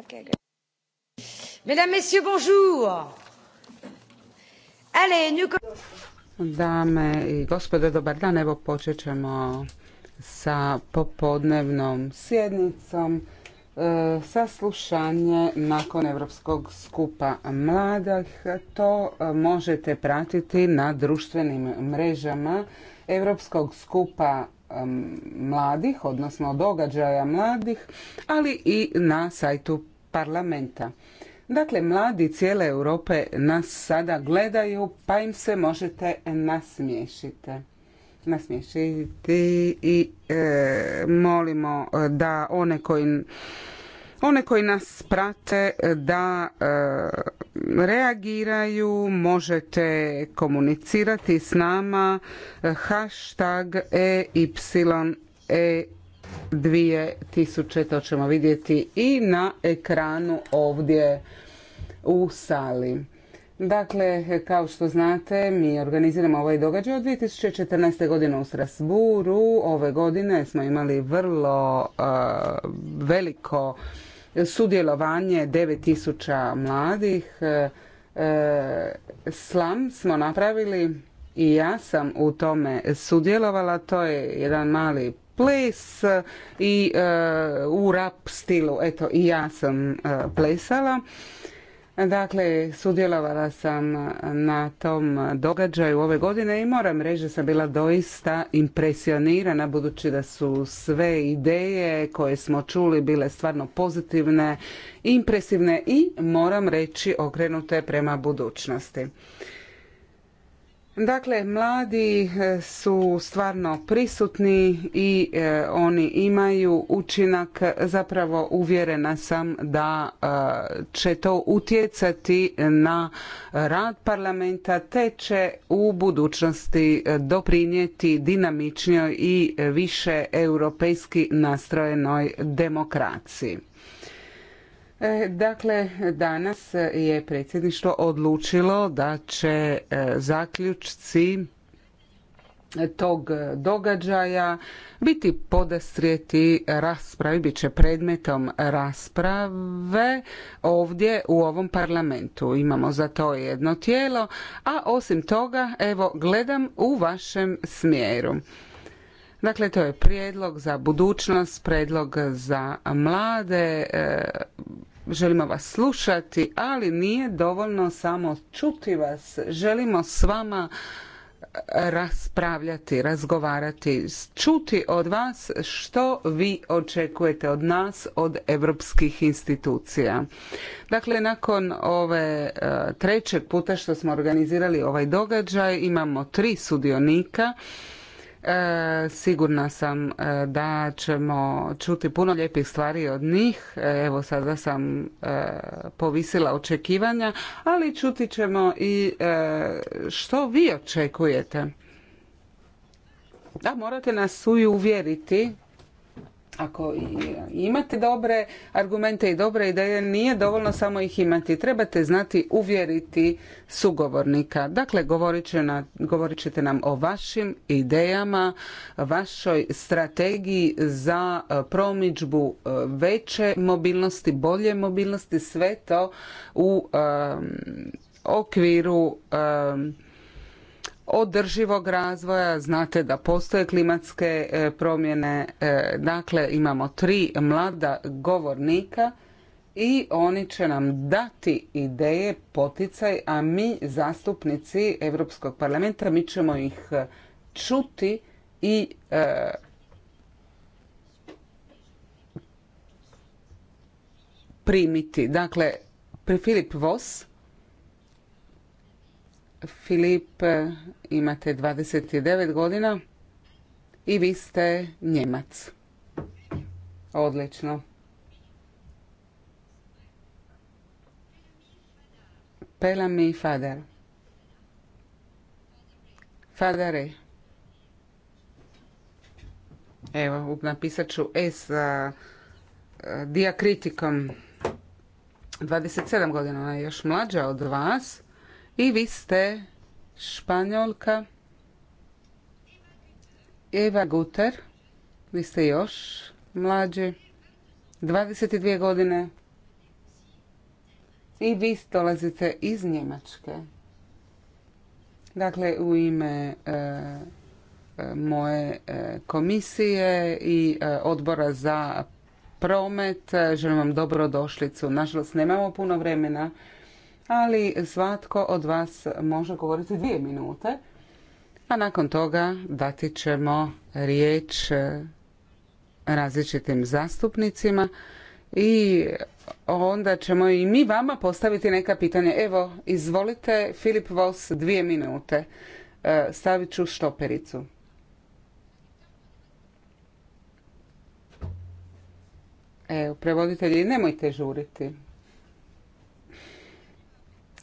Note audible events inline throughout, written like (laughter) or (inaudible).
Okay, good. Mesdames, Messieurs, bonjour. Allez, Dame i gospode, dobar dan. Evo počet ćemo sa popodnevnom sjednicom e, saslušanje nakon Europskog skupa mladih. To e, možete pratiti na društvenim mrežama Europskog skupa mladih, odnosno događaja mladih, ali i na sajtu parlamenta. Dakle, mladi cijele Europe nas sada gledaju, pa im se možete nasmiješiti. Nasmiješiti i e, molimo e, da one koji one koji nas prate da e, reagiraju, možete komunicirati s nama hashtag EYE 2000, e to ćemo vidjeti i na ekranu ovdje u sali. Dakle, kao što znate, mi organiziramo ovaj događaj od 2014. godine u Strasburu. Ove godine smo imali vrlo veliko sudjelovanje 9000 mladih. E, e, slam smo napravili i ja sam u tome sudjelovala. To je jedan mali ples i e, u rap stilu. Eto, i ja sam plesala. Dakle, sudjelovala sam na tom događaju ove godine i moram reći da sam bila doista impresionirana budući da su sve ideje koje smo čuli bile stvarno pozitivne, impresivne i moram reći okrenute prema budućnosti. Dakle, mladi e, su stvarno prisutni i e, oni imaju učinak, zapravo uvjerena sam da e, će to utjecati na rad parlamenta te će u budućnosti doprinijeti dinamičnijoj i više europejski nastrojenoj demokraciji. E, dakle, danas je predsjedništvo odlučilo da će e, zaključci tog događaja biti podastrijeti raspravi, bit će predmetom rasprave ovdje u ovom parlamentu. Imamo za to jedno tijelo, a osim toga, evo, gledam u vašem smjeru. Dakle, to je prijedlog za budućnost, prijedlog za mlade. E, želimo vas slušati, ali nije dovoljno samo čuti vas. Želimo s vama e, raspravljati, razgovarati, čuti od vas što vi očekujete od nas, od europskih institucija. Dakle, nakon ove e, trećeg puta što smo organizirali ovaj događaj, imamo tri sudionika E, sigurna sam e, da ćemo čuti puno lijepih stvari od njih. E, evo sada sam povisila očekivanja, ali čuti ćemo i što vi očekujete. Da, morate nas uvjeriti ako imate dobre argumente i dobre ideje, nije dovoljno samo ih imati. Trebate znati uvjeriti sugovornika. Dakle, govorit, će na, ćete nam o vašim idejama, vašoj strategiji za e, promidžbu e, veće mobilnosti, bolje mobilnosti, sve to u e, okviru održivog razvoja. Znate da postoje klimatske e, promjene. E, dakle, imamo tri mlada govornika i oni će nam dati ideje, poticaj, a mi zastupnici Europskog parlamenta, mi ćemo ih e, čuti i primiti. Dakle, Filip Vos Filip, imate 29 godina i vi ste Njemac. Odlično. Pela mi Fadar. Fadare. Evo, napisat ću S e sa e, diakritikom. 27 godina, ona je još mlađa od vas. I vi ste Španjolka Eva Guter. Vi ste još mlađi. 22 godine. I vi dolazite iz Njemačke. Dakle, u ime e, e, moje e, komisije i odbora za promet. Želim vam dobrodošlicu. Nažalost, nemamo puno vremena ali svatko od vas može govoriti dvije minute, a nakon toga dati ćemo riječ e, različitim zastupnicima i onda ćemo i mi vama postaviti neka pitanja. Evo, izvolite, Filip Vos, dvije minute. E, stavit ću štopericu. Evo, prevoditelji, nemojte žuriti.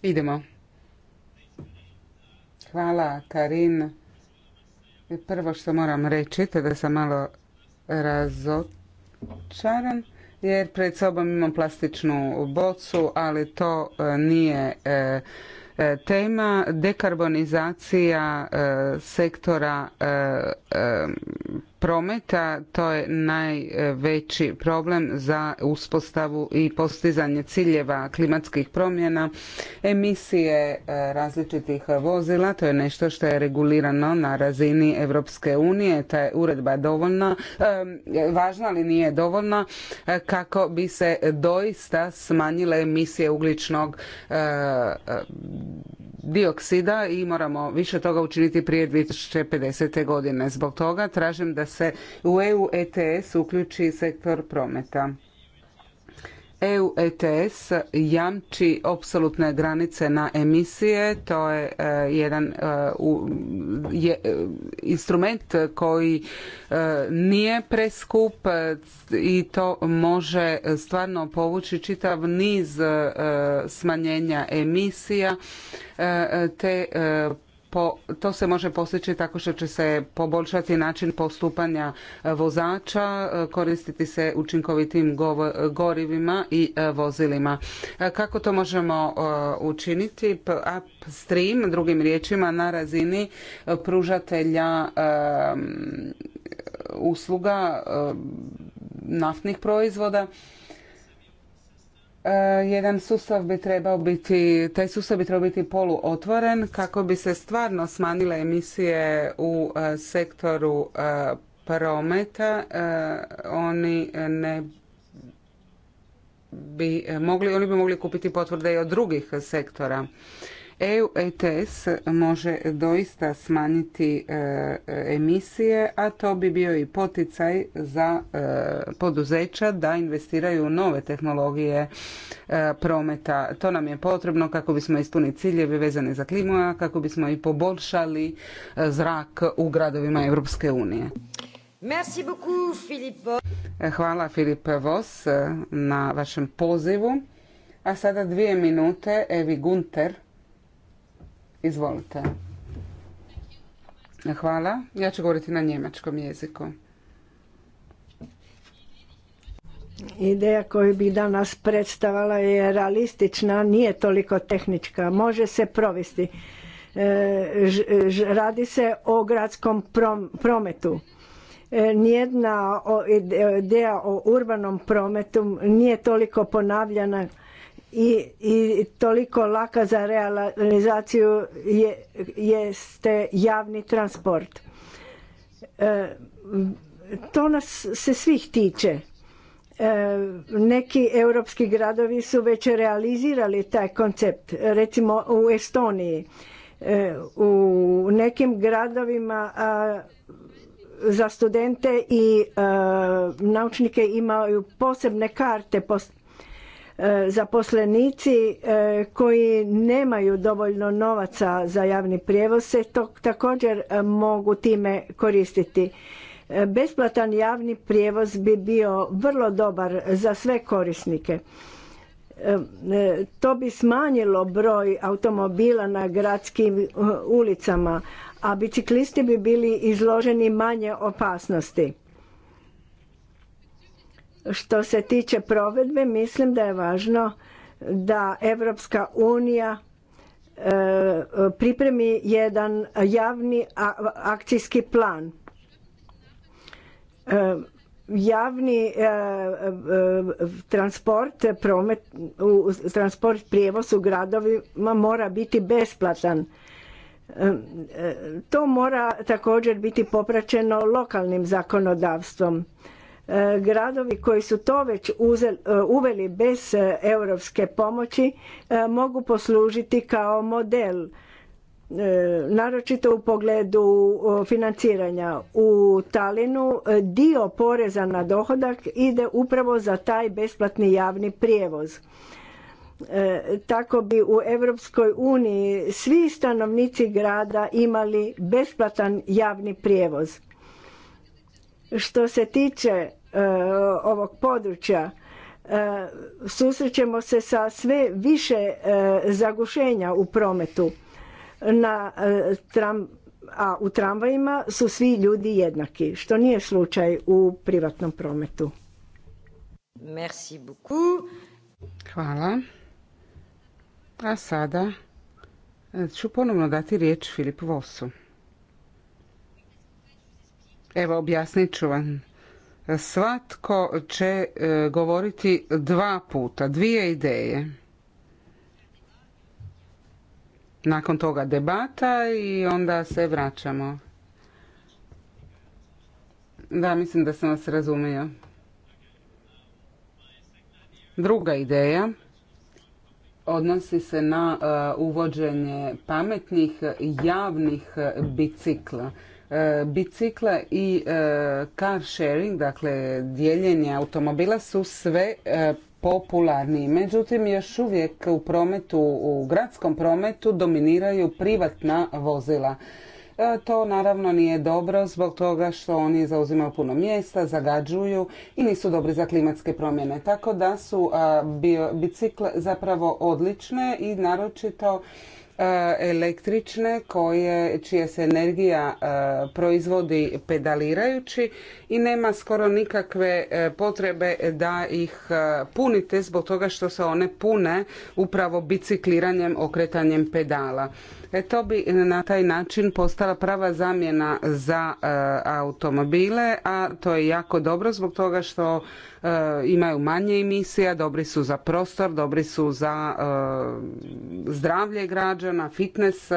Idemo. Hvala Karin. Prvo što moram reći, to da sam malo razočaran, jer pred sobom imam plastičnu bocu, ali to e, nije e, e, tema dekarbonizacija sektora prometa, to je najveći problem za uspostavu i postizanje ciljeva klimatskih promjena. Emisije e, različitih vozila, to je nešto što je regulirano na razini Europske unije. Ta je uredba dovoljna, e, važna ali nije dovoljna e, kako bi se doista smanjile emisije ugljičnog dioksida i moramo više toga učiniti prije 2050. godine. Zbog toga tražim da se u EU ETS uključi sektor prometa. EU ETS jamči apsolutne granice na emisije, to je e, jedan e, e, instrument koji nije preskup i to može stvarno povući čitav niz smanjenja emisija te to se može postići tako što će se poboljšati način postupanja e, vozača, e, koristiti se učinkovitim gorivima i e, vozilima. Kako to možemo učiniti? Upstream, drugim riječima, na razini pružatelja usluga naftnih proizvoda E, jedan sustav bi trebao biti, taj sustav bi trebao biti poluotvoren kako bi se stvarno smanjile emisije u e, sektoru e, prometa. Oni ne bi mogli, oni bi mogli kupiti potvrde i od drugih sektora. EU ETS može doista smanjiti e, emisije, a to bi bio i poticaj za e, poduzeća da investiraju u nove tehnologije e, prometa. To nam je potrebno kako bismo ispunili ciljeve vezane za klimu, a kako bismo i poboljšali zrak u gradovima Europske unije. Merci Hvala Filip Vos na vašem pozivu. A sada dvije minute Evi Gunter Izvolite. Hvala. Ja ću govoriti na njemačkom jeziku. Ideja koju bi danas predstavala je realistična, nije toliko tehnička, može se provesti. E, radi se o gradskom prometu. E, nijedna ideja o urbanom prometu nije toliko ponavljana i, i toliko laka za realizaciju je, jeste javni transport. E, to nas se svih tiče. E, neki europski gradovi su već realizirali taj koncept, recimo u Estoniji. E, u nekim gradovima za studente i naučnike imaju posebne karte, po E, zaposlenici e, koji nemaju dovoljno novaca za javni prijevoz se također e, mogu time koristiti. Besplatan javni prijevoz bi bio vrlo dobar za sve korisnike. To bi smanjilo broj automobila na gradskim ulicama, a biciklisti bi bili izloženi manje opasnosti što se tiče provedbe, mislim da je važno da Evropska unija e, pripremi jedan javni akcijski plan. E, javni e, transport, promet, transport prijevoz u gradovima mora biti besplatan. To mora također biti popraćeno lokalnim zakonodavstvom. E, gradovi koji su to već e, uveli bez e, europske pomoći mogu poslužiti kao model naročito u pogledu financiranja. U Talinu dio poreza na dohodak ide upravo za taj besplatni javni prijevoz. Tako bi u Europskoj uniji svi stanovnici grada imali besplatan javni prijevoz što se tiče e, ovog područja, e, susrećemo se sa sve više e, zagušenja u prometu. Na a u tramvajima su svi ljudi jednaki, što nije slučaj u privatnom prometu. Merci beaucoup. Hvala. A sada ću ponovno dati riječ Filipu Vosu. Evo objasnit ću vam. Svatko će e, govoriti dva puta, dvije ideje. Nakon toga debata i onda se vraćamo. Da, mislim da sam vas razumio. Druga ideja odnosi se na e, uvođenje pametnih javnih bicikla. E, bicikla i e, car sharing, dakle dijeljenje automobila su sve e, popularni. Međutim, još uvijek u prometu, u gradskom prometu dominiraju privatna vozila. To naravno nije dobro zbog toga što oni zauzimaju puno mjesta, zagađuju i nisu dobri za klimatske promjene. Tako da su bicikle zapravo odlične i naročito E, električne koje, čija se energija e, proizvodi pedalirajući i nema skoro nikakve e, potrebe da ih punite zbog toga što se one pune upravo bicikliranjem, okretanjem pedala. E, to bi na taj način postala prava zamjena za e, automobile, a to je jako dobro zbog toga što e, imaju manje emisija, dobri su za prostor, dobri su za e, zdravlje građana, fitness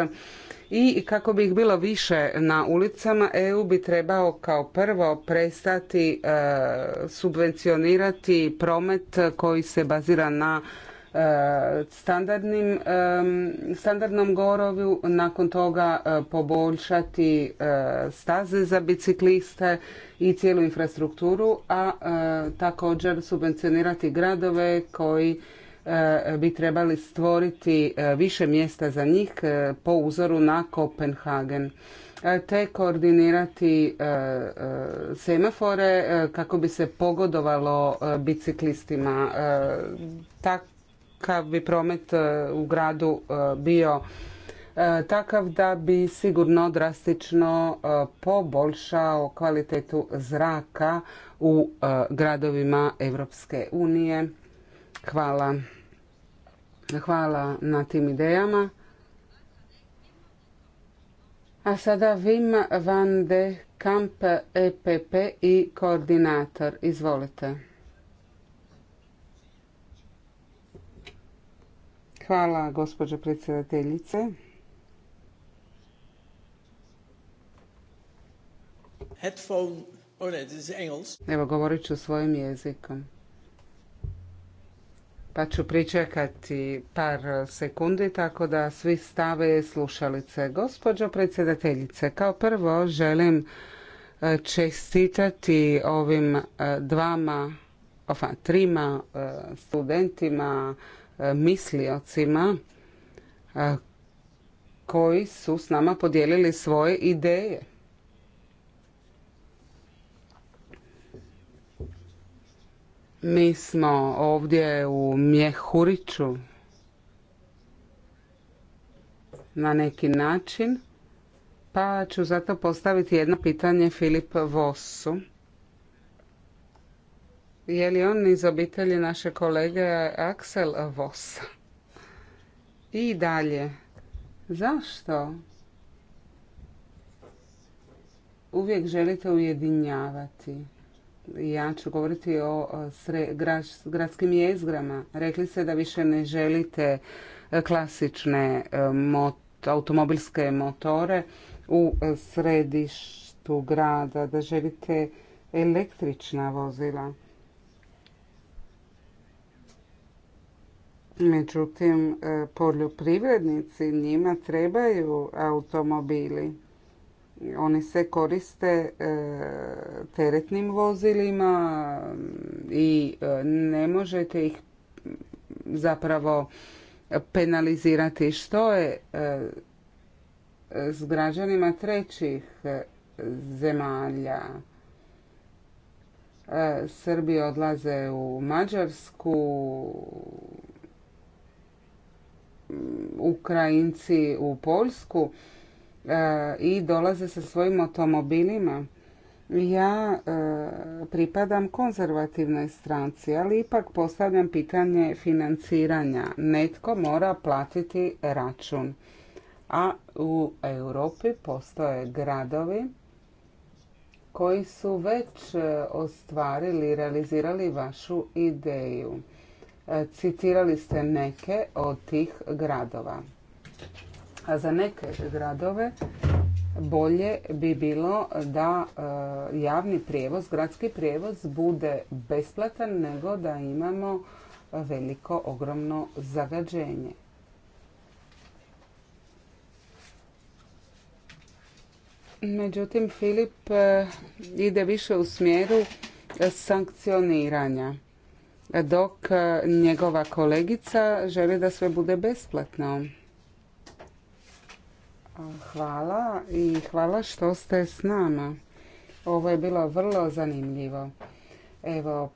i kako bi ih bilo više na ulicama, EU bi trebao kao prvo prestati subvencionirati promet koji se bazira na E, e, standardnom gorovu, nakon toga e, poboljšati staze za bicikliste i cijelu infrastrukturu, a također subvencionirati gradove koji bi trebali stvoriti više mjesta za njih po uzoru na Kopenhagen te koordinirati semafore kako bi se pogodovalo biciklistima kakav bi promet e, u gradu e, bio e, takav da bi sigurno drastično poboljšao kvalitetu zraka u gradovima Europske unije. Hvala. na tim idejama. A sada Vim van de Kamp EPP i koordinator. Izvolite. Hvala gospođo predsjedateljice. Headphone, oh ne, this Evo govorit ću svojim jezikom. Pa ću pričekati par sekundi tako da svi stave slušalice. Gospođo predsjedateljice, kao prvo želim e, čestitati ovim e, dvama, ofa, trima e, studentima E, misliocima e, koji su s nama podijelili svoje ideje. Mi smo ovdje u Mjehuriću na neki način, pa ću zato postaviti jedno pitanje Filip Vosu je li on iz obitelji naše kolege Axel Voss I dalje. Zašto? Uvijek želite ujedinjavati. Ja ću govoriti o gradskim jezgrama. Rekli ste da više ne želite e, klasične e, automobilske motore u e, središtu grada, da želite električna vozila. Međutim, e, poljoprivrednici njima trebaju automobili. Oni se koriste e, teretnim vozilima i e, ne možete ih zapravo penalizirati što je s građanima trećih zemalja. Srbi odlaze u Mađarsku, Ukrajinci u Poljsku e, i dolaze sa svojim automobilima. Ja e, pripadam konzervativnoj stranci, ali ipak postavljam pitanje financiranja. Netko mora platiti račun. A u Europi postoje gradovi koji su već e, ostvarili i realizirali vašu ideju. E, citirali ste neke od tih gradova. A za neke gradove bolje bi bilo da e, javni prijevoz, gradski prijevoz bude besplatan nego da imamo veliko, ogromno zagađenje. Međutim, Filip e, ide više u smjeru sankcioniranja dok e, njegova kolegica želi da sve bude besplatno. Hvala i hvala što ste s nama. Ovo je bilo vrlo zanimljivo. Evo,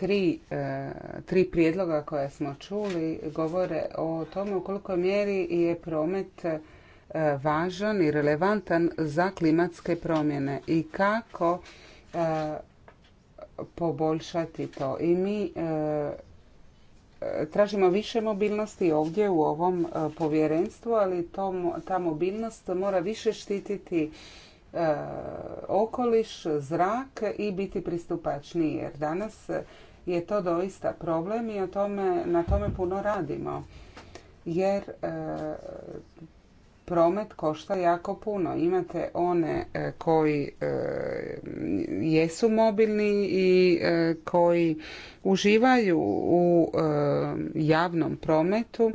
tri, e, tri prijedloga koje smo čuli govore o tome u koliko mjeri je promet e, važan i relevantan za klimatske promjene i kako poboljšati to. I mi e, e, tražimo više mobilnosti ovdje u ovom e, povjerenstvu, ali to, ta mobilnost mora više štititi okoliš, zrak i biti pristupačniji. Jer danas je to doista problem i o tome, na tome puno radimo. Jer promet košta jako puno. Imate one e, koji e, jesu mobilni i e, koji uživaju u javnom prometu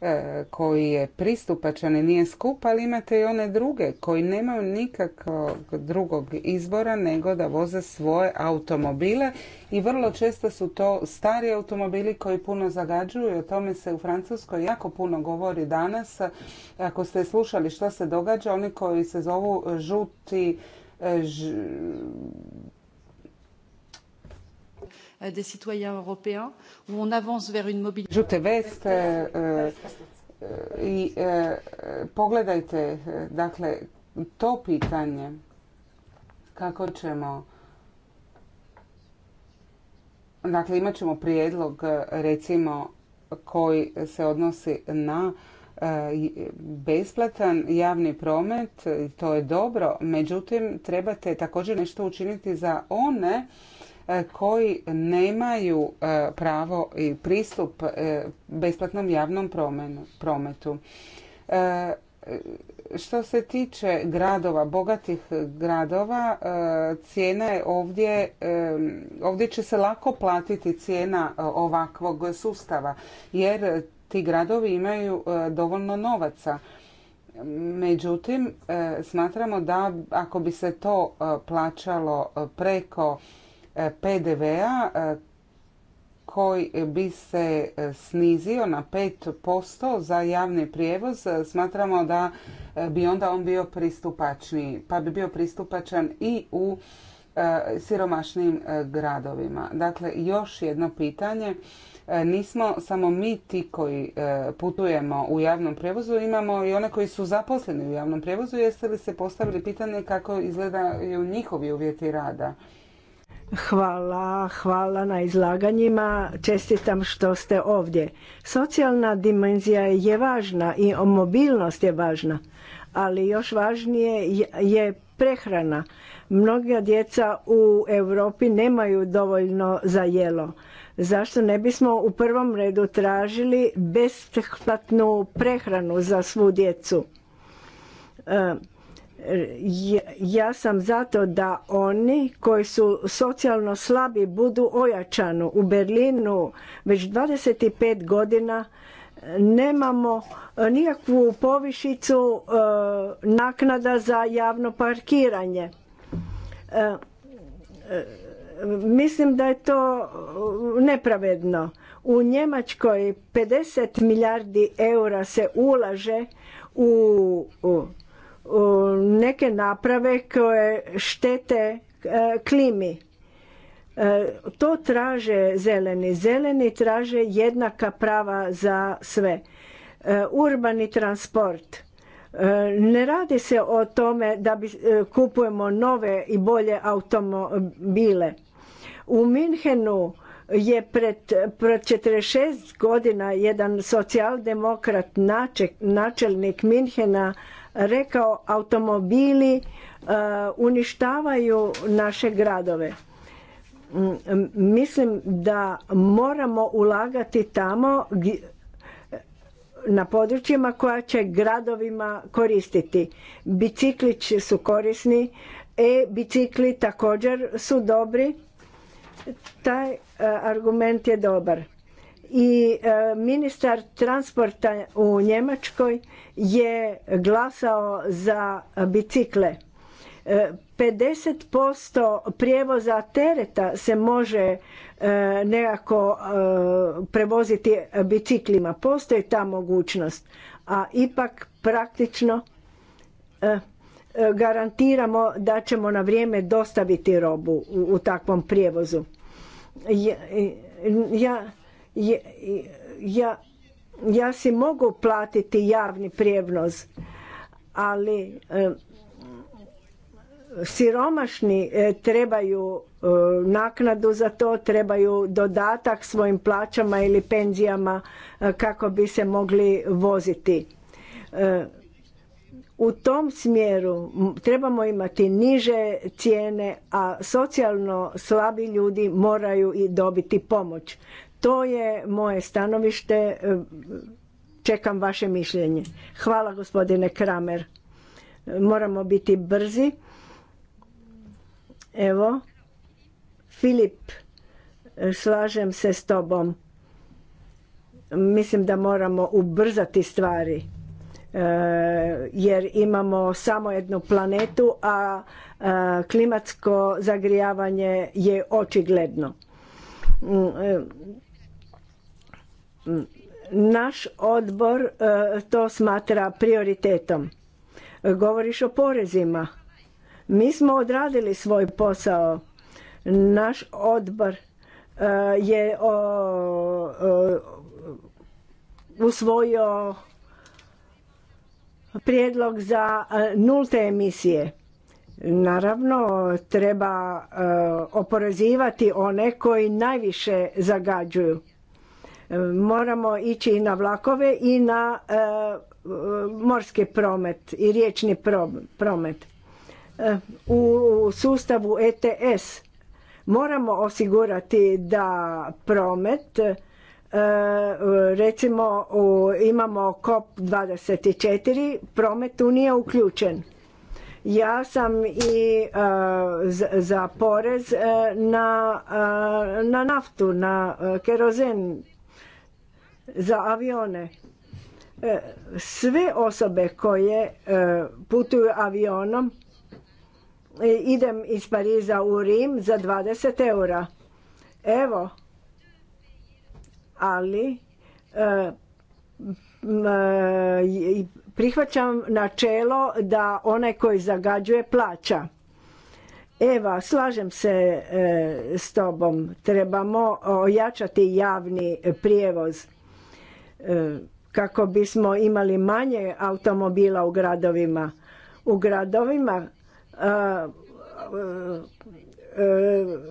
E, koji je pristupačan i nije skup, ali imate i one druge koji nemaju nikakvog drugog izbora nego da voze svoje automobile i vrlo često su to stari automobili koji puno zagađuju i o tome se u Francuskoj jako puno govori danas. Ako ste slušali što se događa, oni koji se zovu žuti e, Euh, des citoyens européens, où on avance vers une mobilité. veste euh, i e, pogledajte, dakle, to pitanje kako ćemo Dakle, imat ćemo prijedlog, recimo, koji se odnosi na e, besplatan javni promet, to je dobro, međutim trebate također nešto učiniti za one E, koji nemaju e, pravo i pristup e, besplatnom javnom prometu. Što se tiče gradova, bogatih gradova, cijena je ovdje, ovdje će se lako platiti cijena ovakvog sustava, jer ti gradovi imaju dovoljno novaca. Međutim, smatramo da ako bi se to plaćalo preko PDV-a e, koji bi se e, snizio na 5% za javni prijevoz, e, smatramo da bi onda on bio pristupačniji, pa bi bio pristupačan i u siromašnim gradovima. Dakle, još jedno pitanje. Nismo samo mi ti koji putujemo u javnom prijevozu, imamo i one koji su zaposleni u javnom prijevozu. Jeste li se postavili pitanje kako izgledaju njihovi uvjeti rada? Hvala, hvala na izlaganjima. Čestitam što ste ovdje. Socijalna dimenzija je važna i mobilnost je važna, ali još važnije je prehrana. Mnoga djeca u Europi nemaju dovoljno za jelo. Zašto ne bismo u prvom redu tražili besplatnu prehranu za svu djecu? E, ja sam zato da oni koji su socijalno slabi budu ojačani. U Berlinu već 25 godina eh, nemamo eh, nikakvu povišicu eh, naknada za javno parkiranje. Mislim da je to nepravedno. U Njemačkoj 50 milijardi eura se ulaže u neke naprave koje štete e, klimi. E, to traže zeleni. Zeleni traže jednaka prava za sve. E, urbani transport. Ne radi se o tome da bi kupujemo nove i bolje automobile. U Minhenu je pred, pred 46 godina jedan socijaldemokrat načelnik Minhena rekao automobili e, uništavaju naše gradove mm, mislim da moramo ulagati tamo na područjima koja će gradovima koristiti. Bicikli su korisni, e-bicikli također su dobri. Taj e, argument je dobar i e, ministar transporta u Njemačkoj je glasao za bicikle. 50% e, prijevoza tereta se može e, nekako prevoziti biciklima. Postoji ta mogućnost, a ipak praktično garantiramo da ćemo na vrijeme dostaviti robu u takvom prijevozu. Ja ja, ja si mogu platiti javni prijevnoz, ali e, siromašni e, trebaju e, naknadu za to, trebaju dodatak svojim plaćama ili penzijama kako bi se mogli voziti. U tom smjeru trebamo imati niže cijene, a socijalno slabi ljudi moraju i dobiti pomoć. To je moje stanovište, e, čekam vaše mišljenje. Hvala gospodine Kramer. Moramo biti brzi. Evo, Filip, e, slažem se s tobom. Mislim da moramo ubrzati stvari. E, jer imamo samo jednu planetu, a klimatsko zagrijavanje je očigledno mm, naš odbor e, to smatra prioritetom. Govoriš o porezima. Mi smo odradili svoj posao. Naš odbor e, je usvojio prijedlog za e, nulte emisije. Naravno, treba oporezivati one koji najviše zagađuju Moramo ići i na vlakove i na e, morski promet i riječni promet. E, u sustavu ETS moramo osigurati da promet e, recimo imamo COP24, promet tu nije uključen. Ja sam i za porez na, na naftu, na kerozen, za avione. E, sve osobe koje e, putuju avionom, e, idem iz Pariza u Rim za 20 eura. Evo, ali prihvaćam načelo da onaj koji zagađuje plaća. Eva, slažem se s tobom. Trebamo ojačati javni prijevoz. E, kako bismo imali manje automobila u gradovima. U gradovima e, e,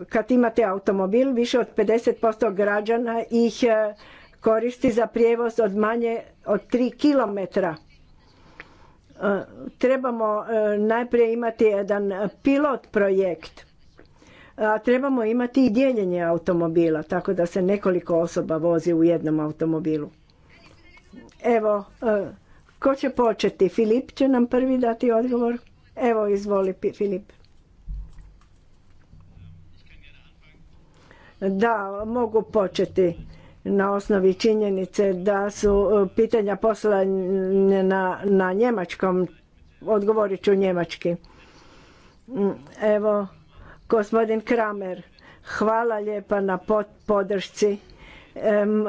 kad imate automobil više od 50% građana ih koristi za prijevoz od manje od 3 kilometra. Trebamo najprije imati jedan pilot projekt. trebamo imati i dijeljenje automobila, tako da se nekoliko osoba vozi u jednom automobilu. Evo, e, ko će početi? Filip će nam prvi dati odgovor. Evo, izvoli Filip. Da, mogu početi na osnovi činjenice da su e, pitanja poslane na, na njemačkom. Odgovorit ću njemački. Mm, evo, gospodin Kramer, hvala lijepa na podršci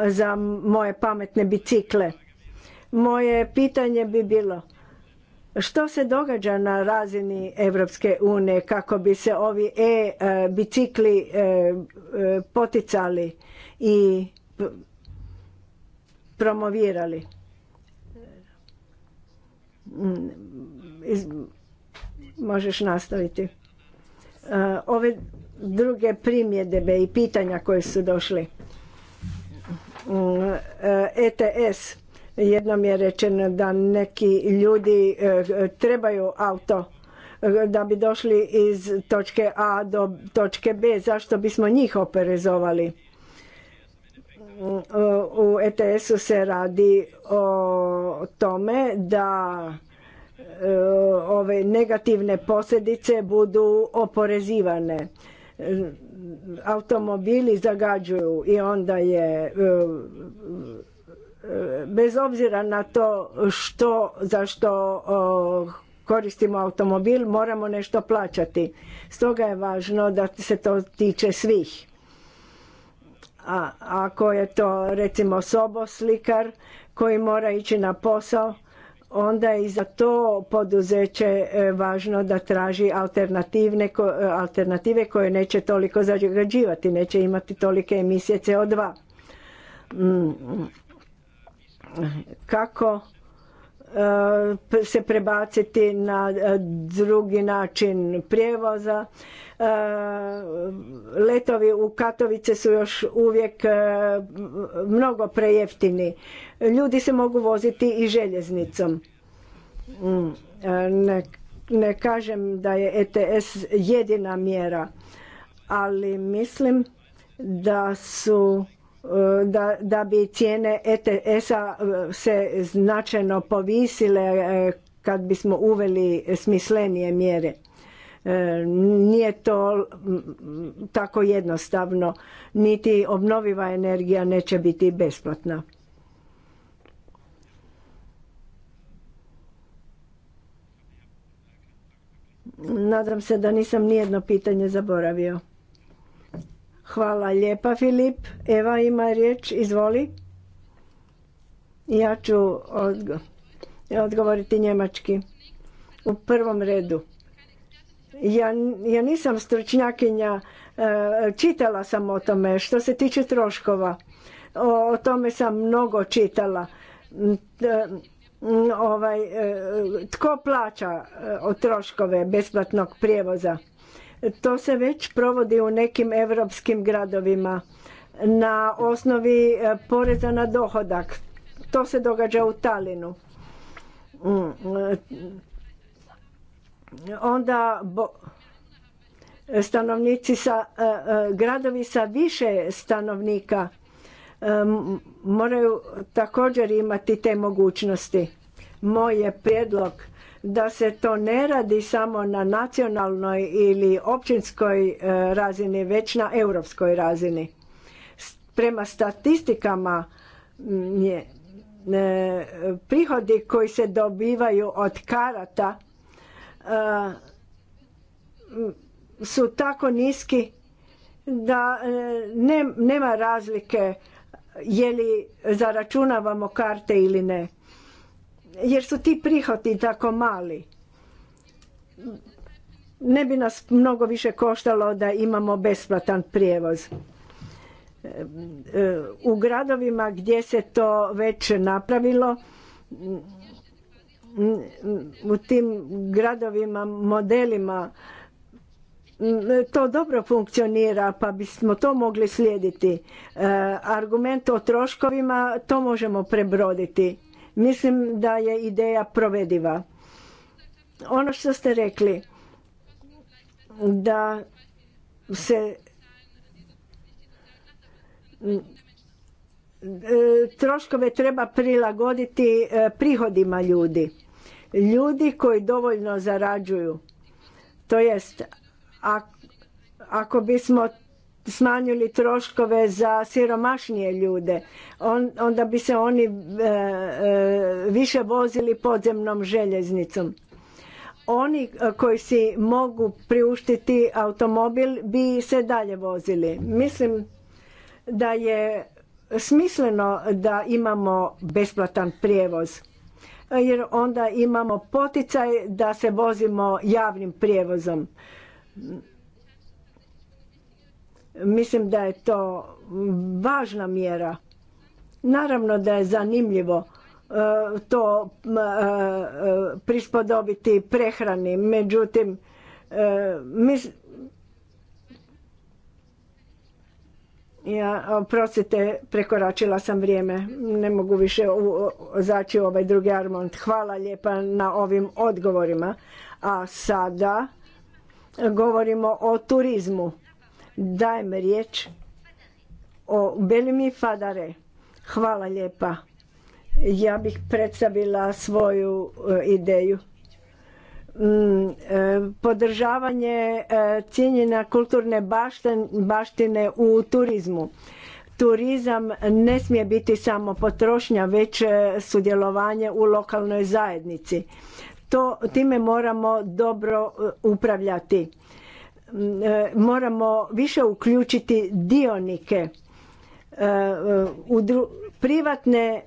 za moje pametne bicikle moje pitanje bi bilo što se događa na razini Europske unije kako bi se ovi e, e bicikli e, e, poticali i promovirali. Mm, možeš nastaviti. Ove druge primjedbe i pitanja koje su došli. Mm, ETS Jednom je rečeno da neki ljudi e, trebaju auto e, da bi došli iz točke A do točke B. Zašto bismo njih operezovali? Mm, u ETS-u se radi o tome da e, ove negativne posljedice budu oporezivane. Automobili zagađuju i onda je bez obzira na to što, za što koristimo automobil, moramo nešto plaćati. Stoga je važno da se to tiče svih. A ako je to recimo slikar koji mora ići na posao, onda je i za to poduzeće e, važno da traži alternativne, e, alternative koje neće toliko zagađivati, neće imati tolike emisije CO2 kako e, se prebaciti na e, drugi način prijevoza. E, letovi u Katovice su još uvijek mnogo prejeftini. Ljudi se mogu voziti i željeznicom. Mm, ne, ne kažem da je ETS jedina mjera, ali mislim da su E, da, bi cijene ETS-a e, se značajno povisile e, kad bismo uveli smislenije mjere. Nije to tako jednostavno, niti obnoviva energija neće biti besplatna. Nadam se da nisam nijedno pitanje zaboravio. Hvala lijepa Filip. Eva ima riječ, izvoli. Ja ću odgovoriti njemački. U prvom redu. Ja, ja nisam stručnjakinja, e, čitala sam o tome. Što se tiče troškova, o, o tome sam mnogo čitala. Ovaj, e, tko plaća e, troškove besplatnog prijevoza? To se već provodi u nekim europskim gradovima na osnovi e, poreza na dohodak. To se događa u Talinu. Mm, e, onda stanovnici sa, e, gradovi sa više stanovnika moraju također imati te mogućnosti. Moj je prijedlog da se to ne radi samo na nacionalnoj ili općinskoj e, razini, već na europskoj razini. Prema statistikama e, prihodi koji se dobivaju od karata e, su tako niski da nema razlike je li zaračunavamo karte ili ne jer su ti prihodi tako mali. Ne bi nas mnogo više koštalo da imamo besplatan prijevoz. E, e, u gradovima gdje se to već napravilo, u tim gradovima, modelima, to dobro funkcionira pa bismo to mogli slijediti. E, argument o troškovima to možemo prebroditi Mislim da je ideja provediva. Ono što ste rekli, da se e, troškove treba prilagoditi e, prihodima ljudi. Ljudi koji dovoljno zarađuju. To jest, ako bismo smanjili troškove za siromašnije ljude, onda bi se oni e, e, više vozili podzemnom željeznicom. Oni e, koji si mogu priuštiti automobil bi se dalje vozili. Mislim da je smisleno da imamo besplatan prijevoz jer onda imamo poticaj da se vozimo javnim prijevozom Mislim da je to važna mjera. Naravno da je zanimljivo e, to e, prispodobiti prehrani, međutim e, ja, oprostite, prekoračila sam vrijeme, ne mogu više zaći u ovaj drugi armont. Hvala lijepa na ovim odgovorima. A sada govorimo o turizmu Dajem riječ o Belimi Fadare. Hvala lijepa. Ja bih predstavila svoju e, ideju. Mm, e, podržavanje e, cijenjena kulturne baštine u turizmu. Turizam ne smije biti samo potrošnja, već sudjelovanje u lokalnoj zajednici. To, time moramo dobro upravljati E, moramo više uključiti dionike e, e, u privatne,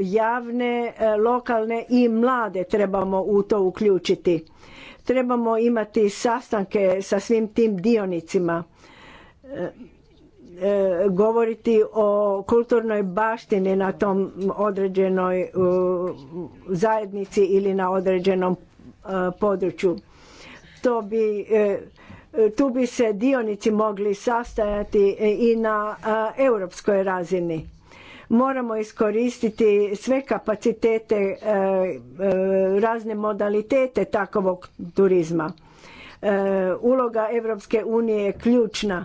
javne, lokalne i mlade trebamo u to uključiti. Trebamo imati sastanke sa svim tim dionicima. Govoriti o kulturnoj baštini na tom određenoj zajednici ili na određenom području. To bi E, tu bi se dionici mogli sastajati e, i na europskoj razini. Moramo iskoristiti sve kapacitete, e, razne modalitete takovog turizma. Uloga Europske unije je ključna.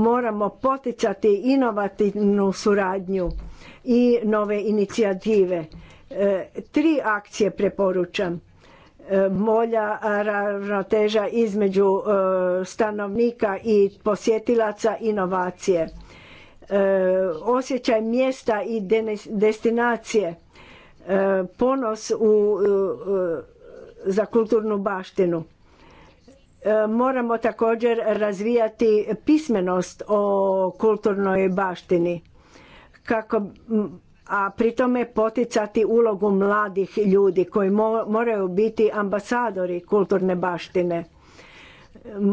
Moramo poticati inovativnu suradnju i nove inicijative. Tri akcije preporučam E, molja ravnoteža između e, stanovnika i posjetilaca inovacije e, osjećaj mjesta i destinacije ponos za kulturnu baštinu moramo također razvijati pismenost o kulturnoj baštini kako a pri tome poticati ulogu mladih ljudi koji moraju biti ambasadori kulturne baštine.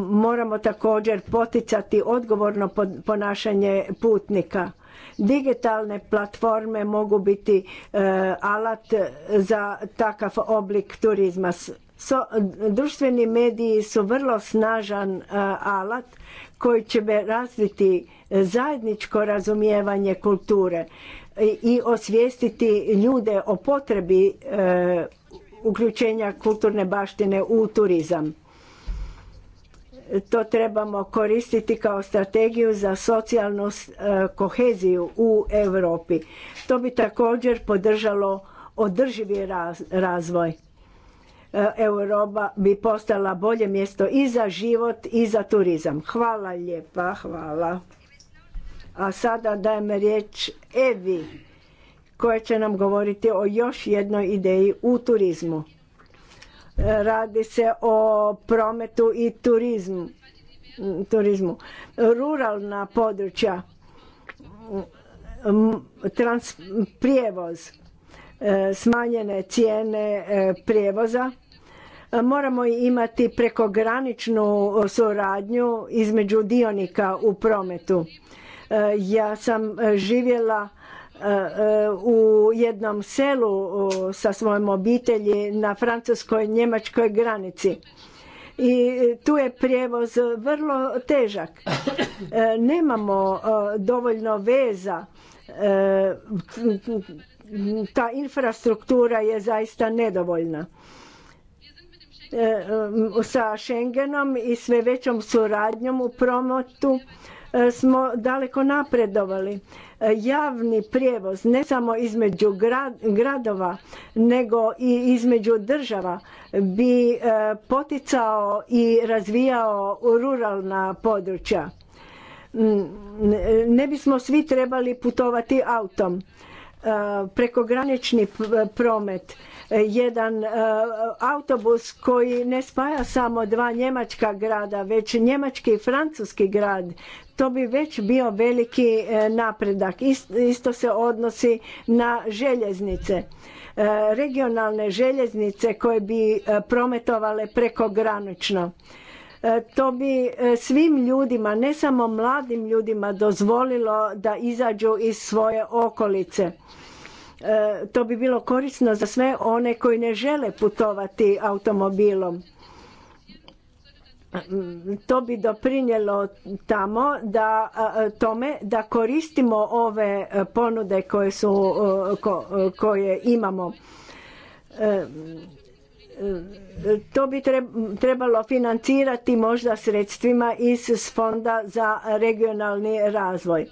Moramo također poticati odgovorno ponašanje putnika. Digitalne platforme mogu biti e, alat za takav oblik turizma. društveni mediji su vrlo snažan e, alat koji će razviti zajedničko razumijevanje kulture i osvijestiti ljude o potrebi e, uključenja kulturne baštine u turizam. To trebamo koristiti kao strategiju za socijalnu e, koheziju u Europi. To bi također podržalo održivi razvoj. E, Europa bi postala bolje mjesto i za život i za turizam. Hvala lijepa, hvala. A sada dajem riječ Evi koja će nam govoriti o još jednoj ideji u turizmu. Radi se o prometu i turizmu. turizmu. Ruralna područja, prijevoz, e, smanjene cijene e, prijevoza. Moramo imati prekograničnu suradnju između dionika u prometu Eh, ja sam eh, živjela eh, u jednom selu sa svojom obitelji na francuskoj njemačkoj granici i tu je prijevoz vrlo težak nemamo dovoljno veza ta infrastruktura je zaista nedovoljna sa Schengenom i sve većom suradnjom u promotu E, smo daleko napredovali. E, javni prijevoz ne samo između gradova nego i između država bi e, poticao i razvijao ruralna područja. Mm, ne bismo svi trebali putovati autom. Prekogranični promet jedan autobus koji ne spaja samo dva njemačka grada, već njemački i francuski grad to bi već bio veliki e, napredak. Isto se odnosi na željeznice. E, regionalne željeznice koje bi e, prometovale prekogranično. To bi svim ljudima, ne samo mladim ljudima, dozvolilo da izađu iz svoje okolice. To bi bilo korisno za sve one koji ne žele putovati automobilom to bi doprinjelo tamo da tome da koristimo ove e, ponude koje su e, e, koje imamo to bi trebalo financirati možda sredstvima iz fonda za regionalni razvoj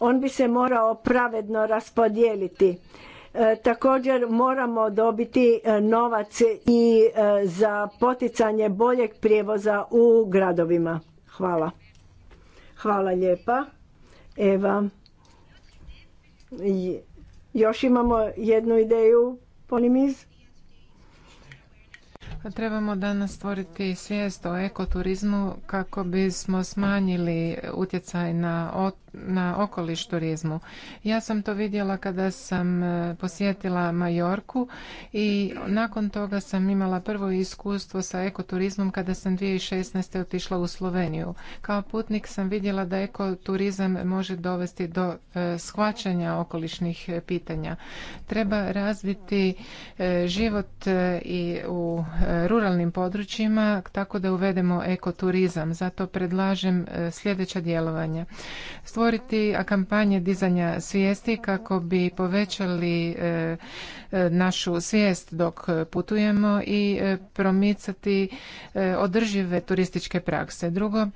on bi se morao pravedno raspodijeliti E, također moramo dobiti e, novac i e, za poticanje boljeg prijevoza u gradovima. Hvala. Hvala lijepa. Eva. Još imamo jednu ideju, Polimiz. Pa trebamo danas stvoriti svijest o ekoturizmu kako bismo smanjili utjecaj na na okoliš turizmu. Ja sam to vidjela kada sam e, posjetila Majorku i nakon toga sam imala prvo iskustvo sa ekoturizmom kada sam 2016. otišla u Sloveniju. Kao putnik sam vidjela da ekoturizam može dovesti do e, shvaćanja okolišnih pitanja. Treba razviti e, život i u ruralnim područjima tako da uvedemo ekoturizam. Zato predlažem sljedeća djelovanja. A kampanje dizanja svijesti kako bi povećali e, e, našu svijest dok putujemo i e, promicati održive turističke prakse. Drugo,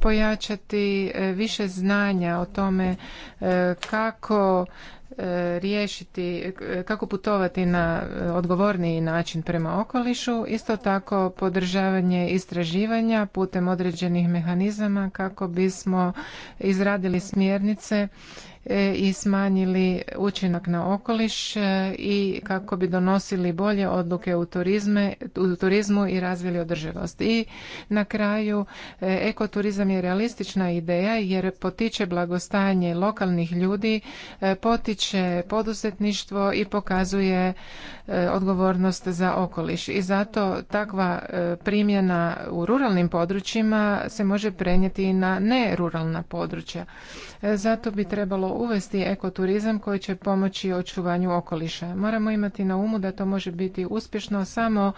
pojačati više znanja o tome kako riješiti, kako putovati na odgovorniji način prema okolišu, isto tako podržavanje istraživanja putem određenih mehanizama kako bismo izradili smjernice E, i smanjili učinak na okoliš e, i kako bi donosili bolje odluke u, turizme, u turizmu i razvili održivost. I na kraju e, ekoturizam je realistična ideja jer potiče blagostanje lokalnih ljudi, potiče poduzetništvo i pokazuje odgovornost za okoliš. I zato takva primjena u ruralnim područjima se može prenijeti i na neruralna područja. Zato bi trebalo uvesti ekoturizam koji će pomoći očuvanju okoliša. Moramo imati na umu da to može biti uspješno samo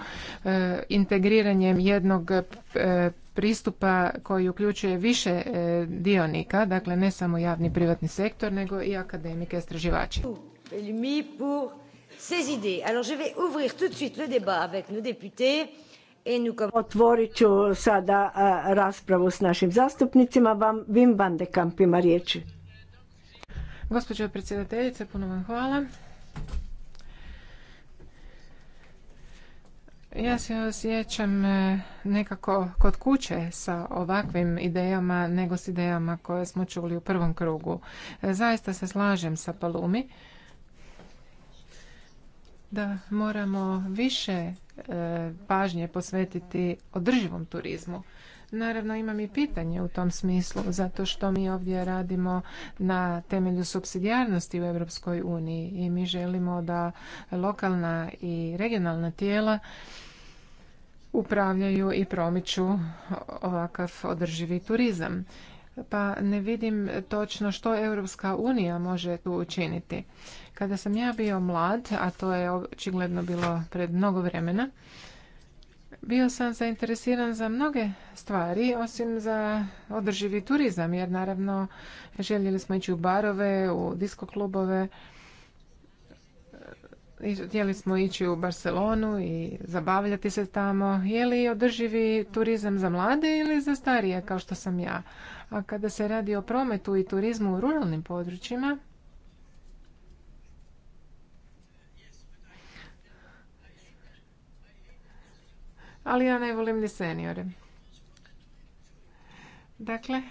e, integriranjem jednog e, pristupa koji uključuje više e, dionika, dakle ne samo javni privatni sektor, nego i akademike istraživače. Otvorit ću sada raspravu s našim zastupnicima. Vam Vim van de riječi. Gospođo predsjedateljice, puno vam hvala. Ja se osjećam e, nekako kod kuće sa ovakvim idejama nego s idejama koje smo čuli u prvom krugu. E, zaista se slažem sa Palumi da moramo više e, pažnje posvetiti održivom turizmu. Naravno imam i pitanje u tom smislu, zato što mi ovdje radimo na temelju subsidijarnosti u Europskoj uniji i mi želimo da lokalna i regionalna tijela upravljaju i promiču ovakav održivi turizam. Pa ne vidim točno što Europska unija može tu učiniti. Kada sam ja bio mlad, a to je očigledno bilo pred mnogo vremena, bio sam zainteresiran za mnoge stvari, osim za održivi turizam, jer naravno željeli smo ići u barove, u diskoklubove, htjeli smo ići u Barcelonu i zabavljati se tamo. Je li održivi turizam za mlade ili za starije, kao što sam ja? A kada se radi o prometu i turizmu u ruralnim područjima, ali ja ne volim ni seniore. Dakle,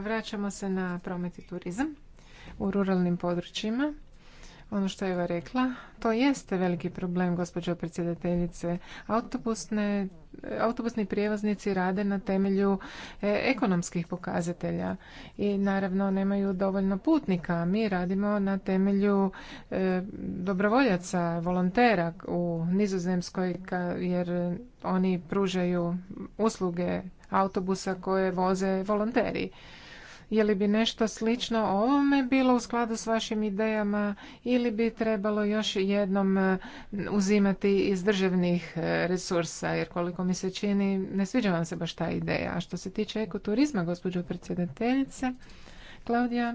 vraćamo se na promet i turizam u ruralnim područjima ono što je Eva rekla. To jeste veliki problem, gospođo predsjedateljice. Autobusne, autobusni prijevoznici rade na temelju e, ekonomskih pokazatelja i naravno nemaju dovoljno putnika. Mi radimo na temelju e, dobrovoljaca, volontera u Nizozemskoj jer oni pružaju usluge autobusa koje voze volonteri. Je li bi nešto slično ovome bilo u skladu s vašim idejama ili bi trebalo još jednom e, uzimati iz državnih e, resursa? Jer koliko mi se čini, ne sviđa vam se baš ta ideja. A što se tiče ekoturizma, gospođo predsjedateljice, Klaudija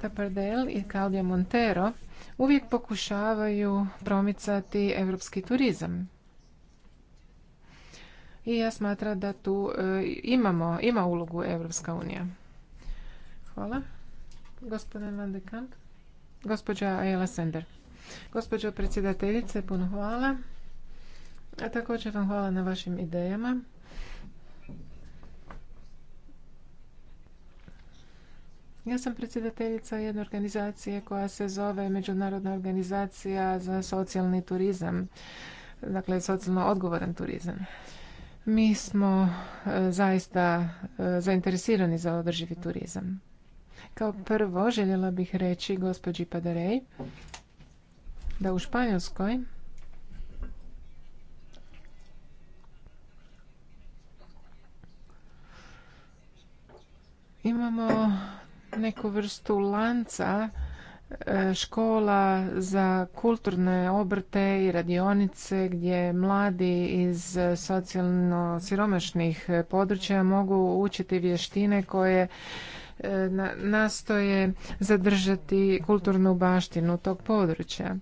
Tapardel i Claudia Montero uvijek pokušavaju promicati europski turizam i ja smatram da tu e, imamo, ima ulogu Evropska unija. Hvala. Gospodin Van de Gospođa Ayala Sender. Gospođo predsjedateljice, puno hvala. A također vam hvala na vašim idejama. Ja sam predsjedateljica jedne organizacije koja se zove Međunarodna organizacija za socijalni turizam, dakle socijalno odgovoran turizam. Mi smo e, zaista e, zainteresirani za održivi turizam. Kao prvo željela bih reći gospođi Padarej da u Španjolskoj imamo neku vrstu lanca E, škola za kulturne obrte i radionice gdje mladi iz socijalno siromašnih područja mogu učiti vještine koje e, nastoje zadržati kulturnu baštinu tog područja.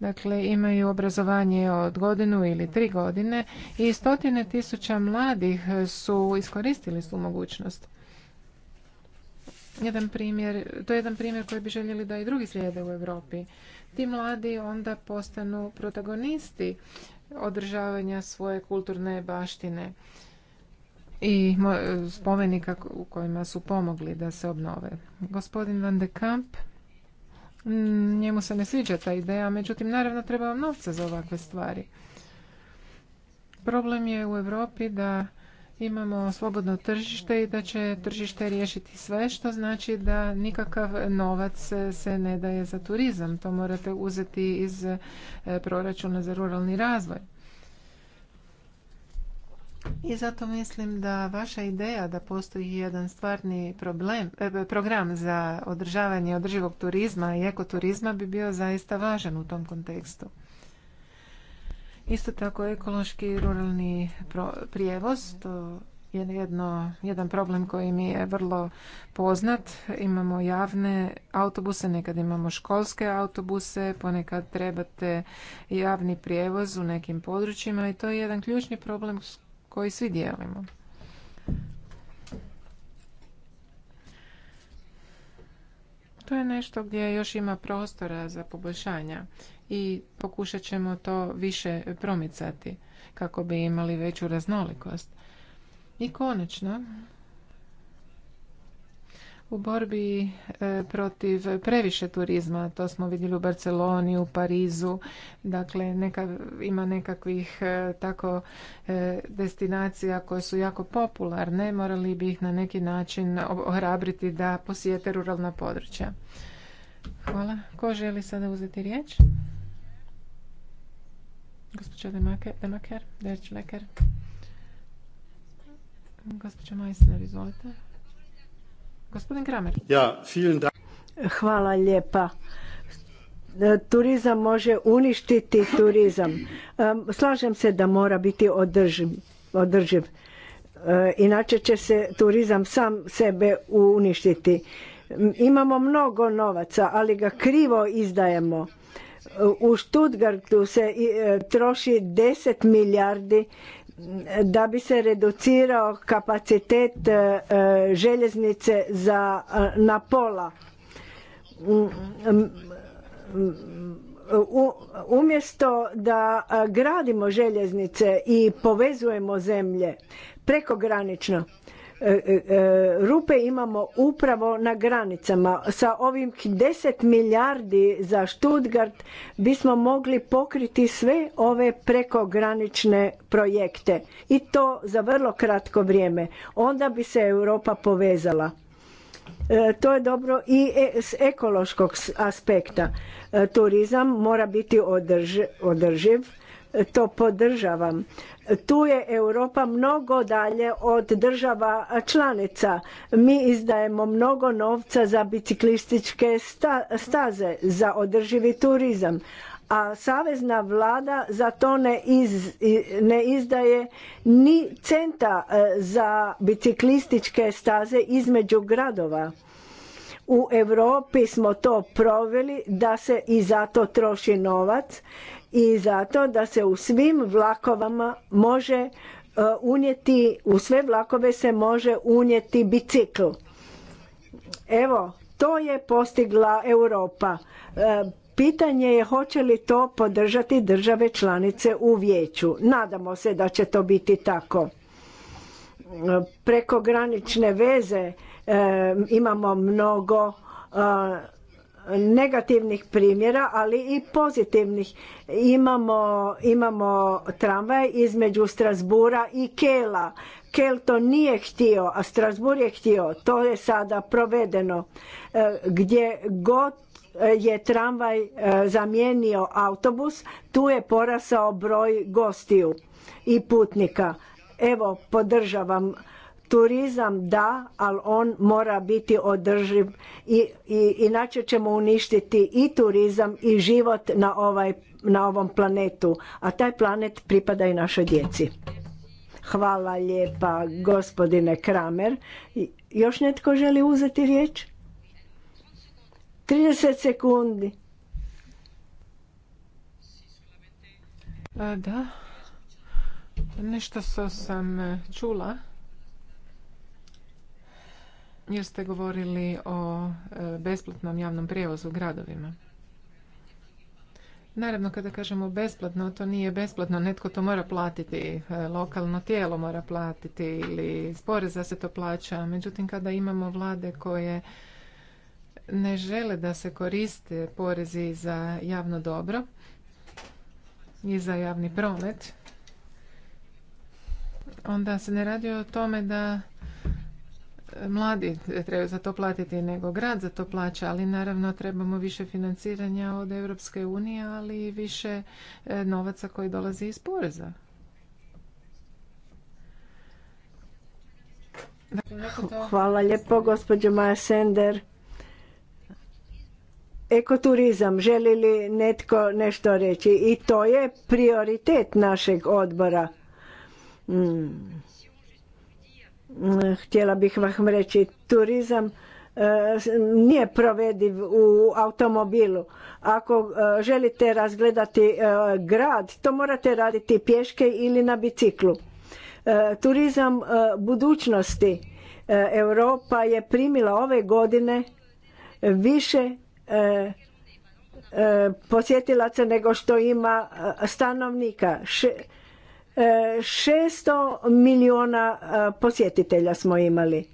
Dakle, imaju obrazovanje od godinu ili tri godine i stotine tisuća mladih su iskoristili tu mogućnost jedan primjer, to je jedan primjer koji bi željeli da i drugi slijede u Europi. Ti mladi onda postanu protagonisti održavanja svoje kulturne baštine i spomenika u kojima su pomogli da se obnove. Gospodin Van de Kamp, mm, njemu se ne sviđa ta ideja, međutim naravno treba vam novca za ovakve stvari. Problem je u Europi da imamo slobodno tržište i da će tržište riješiti sve, što znači da nikakav novac se ne daje za turizam. To morate uzeti iz e, proračuna za ruralni razvoj. I zato mislim da vaša ideja da postoji jedan stvarni problem, e, program za održavanje održivog turizma i ekoturizma bi bio zaista važan u tom kontekstu. Isto tako ekološki i ruralni prijevoz, to je jedno, jedan problem koji mi je vrlo poznat. Imamo javne autobuse, nekad imamo školske autobuse, ponekad trebate javni prijevoz u nekim područjima i to je jedan ključni problem koji svi dijelimo. To je nešto gdje još ima prostora za poboljšanja i pokušat ćemo to više promicati kako bi imali veću raznolikost. I konačno, u borbi e, protiv previše turizma, to smo vidjeli u Barceloni, u Parizu, dakle neka, ima nekakvih e, tako e, destinacija koje su jako popularne, morali bi ih na neki način ohrabriti da posijete ruralna područja. Hvala. Ko želi sada uzeti riječ? Gospođa Demaker, Gospodin Kramer. Ja, vielen Dank. Hvala lijepa. Turizam može uništiti turizam. Slažem se da mora biti održiv. održiv. E, inače će se turizam sam sebe uništiti. Imamo mnogo novaca, ali ga krivo izdajemo u Stuttgartu se e, troši 10 milijardi da bi se reducirao kapacitet e, e, željeznice za na pola. Umjesto da gradimo željeznice i povezujemo zemlje prekogranično, E, e, e, rupe imamo upravo na granicama. Sa ovim 10 milijardi za Stuttgart bismo mogli pokriti sve ove prekogranične projekte i to za vrlo kratko vrijeme. Onda bi se Europa povezala. To je dobro i s ekološkog aspekta. Turizam mora biti održiv, to podržavam tu je Europa mnogo dalje od država članica. Mi izdajemo mnogo novca za biciklističke staze, za održivi turizam, a savezna vlada za to ne, izdaje ni centa e, za biciklističke staze između gradova. U Europi smo to proveli da se i zato troši novac i zato da se u svim vlakovama može e, unijeti, u sve vlakove se može unijeti bicikl. Evo, to je postigla Europa. E, pitanje je hoće li to podržati države članice u vijeću. Nadamo se da će to biti tako. E, Preko granične veze imamo mnogo negativnih primjera, ali i pozitivnih. Imamo, imamo tramvaj između Strasbura i Kela. Kel to nije htio, a Strasbur je htio. To je sada provedeno. E, gdje god je tramvaj e, zamijenio autobus, tu je porasao broj gostiju i putnika. Evo, podržavam Turizam da, ali on mora biti održiv i, i inače ćemo uništiti i turizam i život na, ovaj, na ovom planetu, a taj planet pripada i našoj djeci. Hvala lijepa gospodine Kramer. Još netko želi uzeti riječ? 30 sekundi. Da, nešto sam e, čula jer ste govorili o e, besplatnom javnom prijevozu u gradovima. Naravno, kada kažemo besplatno, to nije besplatno, netko to mora platiti, e, lokalno tijelo mora platiti ili poreza se to plaća. Međutim, kada imamo vlade koje ne žele da se koriste porezi za javno dobro i za javni promet, onda se ne radi o tome da mladi trebaju za to platiti nego grad za to plaća, ali naravno trebamo više financiranja od Europske unije, ali i više e, novaca koji dolazi iz poreza. Hvala lijepo, gospođo Maja Sender. Ekoturizam, želi li netko nešto reći? I to je prioritet našeg odbora. Mm htjela bih vam reći turizam e, nije provediv u automobilu. Ako e, želite razgledati e, grad, to morate raditi pješke ili na biciklu. Turizam budućnosti. Europa je primila ove godine više posjetilaca nego što ima stanovnika. 600 milijuna e, posjetitelja smo imali.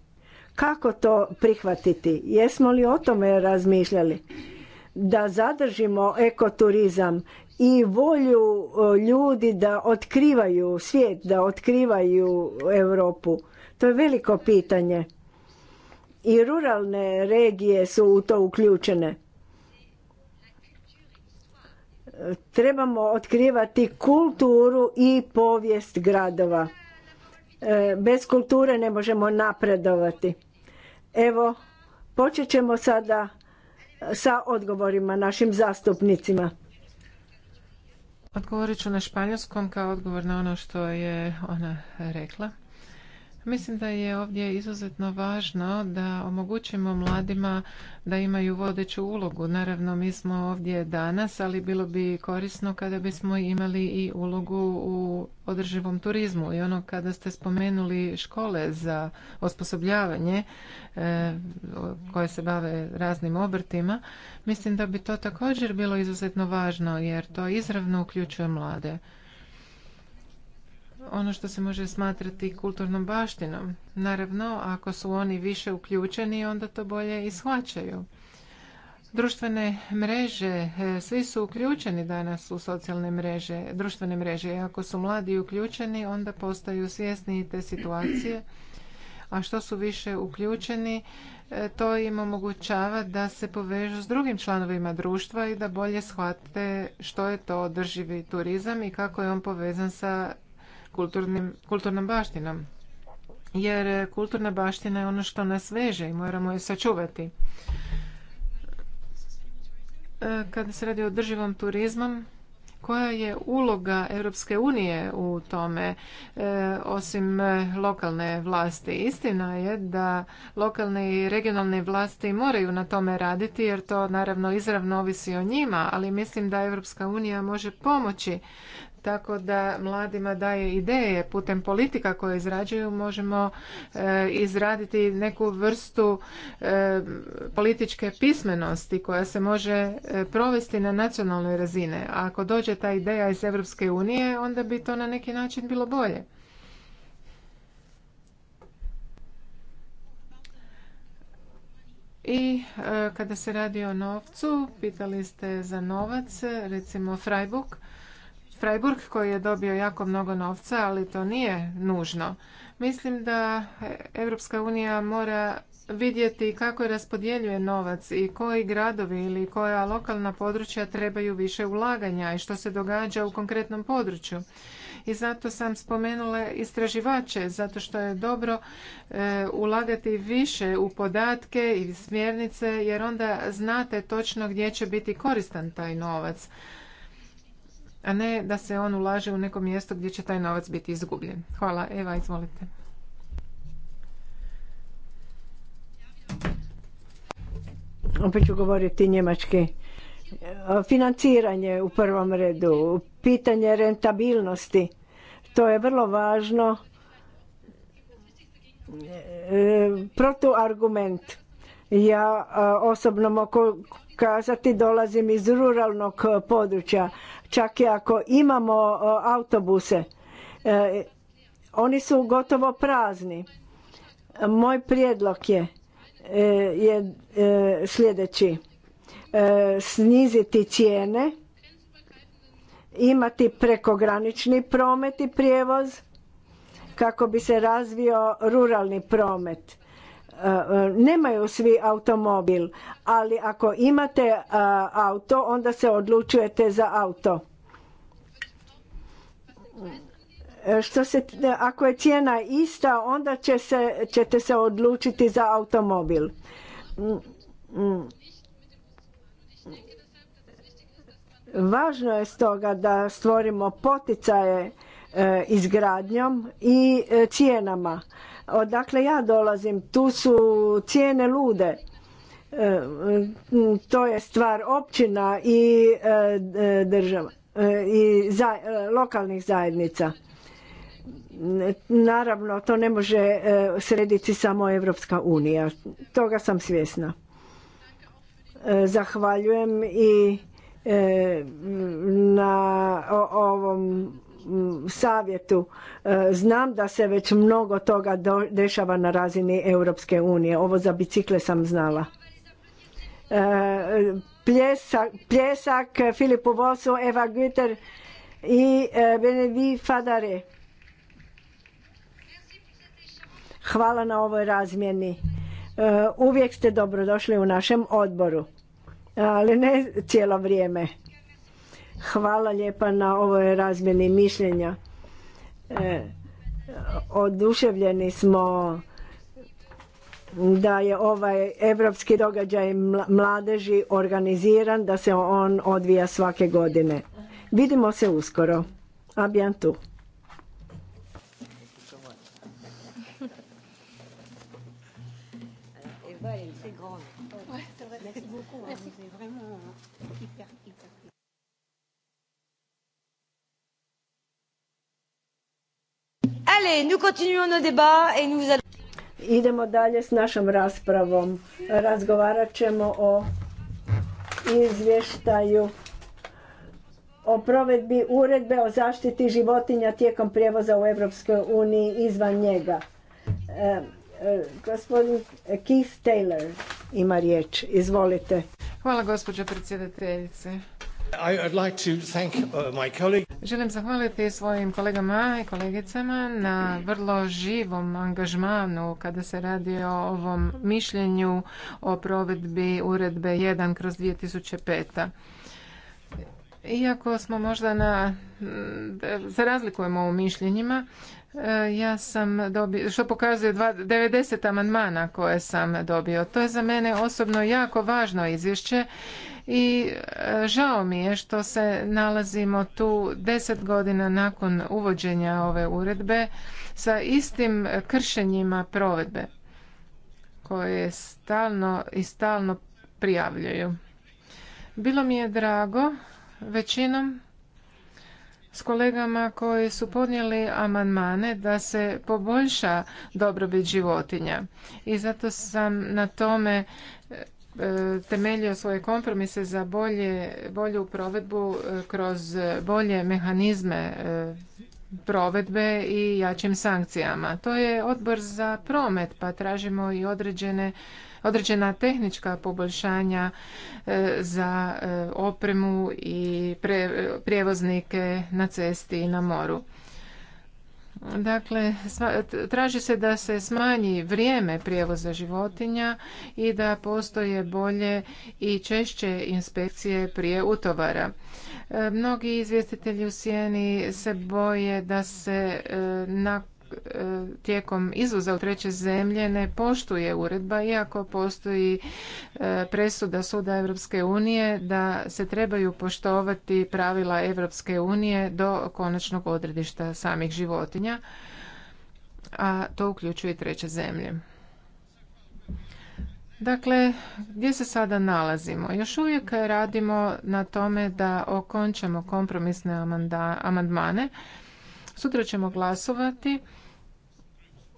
Kako to prihvatiti? Jesmo li o tome razmišljali? Da zadržimo ekoturizam i volju e, ljudi da otkrivaju svijet, da otkrivaju Europu. To je veliko pitanje. I ruralne regije su u to uključene trebamo otkrivati kulturu i povijest gradova. E, bez kulture ne možemo napredovati. Evo, počet ćemo sada sa odgovorima našim zastupnicima. Odgovorit ću na španjolskom kao odgovor na ono što je ona rekla. Mislim da je ovdje izuzetno važno da omogućimo mladima da imaju vodeću ulogu. Naravno, mi smo ovdje danas, ali bilo bi korisno kada bismo imali i ulogu u održivom turizmu. I ono kada ste spomenuli škole za osposobljavanje e, koje se bave raznim obrtima, mislim da bi to također bilo izuzetno važno jer to izravno uključuje mlade ono što se može smatrati kulturnom baštinom. Naravno, ako su oni više uključeni, onda to bolje i shvaćaju. Društvene mreže, e, svi su uključeni danas u socijalne mreže, društvene mreže. Ako su mladi uključeni, onda postaju svjesni te situacije. A što su više uključeni, e, to im omogućava da se povežu s drugim članovima društva i da bolje shvate što je to održivi turizam i kako je on povezan sa kulturnim, kulturnom baštinom. Jer kulturna baština je ono što nas veže i moramo je sačuvati. E, kada se radi o održivom turizmom, koja je uloga Europske unije u tome e, osim e, lokalne vlasti? Istina je da lokalne i regionalne vlasti moraju na tome raditi jer to naravno izravno ovisi o njima, ali mislim da Europska unija može pomoći tako da mladima daje ideje putem politika koje izrađuju možemo e, izraditi neku vrstu e, političke pismenosti koja se može e, provesti na nacionalnoj razine. a ako dođe ta ideja iz Europske unije onda bi to na neki način bilo bolje I kada se radi o novcu, pitali ste za novac, recimo Freiburg Freiburg koji je dobio jako mnogo novca, ali to nije nužno. Mislim da Europska unija mora vidjeti kako raspodjeljuje novac i koji gradovi ili koja lokalna područja trebaju više ulaganja i što se događa u konkretnom području. I zato sam spomenula istraživače, zato što je dobro e, ulagati više u podatke i smjernice jer onda znate točno gdje će biti koristan taj novac a ne da se on ulaže u neko mjesto gdje će taj novac biti izgubljen. Hvala. Eva, izvolite. Opet ću govoriti njemački. Financiranje u prvom redu, pitanje rentabilnosti, to je vrlo važno e, protuargument. Ja osobno mogu kazati dolazim iz ruralnog područja čak i ako imamo autobuse e, oni su gotovo prazni moj prijedlog je, e, je e, sljedeći sniziti cijene imati prekogranični promet i prijevoz kako bi se razvio ruralni promet nemaju svi automobil, ali ako imate auto onda se odlučujete za auto. Što se, ako je cijena ista onda ćete se odlučiti za automobil. Važno je stoga da stvorimo poticaje e, izgradnjom i e, cijenama Odakle ja dolazim, tu su cijene lude. E, to je stvar općina i e, država e, i lokalnih zajednica. Naravno, to ne može srediti samo Evropska unija. Toga sam svjesna. Zahvaljujem i na ovom Mm, savjetu. E, znam da se već mnogo toga dešava na razini Europske unije. Ovo za bicikle sam znala. E, pljesak, pljesak Filipu Vosu, Eva Güter i e, Benedi Fadare. Hvala na ovoj razmjeni. Uvijek ste dobrodošli u našem odboru, ali ne cijelo vrijeme. Hvala lijepa na ovoj razmjeni mišljenja. E, oduševljeni smo da je ovaj europski događaj mladeži organiziran, da se on odvija svake godine. Vidimo se uskoro. A Allez, nous continuons nos débats Idemo dalje s našom raspravom. Razgovarat ćemo o izvještaju o provedbi uredbe o zaštiti životinja tijekom prijevoza u Europskoj uniji izvan njega. E, e, gospodin Keith Taylor ima riječ. Izvolite. Hvala gospođo predsjedateljice. Uh, Želim zahvaliti svojim kolegama i kolegicama na vrlo živom angažmanu kada se radi o ovom mišljenju o provedbi uredbe 1 kroz 2005. Iako smo možda na, se razlikujemo u mišljenjima, E, ja sam dobio, što pokazuje 90 amandmana koje sam dobio. To je za mene osobno jako važno izvješće i e, žao mi je što se nalazimo tu deset godina nakon uvođenja ove uredbe sa istim kršenjima provedbe koje stalno i stalno prijavljuju. Bilo mi je drago većinom s kolegama koji su podnijeli amandmane da se poboljša dobrobit životinja. I zato sam na tome e, temeljio svoje kompromise za bolje, bolju provedbu e, kroz bolje mehanizme e, provedbe i jačim sankcijama. To je odbor za promet, pa tražimo i određene određena tehnička poboljšanja e, za e, opremu i prijevoznike na cesti i na moru. Dakle, traži se da se smanji vrijeme prijevoza životinja i da postoje bolje i češće inspekcije prije utovara. E, mnogi izvjestitelji u sjeni se boje da se na E, tijekom izvoza u treće zemlje ne poštuje uredba iako postoji e, presuda suda Europske unije da se trebaju poštovati pravila Europske unije do konačnog odredišta samih životinja a to uključuje i treće zemlje. Dakle, gdje se sada nalazimo? Još uvijek radimo na tome da okončamo kompromisne amandmane. Sutra ćemo glasovati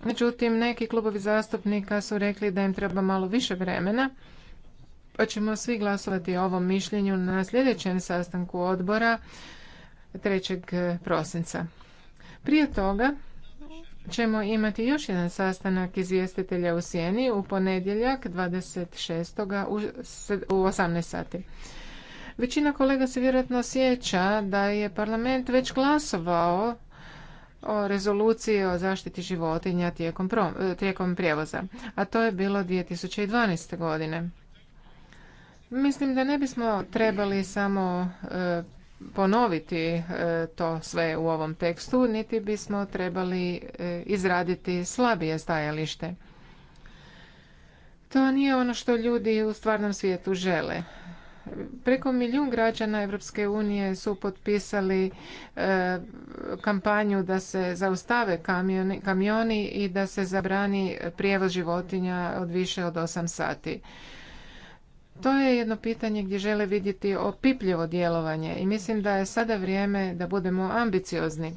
Međutim, neki klubovi zastupnika su rekli da im treba malo više vremena, pa ćemo svi glasovati o ovom mišljenju na sljedećem sastanku odbora 3. prosinca. Prije toga ćemo imati još jedan sastanak izvjestitelja u Sjeni u ponedjeljak 26. u 18. sati. Većina kolega se vjerojatno sjeća da je parlament već glasovao o rezoluciji o zaštiti životinja tijekom, e, prijevoza, a to je bilo 2012. godine. Mislim da ne bismo trebali samo e, ponoviti e, to sve u ovom tekstu, niti bismo trebali izraditi slabije stajalište. To nije ono što ljudi u stvarnom svijetu žele. Preko milijun građana Europske unije su potpisali e, kampanju da se zaustave kamioni, kamioni i da se zabrani prijevoz životinja od više od 8 sati. To je jedno pitanje gdje žele vidjeti opipljivo djelovanje i mislim da je sada vrijeme da budemo ambiciozni.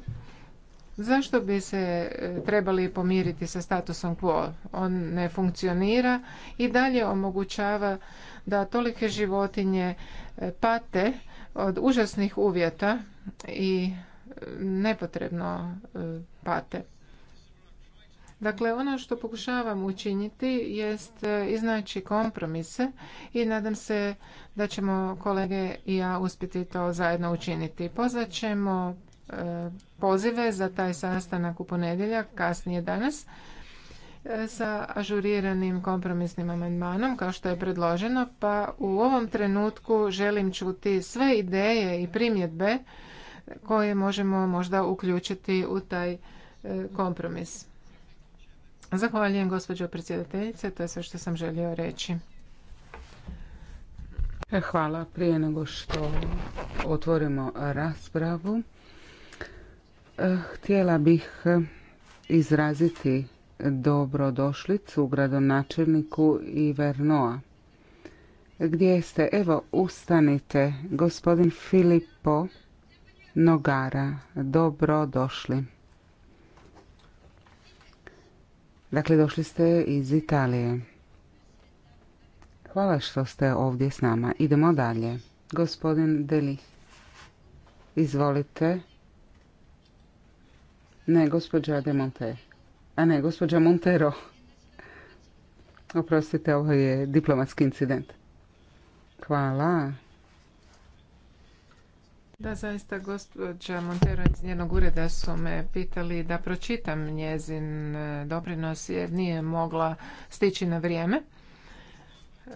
Zašto bi se e, trebali pomiriti sa statusom quo? On ne funkcionira i dalje omogućava da tolike životinje e, pate od užasnih uvjeta i e, nepotrebno e, pate. Dakle, ono što pokušavam učiniti jest iznaći kompromise i nadam se da ćemo kolege i ja uspjeti to zajedno učiniti. Pozvat ćemo pozive za taj sastanak u ponedjeljak, kasnije danas sa ažuriranim kompromisnim amandmanom kao što je predloženo, pa u ovom trenutku želim čuti sve ideje i primjedbe koje možemo možda uključiti u taj e, kompromis. Zahvaljujem gospođo predsjedateljice, to je sve što sam želio reći. Hvala. Prije nego što otvorimo raspravu, e, htjela bih e, izraziti dobrodošlicu gradonačelniku vernoa. Gdje ste? Evo, ustanite. Gospodin Filippo Nogara, dobrodošli. Dakle, došli ste iz Italije. Hvala što ste ovdje s nama. Idemo dalje. Gospodin Deli, izvolite. Ne, gospođa Demonte. A ne, gospođa Montero. Oprostite, ovo je diplomatski incident. Hvala. Da, zaista gospođa Montero iz njenog ureda su me pitali da pročitam njezin e, doprinos jer nije mogla stići na vrijeme.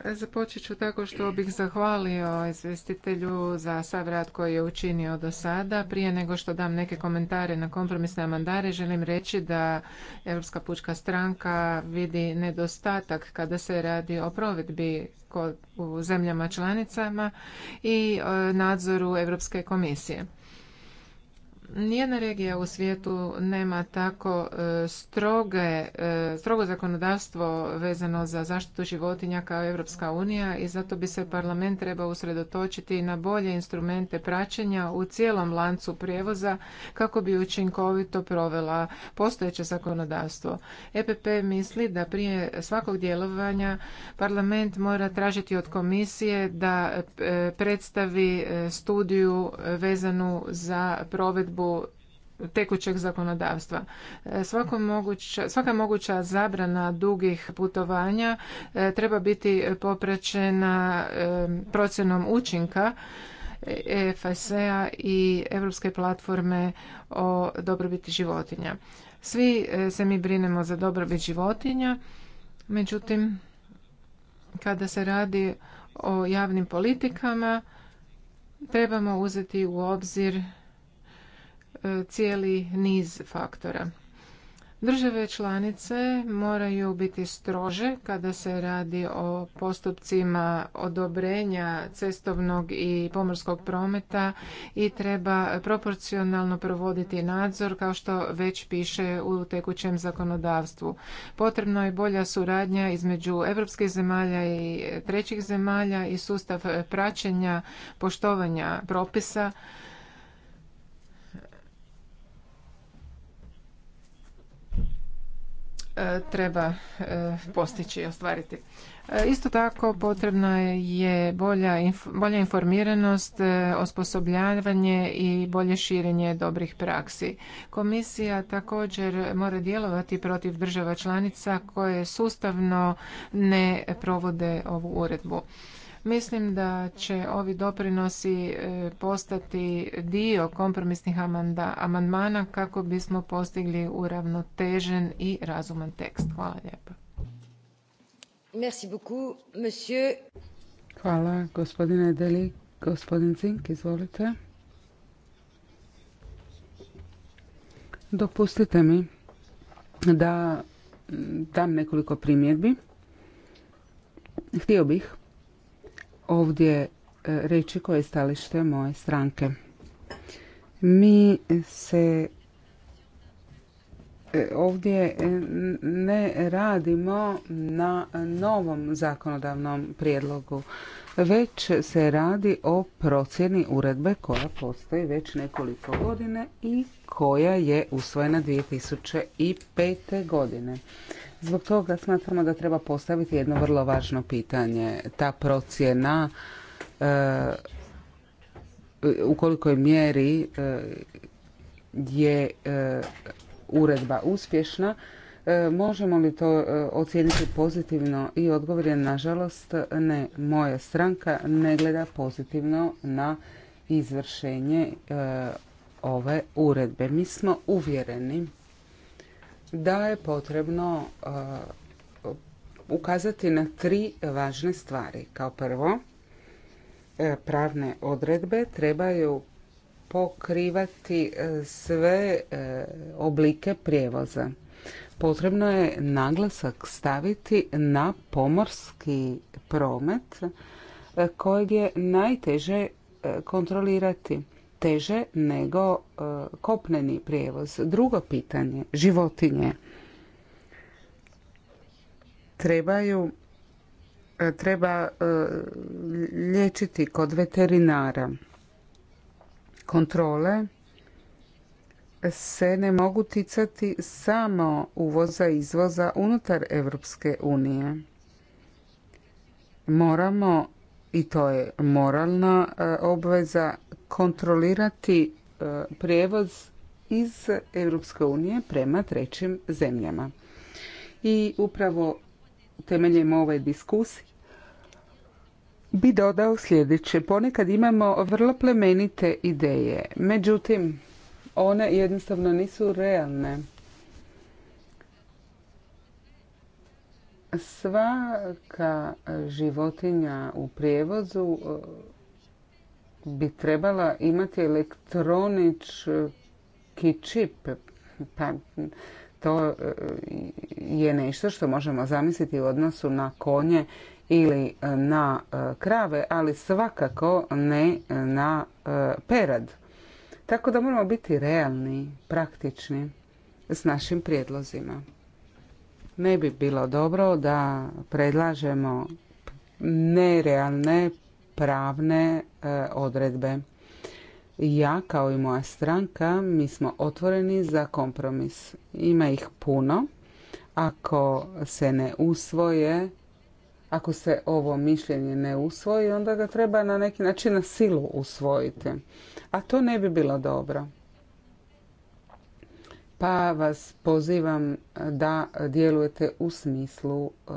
Započet ću tako što bih zahvalio izvjestitelju za sav rad koji je učinio do sada. Prije nego što dam neke komentare na kompromisne amandare, želim reći da Europska pučka stranka vidi nedostatak kada se radi o provedbi u zemljama članicama i e, nadzoru Europske komisije. Nijedna regija u svijetu nema tako e, stroge, e, strogo zakonodavstvo vezano za zaštitu životinja kao Europska unija i zato bi se parlament trebao usredotočiti na bolje instrumente praćenja u cijelom lancu prijevoza kako bi učinkovito provela postojeće zakonodavstvo. EPP misli da prije svakog djelovanja parlament mora tražiti od komisije da e, predstavi studiju vezanu za provedbu tekućeg zakonodavstva. E, svaka moguća zabrana dugih putovanja e, treba biti popraćena e, procjenom učinka efsa i Europske platforme o dobrobiti životinja. Svi se mi brinemo za dobrobit životinja, međutim, kada se radi o javnim politikama, trebamo uzeti u obzir E, cijeli niz faktora. Države članice moraju biti strože kada se radi o postupcima odobrenja cestovnog i pomorskog prometa i treba proporcionalno provoditi nadzor kao što već piše u tekućem zakonodavstvu. Potrebno je bolja suradnja između europskih zemalja i trećih zemalja i sustav praćenja poštovanja propisa E, treba e, postići i ostvariti. E, isto tako potrebna je bolja, bolja informiranost, osposobljavanje i bolje širenje dobrih praksi. Komisija također mora djelovati protiv država članica koje sustavno ne provode ovu uredbu. Mislim da će ovi doprinosi e, postati dio kompromisnih amandmana kako bismo postigli uravnotežen i razuman tekst. Hvala lijepa. Hvala, gospodine Deli. Gospodin Zink, izvolite. Dopustite mi da dam nekoliko primjedbi. Htio bih ovdje e, reći koje je stalište moje stranke. Mi se e, ovdje e, ne radimo na novom zakonodavnom prijedlogu, već se radi o procjeni uredbe koja postoji već nekoliko godine i koja je usvojena 2005. godine. Zbog toga smatramo da treba postaviti jedno vrlo važno pitanje. Ta procjena e, u kolikoj mjeri e, je e, uredba uspješna, možemo li to ocijeniti pozitivno i odgovor je nažalost ne. Moja stranka ne gleda pozitivno na izvršenje ove uredbe. Mi smo uvjereni da je potrebno uh, ukazati na tri važne stvari. Kao prvo, e, pravne odredbe trebaju pokrivati e, sve e, oblike prijevoza. Potrebno je naglasak staviti na pomorski promet kojeg je najteže kontrolirati teže nego e, kopneni prijevoz. Drugo pitanje, životinje trebaju e, treba e, liječiti kod veterinara. Kontrole se ne mogu ticati samo uvoza i izvoza unutar Europske unije. Moramo i to je moralna obveza kontrolirati e, prijevoz iz Europske unije prema trećim zemljama. I upravo temeljem ove diskusije bi dodao sljedeće. Ponekad imamo vrlo plemenite ideje, međutim one jednostavno nisu realne. Svaka životinja u prijevozu bi trebala imati elektronički čip. Pa to e, je nešto što možemo zamisliti u odnosu na konje ili e, na e, krave, ali svakako ne na perad. Tako da moramo biti realni, praktični s našim prijedlozima. Ne bi bilo dobro da predlažemo nerealne pravne e, odredbe. Ja kao i moja stranka mi smo otvoreni za kompromis. Ima ih puno. Ako se ne usvoje, ako se ovo mišljenje ne usvoji, onda ga treba na neki način na silu usvojiti. A to ne bi bilo dobro. Pa vas pozivam da djelujete u smislu e,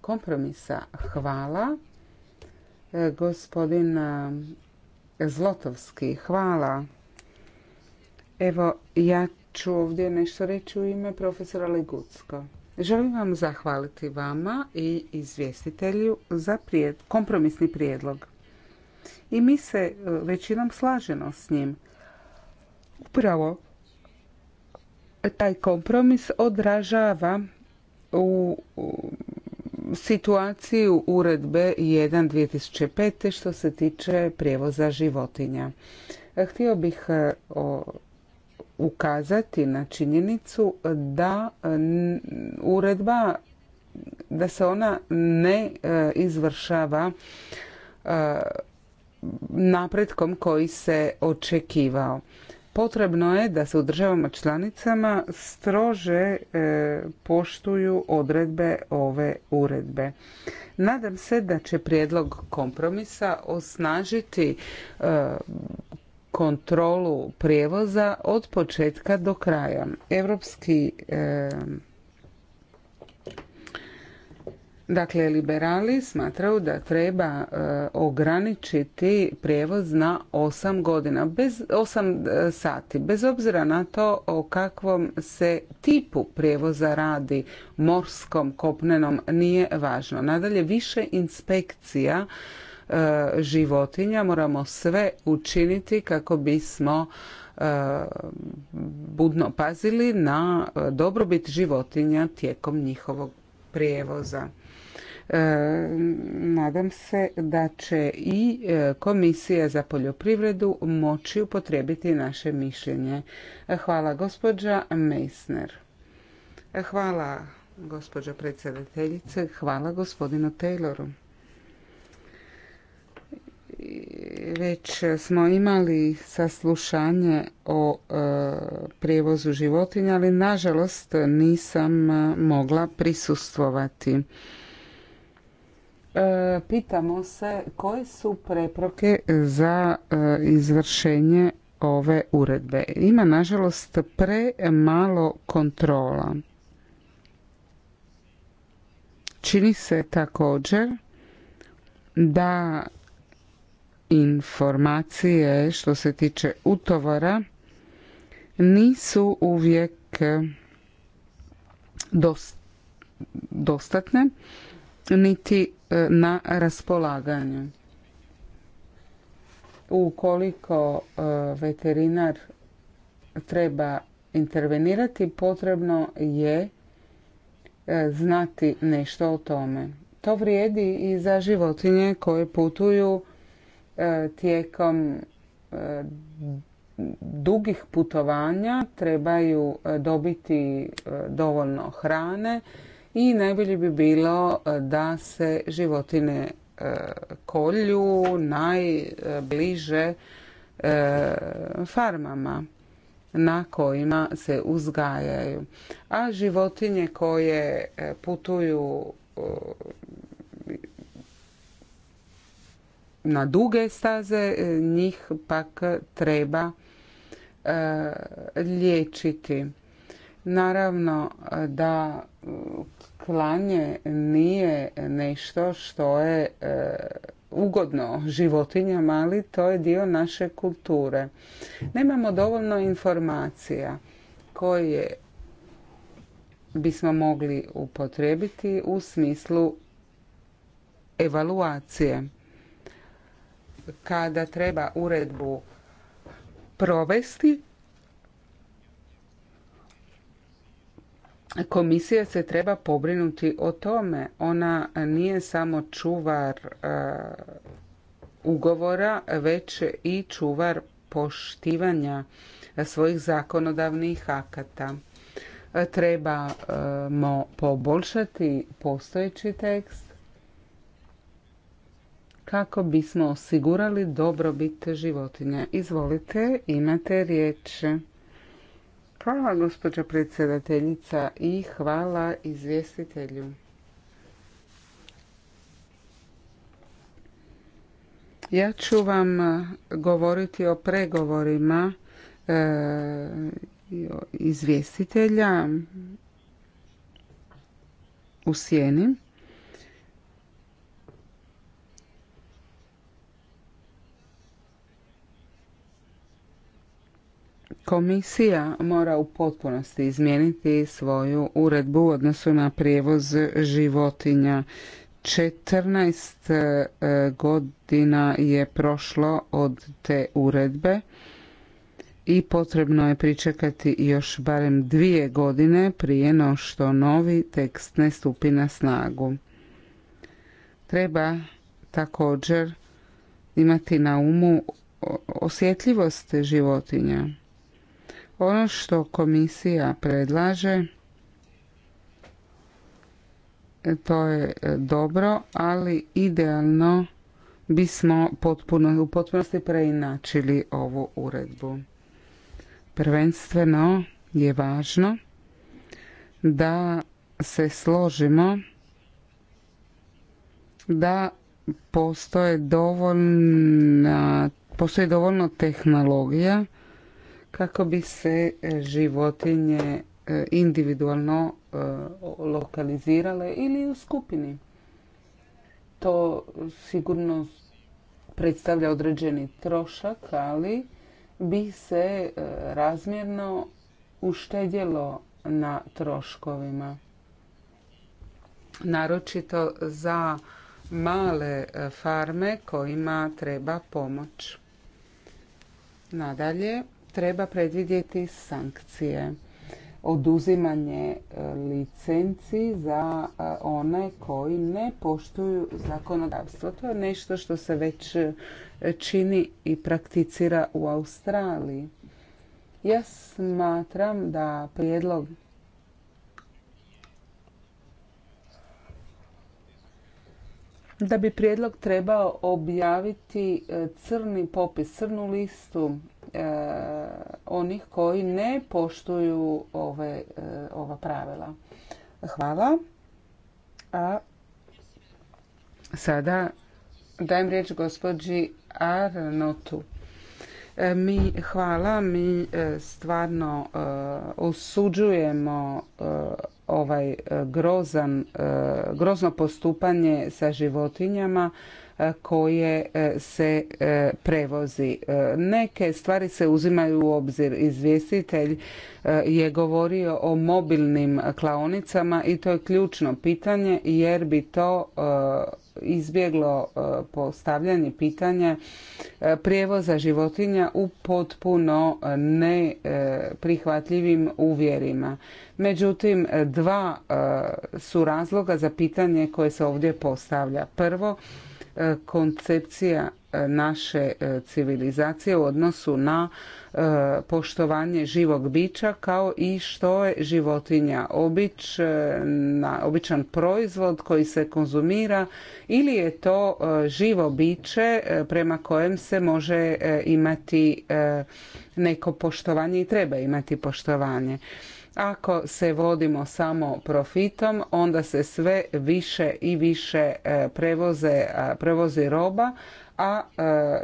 kompromisa. Hvala. Gospodin Zlotovski, hvala. Evo, ja ću ovdje nešto reći u ime profesora Legutsko. Želim vam zahvaliti vama i izvjestitelju za kompromisni prijedlog. I mi se e, većinom slažemo s njim. Upravo taj kompromis odražava u, u situaciju uredbe 1 2005 što se tiče prijevoza životinja. Htio bih e, ukazati na činjenicu da uredba da se ona ne e, izvršava e, napretkom koji se očekivao. Potrebno je da se u državama članicama strože e, poštuju odredbe ove uredbe. Nadam se da će prijedlog kompromisa osnažiti e, kontrolu prijevoza od početka do kraja. Europski e, Dakle, liberali smatraju da treba e, ograničiti prijevoz na 8 godina, bez 8 e, sati, bez obzira na to o kakvom se tipu prijevoza radi, morskom, kopnenom, nije važno. Nadalje, više inspekcija e, životinja moramo sve učiniti kako bismo budno pazili na dobrobit životinja tijekom njihovog prijevoza. E, nadam se da će i e, Komisija za poljoprivredu moći upotrebiti naše mišljenje. E, hvala gospođa Meisner Hvala gospođa predsjedateljice, hvala gospodinu Tayloru. Već smo imali saslušanje o prijevozu životinja, ali nažalost nisam mogla prisustvovati. E, pitamo se koje su preproke za e, izvršenje ove uredbe. Ima nažalost malo kontrola. Čini se također da informacije što se tiče utovara nisu uvijek e, dostatne niti e, na raspolaganju. Ukoliko e, veterinar treba intervenirati, potrebno je e, znati nešto o tome. To vrijedi i za životinje koje putuju tijekom dugih putovanja, trebaju dobiti dovoljno hrane, i najbolje bi bilo e, da se životine e, kolju najbliže e, farmama na kojima se uzgajaju. A životinje koje putuju na duge staze, njih pak treba liječiti. Naravno da klanje nije nešto što je e, ugodno životinjama, ali to je dio naše kulture. Nemamo dovoljno informacija koje bismo mogli upotrebiti u smislu evaluacije. Kada treba uredbu provesti, komisija se treba pobrinuti o tome. Ona nije samo čuvar e, ugovora, već i čuvar poštivanja svojih zakonodavnih akata. E, Trebamo e, poboljšati postojeći tekst kako bismo osigurali dobrobit životinja. Izvolite, imate riječ. Hvala gospođa predsjedateljica i hvala izvjestitelju. Ja ću vam e, govoriti o pregovorima e, izvjestitelja u sjeni. Komisija mora u potpunosti izmijeniti svoju uredbu u odnosu na prijevoz životinja. 14 e, godina je prošlo od te uredbe i potrebno je pričekati još barem dvije godine prije no što novi tekst ne stupi na snagu. Treba također imati na umu osjetljivost životinja ono što komisija predlaže to je dobro, ali idealno bismo u potpunosti preinačili ovu uredbu. Prvenstveno je važno da se složimo da postoje dovoljna, postoji dovoljno tehnologija kako bi se e, životinje e, individualno e, lokalizirale ili u skupini. To sigurno predstavlja određeni trošak, ali bi se razmjerno uštedjelo na troškovima. Naročito za male farme kojima treba pomoć. Nadalje, treba predvidjeti sankcije oduzimanje e, licenci za e, one koji ne poštuju zakonodavstvo. To je nešto što se već e, čini i prakticira u Australiji. Ja smatram da prijedlog da bi prijedlog trebao objaviti e, crni popis, crnu listu e, onih koji ne poštuju e, ova pravila. Hvala. A sada dajem riječ gospođi Arnotu. E, mi hvala, mi e, stvarno e, osuđujemo ovaj grozan, grozno postupanje sa životinjama koje se prevozi. Neke stvari se uzimaju u obzir. Izvjestitelj je govorio o mobilnim klaonicama i to je ključno pitanje jer bi to izbjeglo e, postavljanje pitanja e, prijevoza životinja u potpuno e, neprihvatljivim uvjerima. Međutim, dva su razloga za pitanje koje se ovdje postavlja. Prvo, koncepcija naše civilizacije u odnosu na E, poštovanje živog bića kao i što je životinja e, običan proizvod koji se konzumira ili je to e, živo biće prema kojem se može imati neko poštovanje i treba imati poštovanje. Ako se vodimo samo profitom, onda se sve više i više prevoze, prevozi roba, a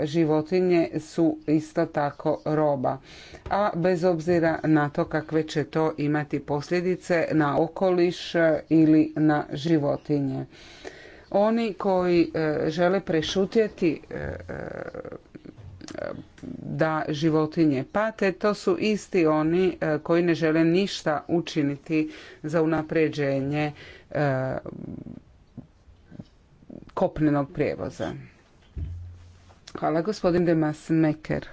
životinje su isto tako roba a bez obzira na to kakve će to imati posljedice na okoliš ili na životinje. Oni koji e, žele prešutjeti e, e, da životinje pate, to su isti oni koji ne žele ništa učiniti za unapređenje kopnenog prijevoza. Hvala gospodin Demas Meker.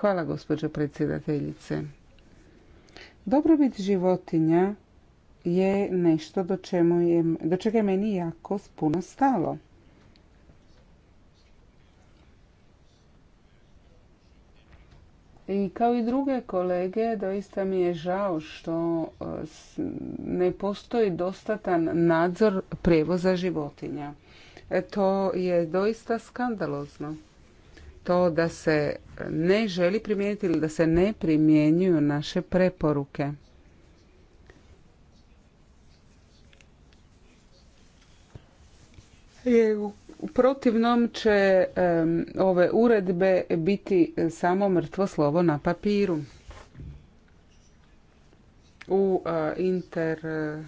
Hvala gospođo predsjedateljice. Dobrobit životinja je nešto do, čemu je, do čega je meni jako puno stalo. I kao i druge kolege, doista mi je žao što e, ne postoji dostatan nadzor prevoza životinja. E, to je doista skandalozno to da se ne želi primijeniti ili da se ne primjenjuju naše preporuke. E, u protivnom će ove uredbe biti samo mrtvo slovo na papiru. U inter e,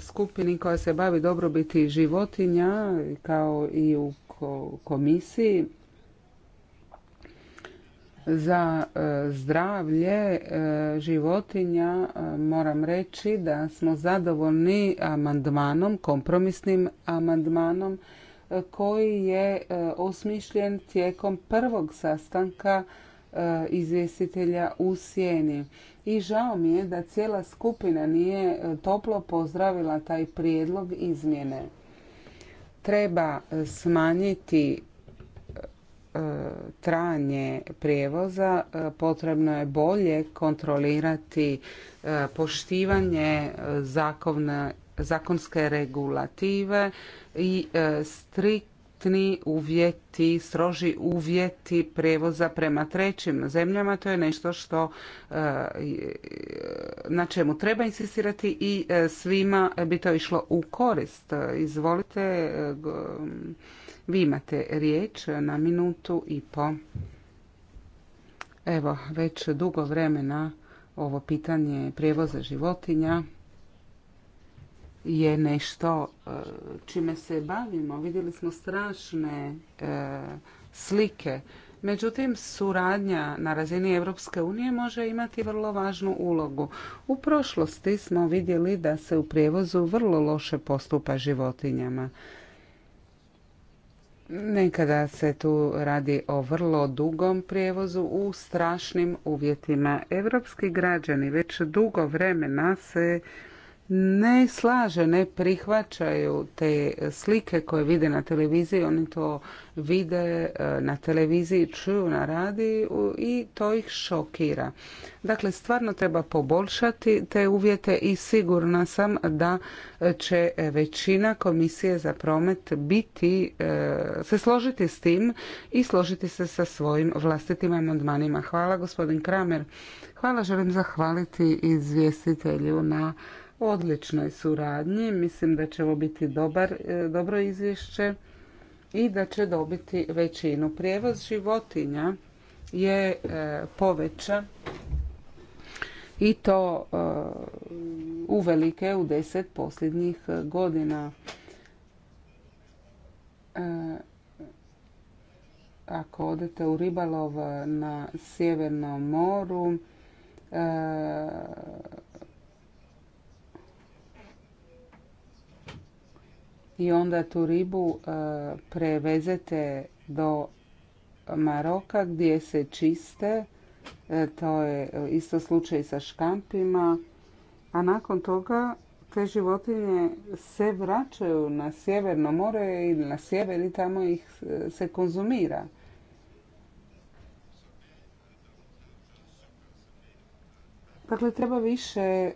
skupini koja se bavi dobrobiti životinja kao i u komisiji za e, zdravlje e, životinja e, moram reći da smo zadovoljni amandmanom, kompromisnim amandmanom koji je osmišljen tijekom prvog sastanka izvjestitelja u sjeni. I žao mi je da cijela skupina nije toplo pozdravila taj prijedlog izmjene. Treba smanjiti E, trajanje prijevoza e, potrebno je bolje kontrolirati e, poštivanje zakonske regulative i striktni uvjeti, stroži uvjeti prijevoza prema trećim zemljama. To je nešto što na čemu treba insistirati i svima bi to išlo u korist. Izvolite vi imate riječ na minutu i po. Evo, već dugo vremena ovo pitanje prijevoza životinja je nešto e, čime se bavimo. Vidjeli smo strašne e, slike. Međutim, suradnja na razini Europske unije može imati vrlo važnu ulogu. U prošlosti smo vidjeli da se u prijevozu vrlo loše postupa životinjama. Nekada se tu radi o vrlo dugom prijevozu u strašnim uvjetima. Evropski građani već dugo vremena se ne slaže, ne prihvaćaju te slike koje vide na televiziji, oni to vide e, na televiziji, čuju na radiju i to ih šokira. Dakle, stvarno treba poboljšati te uvjete i sigurna sam da će većina komisije za promet biti, e, se složiti s tim i složiti se sa svojim vlastitim amandmanima. Hvala gospodin Kramer. Hvala, želim zahvaliti izvjestitelju na odličnoj suradnji. Mislim da će ovo biti dobar, e, dobro izvješće i da će dobiti većinu. Prijevoz životinja je e, poveća i to e, velike u deset posljednjih godina. Ako odete u ribalov na Sjevernom moru, i onda tu ribu e, prevezete do Maroka gdje se čiste. E, to je isto slučaj sa škampima. A nakon toga te životinje se vraćaju na sjeverno more ili na sjever i tamo ih e, se konzumira. Dakle, treba više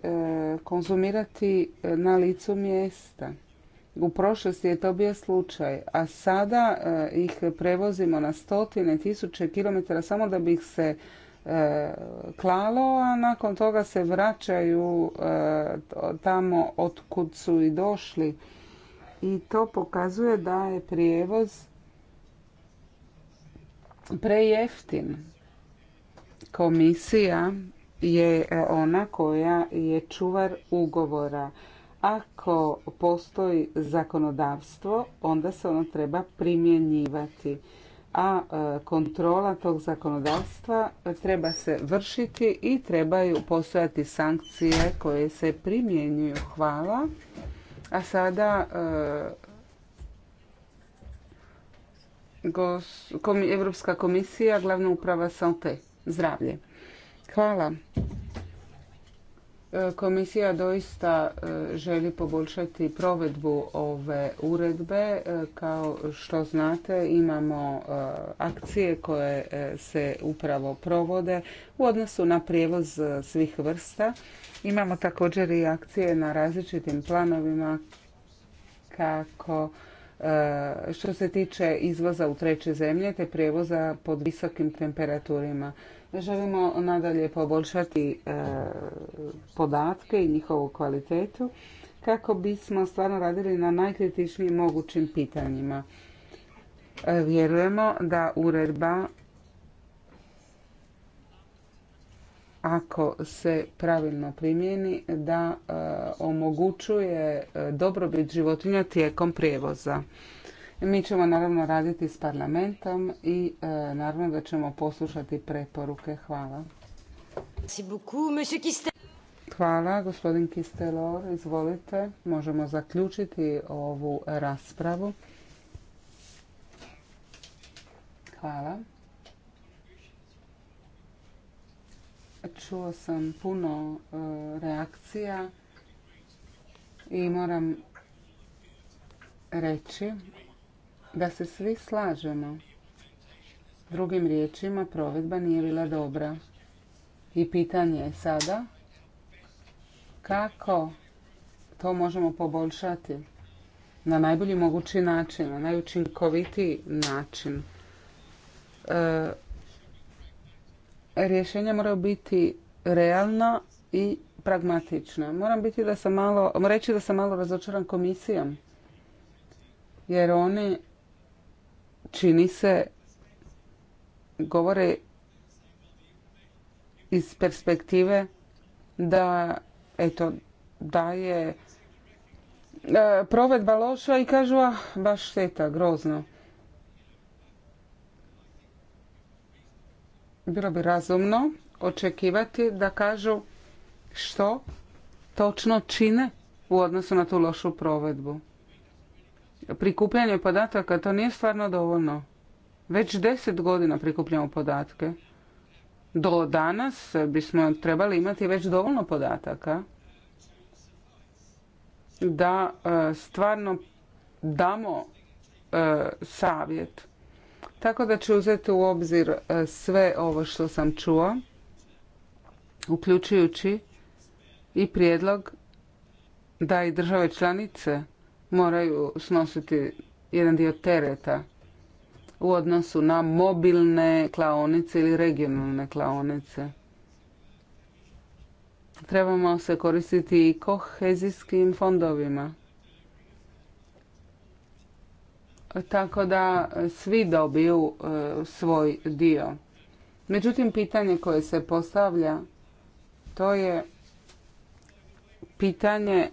konzumirati na licu mjesta. U prošlosti je to bio slučaj, a sada e, ih prevozimo na stotine tisuće kilometara samo da bi ih se e, klalo, a nakon toga se vraćaju e, tamo otkud su i došli. I to pokazuje da je prijevoz prejeftin. Komisija je ona koja je čuvar ugovora ako postoji zakonodavstvo, onda se ono treba primjenjivati. A e, kontrola tog zakonodavstva treba se vršiti i trebaju postojati sankcije koje se primjenjuju. Hvala. A sada Europska komisija, glavna uprava Sante. Zdravlje. Hvala. Komisija doista e, želi poboljšati provedbu ove uredbe. E, kao što znate, imamo e, akcije koje se upravo provode u odnosu na prijevoz svih vrsta. Imamo također i akcije na različitim planovima kako što se tiče izvoza u treće zemlje te prijevoza pod visokim temperaturima. Želimo nadalje poboljšati e, podatke i njihovu kvalitetu kako bismo stvarno radili na najkritičnijim mogućim pitanjima. E, vjerujemo da uredba ako se pravilno primjeni da e, omogućuje dobrobit životinja tijekom prijevoza. Mi ćemo naravno raditi s parlamentom i e, naravno da ćemo poslušati preporuke. Hvala. Hvala, gospodin Kistelor. Izvolite, možemo zaključiti ovu raspravu. Hvala. Čuo sam puno e, reakcija i moram reći da se svi slažemo. Drugim riječima, provedba nije bila dobra. I pitanje je sada kako to možemo poboljšati na najbolji mogući način, na najučinkovitiji način. E, rješenja moraju biti realna i pragmatična. Moram biti da sam malo, reći da sam malo razočaran komisijom jer oni čini se govore iz perspektive da eto da je e, provedba loša i kažu ah baš šteta grozno bilo bi razumno očekivati da kažu što točno čine u odnosu na tu lošu provedbu prikupljanje podataka, to nije stvarno dovoljno. Već deset godina prikupljamo podatke. Do danas bismo trebali imati već dovoljno podataka da e, stvarno damo e, savjet. Tako da ću uzeti u obzir e, sve ovo što sam čuo, uključujući i prijedlog da i države članice moraju snositi jedan dio tereta u odnosu na mobilne klaonice ili regionalne klaonice. Trebamo se koristiti i kohezijskim fondovima. Tako da svi dobiju e, svoj dio. Međutim, pitanje koje se postavlja to je pitanje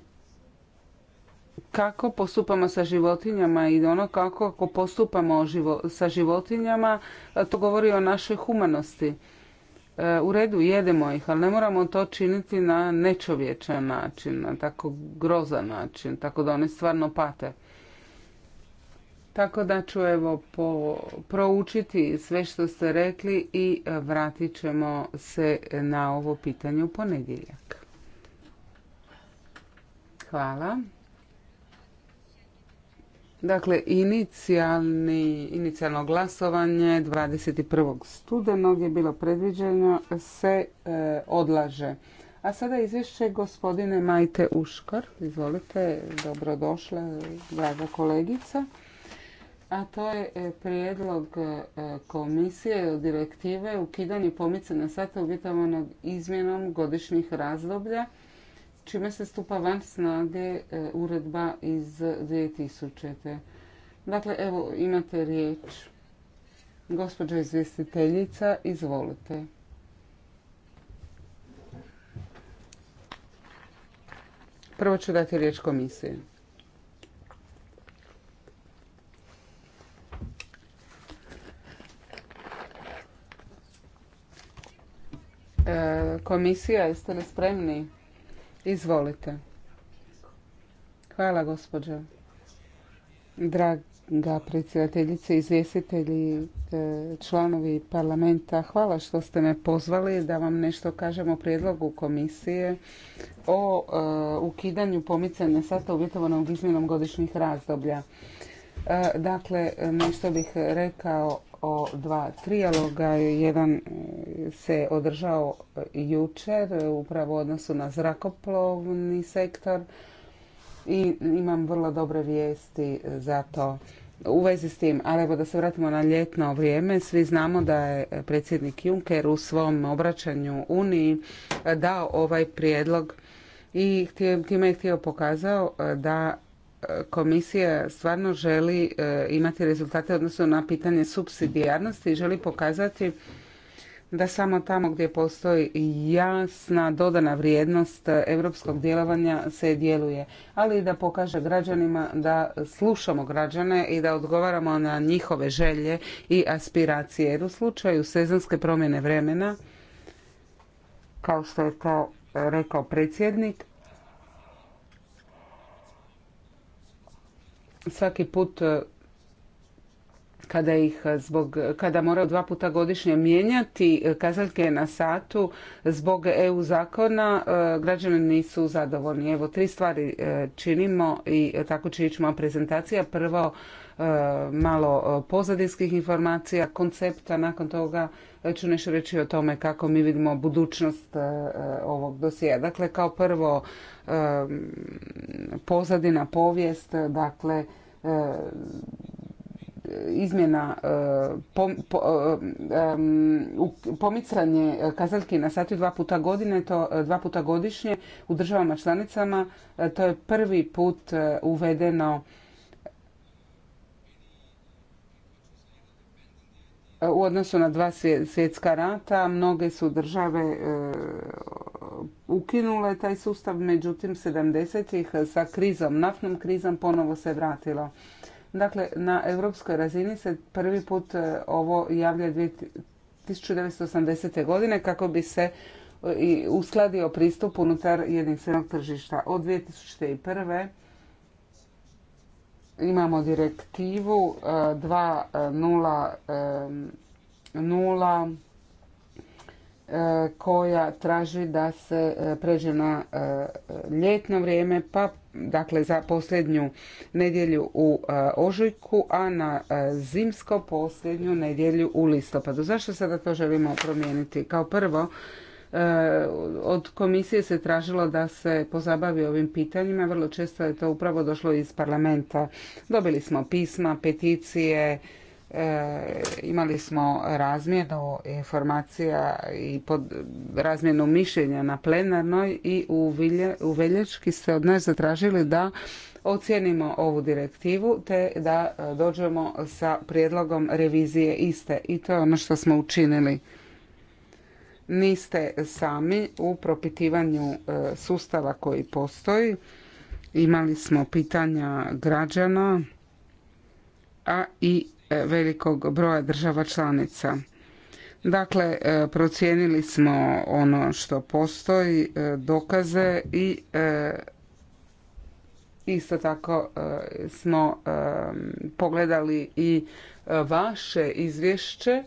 kako postupamo sa životinjama i ono kako postupamo živo, sa životinjama, to govori o našoj humanosti. E, u redu, jedemo ih, ali ne moramo to činiti na nečovječan način, na tako grozan način, tako da one stvarno pate. Tako da ću evo po, proučiti sve što ste rekli i vratit ćemo se na ovo pitanje u ponedjeljak. Hvala. Dakle, inicijalno glasovanje 21. studenog je bilo predviđeno, se e, odlaže. A sada izvješće gospodine Majte Uškar. Izvolite, dobrodošla, draga kolegica. A to je e, prijedlog e, komisije o direktive ukidanje na sata uvjetovanog izmjenom godišnjih razdoblja čime se stupa van snage e, uredba iz 2000. Dakle, evo imate riječ. Gospođa izvjestiteljica, izvolite. Prvo ću dati riječ komisije. Komisija, jeste li spremni? Izvolite. Hvala gospođo. Draga predsjedateljice, izvjestitelji, e, članovi parlamenta, hvala što ste me pozvali da vam nešto kažem o prijedlogu komisije o e, ukidanju pomicanja sata uvjetovanog izmjenom godišnjih razdoblja. E, dakle, nešto bih rekao o dva trijaloga. Jedan se održao jučer upravo u odnosu na zrakoplovni sektor i imam vrlo dobre vijesti za to u vezi s tim. Ali evo da se vratimo na ljetno vrijeme. Svi znamo da je predsjednik Juncker u svom obraćanju Uniji dao ovaj prijedlog i time je htio pokazao da komisija stvarno želi e, imati rezultate odnosno na pitanje subsidijarnosti i želi pokazati da samo tamo gdje postoji jasna dodana vrijednost europskog djelovanja se djeluje, ali i da pokaže građanima da slušamo građane i da odgovaramo na njihove želje i aspiracije. Jer u slučaju sezonske promjene vremena, kao što je to rekao predsjednik, svaki put e, kada ih zbog, kada moraju dva puta godišnje mijenjati e, kazaljke na satu zbog EU zakona, e, građani nisu zadovoljni. Evo, tri stvari činimo i tako će ići moja prezentacija. Prvo, E, malo e, pozadinskih informacija, koncepta, nakon toga e, ću nešto reći o tome kako mi vidimo budućnost ovog dosija. Dakle, kao prvo pozadina, povijest, dakle, izmjena pomicanje kazaljki na sati dva puta godine, to dva puta godišnje u državama članicama, to je prvi put uvedeno u odnosu na dva svjetska rata mnoge su države e, ukinule taj sustav, međutim 70-ih sa krizom, naftnom krizom ponovo se vratilo. Dakle, na europskoj razini se prvi put e, ovo javlja 1980. godine kako bi se e, i uskladio pristup unutar jedinstvenog tržišta. Od 2001 imamo direktivu 2.0.0 e, e, e, koja traži da se pređe na ljetno vrijeme, pa dakle za posljednju nedjelju u ožujku, a na zimsko posljednju nedjelju u listopadu. Zašto sada to želimo promijeniti? Kao prvo, E, od komisije se tražilo da se pozabavi ovim pitanjima, vrlo često je to upravo došlo iz parlamenta. Dobili smo pisma, peticije, e, imali smo razmjenu informacija i pod razmjenu mišljenja na plenarnoj i u, veljački se ste od nas zatražili da ocijenimo ovu direktivu te da e, dođemo sa prijedlogom revizije iste i to je ono što smo učinili niste sami u propitivanju e, sustava koji postoji. Imali smo pitanja građana, a i e, velikog broja država članica. Dakle, e, procijenili smo ono što postoji, dokaze i isto tako smo pogledali i vaše izvješće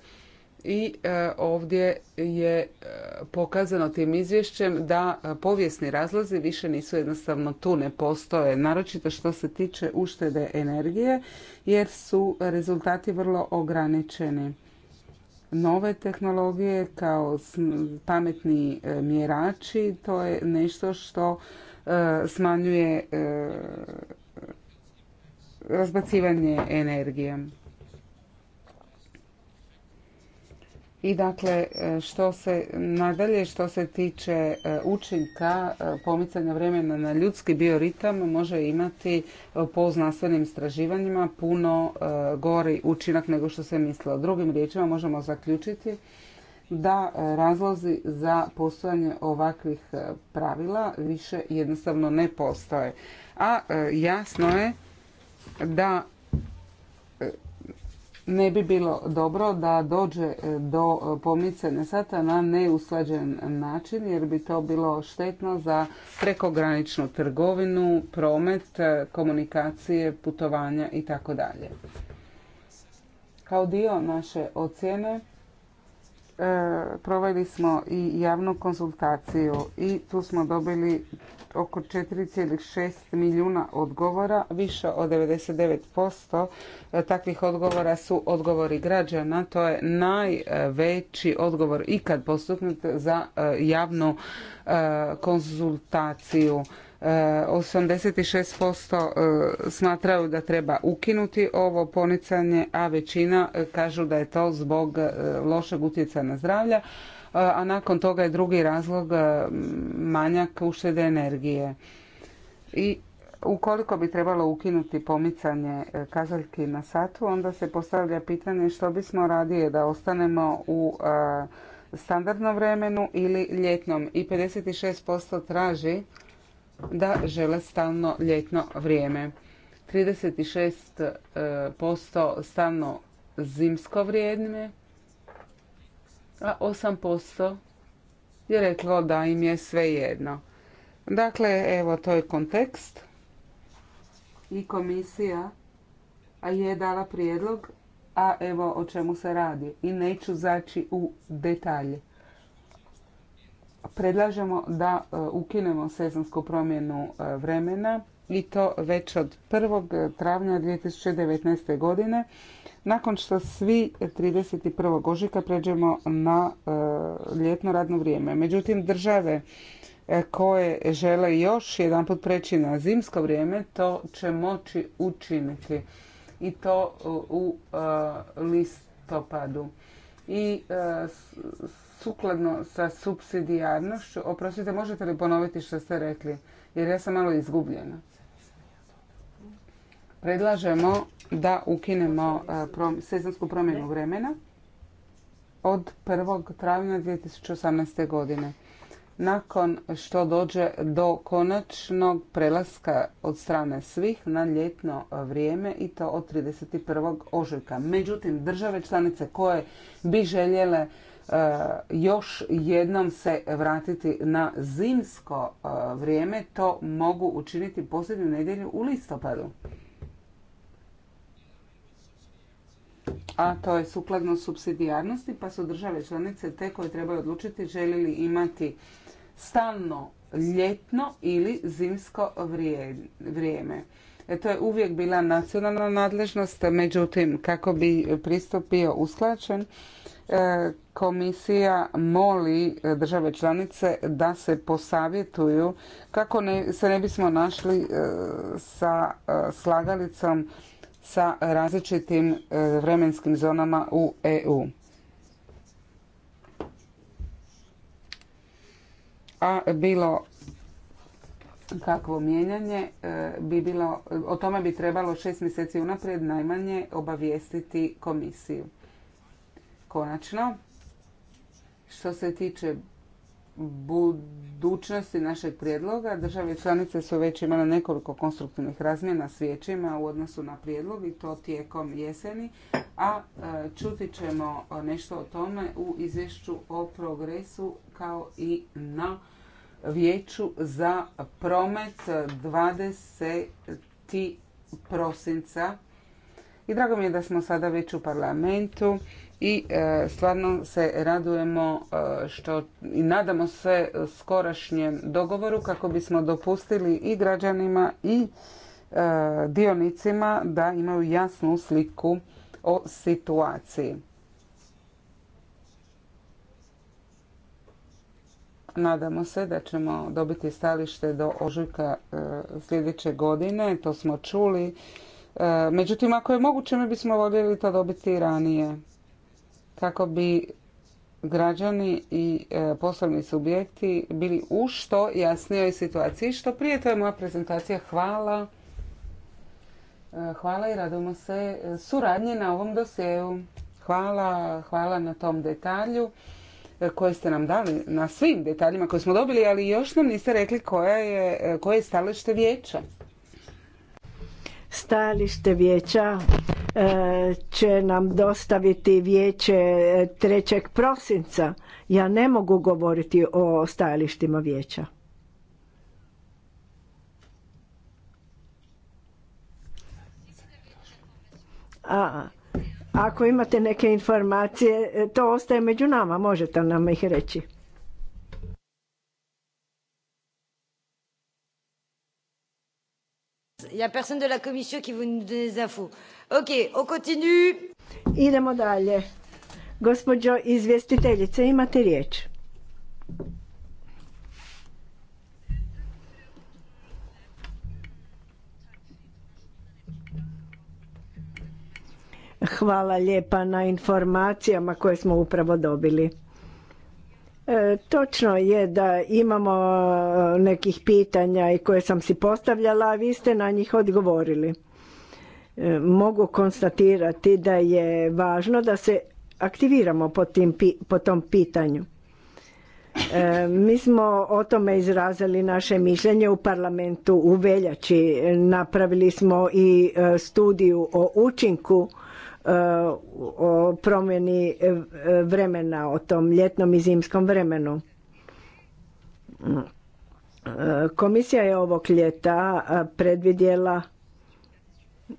i e, ovdje je e, pokazano tim izvješćem da e, povijesni razlozi više nisu jednostavno tu ne postoje, naročito što se tiče uštede energije jer su rezultati vrlo ograničeni. Nove tehnologije kao pametni mjerači, to je nešto što smanjuje razbacivanje energije. I dakle, e, što se nadalje, što se tiče e, učinka e, pomicanja vremena na ljudski bioritam, može imati po znanstvenim istraživanjima puno gori učinak nego što se mislilo. Drugim riječima možemo zaključiti da razlozi za postojanje ovakvih pravila više jednostavno ne postoje. A jasno je da ne bi bilo dobro da dođe e, do e, pomicanja sata na neusklađen način jer bi to bilo štetno za prekograničnu trgovinu, promet, e, komunikacije, putovanja i tako dalje. Kao dio naše ocjene proveli smo i javnu konsultaciju i tu smo dobili oko 4,6 milijuna odgovora, više od 99% e, takvih odgovora su odgovori građana. To je najveći odgovor ikad postupnut za e, javnu e, konzultaciju. 86% smatraju da treba ukinuti ovo ponicanje, a većina kažu da je to zbog lošeg utjecaja na zdravlja a nakon toga je drugi razlog e, manjak uštede energije. I ukoliko bi trebalo ukinuti pomicanje e, kazaljki na satu, onda se postavlja pitanje što bismo radije da ostanemo u e, standardnom vremenu ili ljetnom. I 56% traži da žele stalno ljetno vrijeme. 36% stalno zimsko vrijeme a 8% je reklo da im je sve jedno. Dakle, evo, to je kontekst. I komisija je dala prijedlog, a evo o čemu se radi. I neću zaći u detalje. Predlažemo da e, ukinemo sezonsku promjenu e, vremena i to već od 1. travnja 2019. godine nakon što svi 31. ožujka pređemo na e, ljetno radno vrijeme. Međutim, države e, koje žele još jedanput preći na zimsko vrijeme, to će moći učiniti i to e, u listopadu. I sukladno sa subsidijarnošću, oprostite, možete li ponoviti što ste rekli? Jer ja sam malo izgubljena predlažemo da ukinemo e, sezonsku promjenu vremena od 1. travnja 2018. godine. Nakon što dođe do konačnog prelaska od strane svih na ljetno vrijeme i to od 31. ožujka. Međutim, države članice koje bi željele e, još jednom se vratiti na zimsko e, vrijeme, to mogu učiniti posljednju nedjelju u listopadu. a to je sukladno subsidijarnosti, pa su države članice te koje trebaju odlučiti željeli imati stalno ljetno ili zimsko vrijeme. E, to je uvijek bila nacionalna nadležnost, međutim kako bi pristup bio usklađen, e, komisija moli države članice da se posavjetuju kako ne, se ne bismo našli e, sa slagalicom sa različitim e, vremenskim zonama u EU. A bilo kakvo mijenjanje e, bi bilo, o tome bi trebalo šest mjeseci unaprijed najmanje obavijestiti komisiju. Konačno, što se tiče budućnosti našeg prijedloga. Države članice su već imale nekoliko konstruktivnih razmjena s vijećima u odnosu na prijedlog i to tijekom jeseni, a e, čuti ćemo nešto o tome u izvješću o progresu kao i na vijeću za promet 20. prosinca. I drago mi je da smo sada već u parlamentu i e, stvarno se radujemo e, što i nadamo se skorašnjem dogovoru kako bismo dopustili i građanima i e, dionicima da imaju jasnu sliku o situaciji. Nadamo se da ćemo dobiti stalište do ožujka sljedeće godine, to smo čuli. Međutim, ako je moguće, mi bismo voljeli to dobiti ranije kako bi građani i e, poslovni subjekti bili u što jasnijoj situaciji. Što prije, to je moja prezentacija. Hvala. E, hvala i radimo se suradnje na ovom dosjeu. Hvala, hvala na tom detalju e, koje ste nam dali, na svim detaljima koje smo dobili, ali još nam niste rekli koja je, koje je stalište vijeća. Stalište vijeća E, će nam dostaviti vijeće 3. E, prosinca. Ja ne mogu govoriti o stajalištima vijeća. A, ako imate neke informacije, e, to ostaje među nama, možete nam ih reći. Il n'y a personne de la commission qui veut nous donner des infos. Ok, on continue. Idemo dalje. Gospođo izvjestiteljice, imate riječ. Hvala lijepa na informacijama koje smo upravo dobili. E, točno je da imamo e, nekih pitanja i koje sam si postavljala, a vi ste na njih odgovorili. E, mogu konstatirati da je važno da se aktiviramo po, tim, po tom pitanju. Mi smo o tome izrazili naše mišljenje u parlamentu u veljači. Napravili smo i studiju o učinku o promjeni e, vremena, o tom ljetnom i zimskom vremenu. Komisija je ovog ljeta predvidjela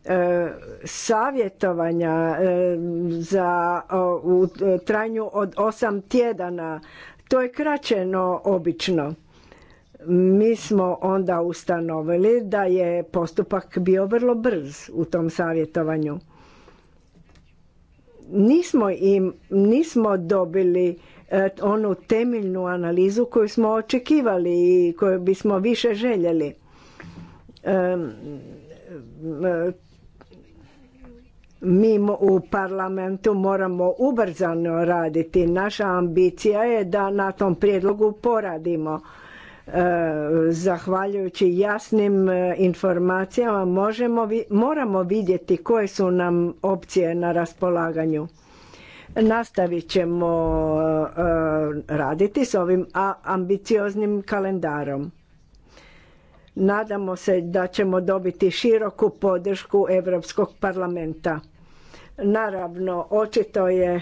e, savjetovanja e, za u trajanju od osam tjedana. To je kraćeno obično. Mi smo onda ustanovili da je postupak bio vrlo brz u tom savjetovanju nismo im nismo dobili e, onu temeljnu analizu koju smo očekivali i koju bismo više željeli. Mi u parlamentu moramo ubrzano raditi. Naša ambicija je da na tom prijedlogu poradimo zahvaljujući jasnim e, informacijama možemo, moramo vidjeti koje su nam opcije na raspolaganju. Nastavit ćemo e, raditi s ovim ambicioznim kalendarom. Nadamo se da ćemo dobiti široku podršku Europskog parlamenta. Naravno, očito je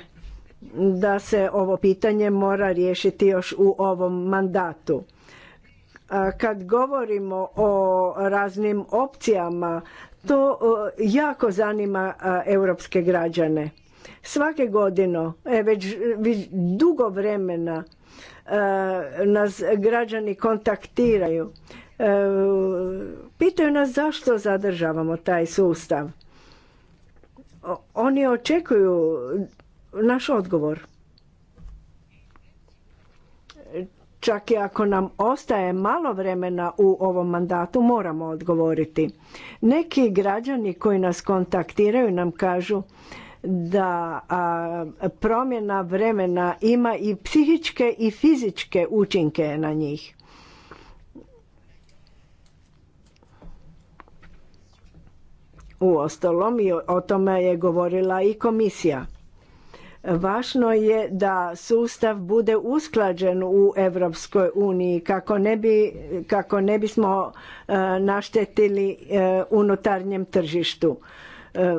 da se ovo pitanje mora riješiti još u ovom mandatu kad govorimo o raznim opcijama, to jako zanima europske građane. Svake godine, e, već dugo vremena, nas građani kontaktiraju. E, pitaju nas zašto zadržavamo taj sustav. Oni očekuju naš odgovor. Čak i ako nam ostaje malo vremena u ovom mandatu, moramo odgovoriti. Neki građani koji nas kontaktiraju nam kažu da promjena vremena ima i psihičke i fizičke učinke na njih. Uostalom i o tome je govorila i komisija. Važno je da sustav bude usklađen u Europskoj uniji kako ne, bi, kako ne bismo e, naštetili e, unutarnjem tržištu. E,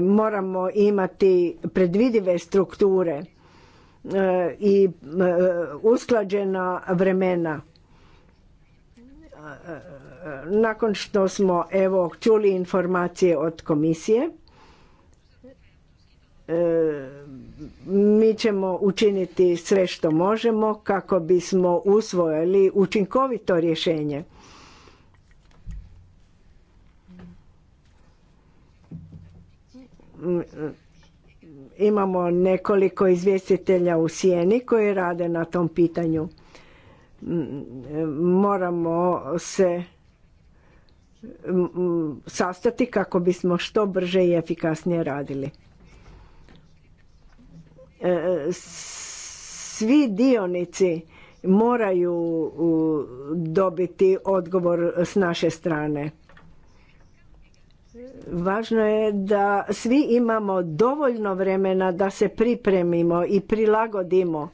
moramo imati predvidive strukture i usklađena vremena. Nakon što smo evo čuli informacije od komisije, mi ćemo učiniti sve što možemo kako bismo usvojili učinkovito rješenje. Mm, mm, imamo nekoliko izvjestitelja u Sijeni koji rade na tom pitanju. Mm, moramo se sastati kako bismo što brže i efikasnije radili. E, svi dionici moraju dobiti odgovor s naše strane. Važno je da svi imamo dovoljno vremena da se pripremimo i prilagodimo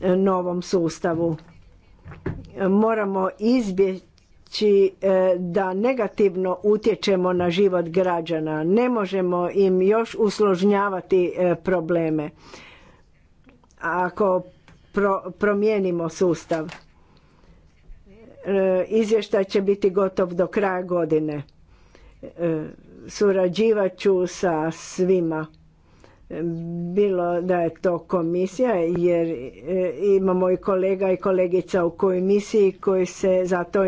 e, novom sustavu. Moramo izbjeći znači e, da negativno utječemo na život građana. Ne možemo im još usložnjavati e, probleme ako promijenimo sustav. E, izvještaj će biti gotov do kraja godine. Surađivat ću sa svima bilo da je to komisija jer e, imamo i kolega i kolegica u komisiji koji se za to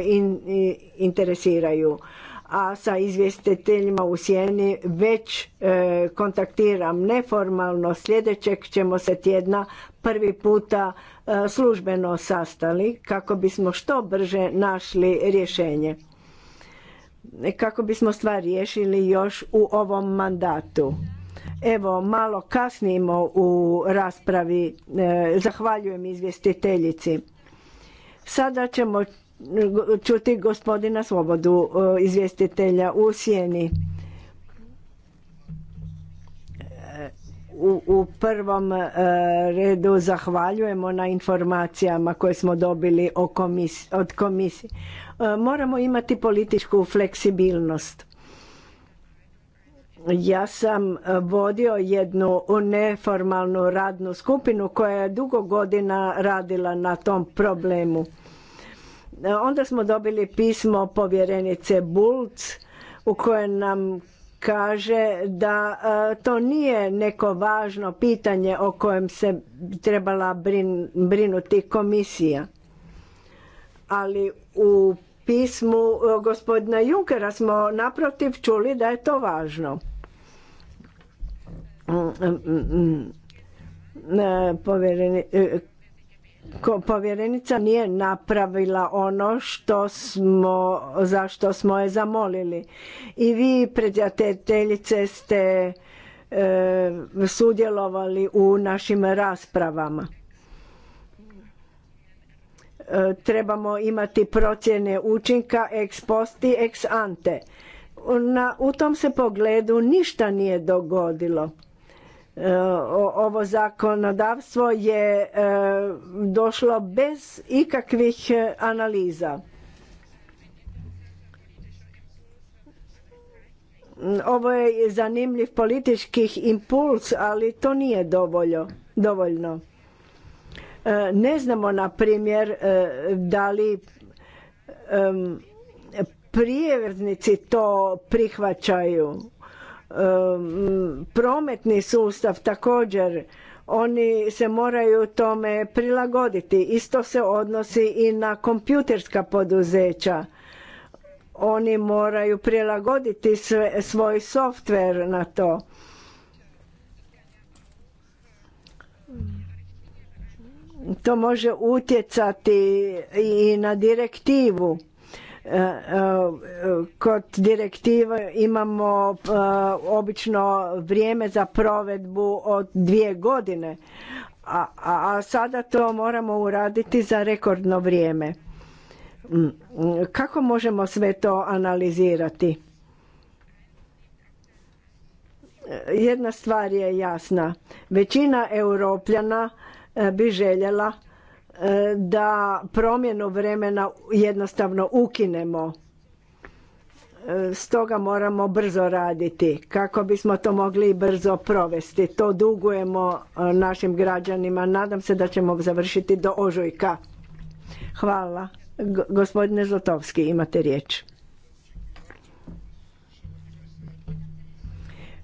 interesiraju a sa izvjestiteljima u sjeni već e, kontaktiram neformalno sljedećeg ćemo se tjedna prvi puta e, službeno sastali kako bismo što brže našli rješenje kako bismo stvar riješili još u ovom mandatu Evo, malo kasnimo u raspravi. E, zahvaljujem izvjestiteljici. Sada ćemo čuti gospodina Svobodu, e, izvjestitelja u Sjeni. U, u prvom e, redu zahvaljujemo na informacijama koje smo dobili o od komisije. Moramo imati političku fleksibilnost ja sam e, vodio jednu neformalnu radnu skupinu koja je dugo godina radila na tom problemu. E, onda smo dobili pismo povjerenice Bulc u kojem nam kaže da e, to nije neko važno pitanje o kojem se trebala brinuti komisija. Ali u pismu gospodina Junkera smo naprotiv čuli da je to važno povjereni, e, povjerenica nije napravila ono što smo, za što smo je zamolili. I vi, predjateljice ste e, sudjelovali u našim raspravama. E, trebamo imati procjene učinka ex posti, ex ante. u tom se pogledu ništa nije dogodilo. E, ovo zakonodavstvo je e, došlo bez ikakvih e, analiza. Ovo je zanimljiv političkih impuls, ali to nije dovoljno. Ne znamo, na primjer, da li prijevrznici to prihvaćaju Um, prometni sustav također oni se moraju tome prilagoditi isto se odnosi i na kompjuterska poduzeća oni moraju prilagoditi sve, svoj softver na to to može utjecati i na direktivu E, e, kod direktive imamo e, obično vrijeme za provedbu od dvije godine, a, a sada to moramo uraditi za rekordno vrijeme. Kako možemo sve to analizirati? Jedna stvar je jasna. Većina europljana bi željela da promjenu vremena jednostavno ukinemo. E, stoga moramo brzo raditi kako bismo to mogli brzo provesti. To dugujemo e, našim građanima. Nadam se da ćemo završiti do ožujka. Hvala. Gospodine Zlatovski, imate riječ.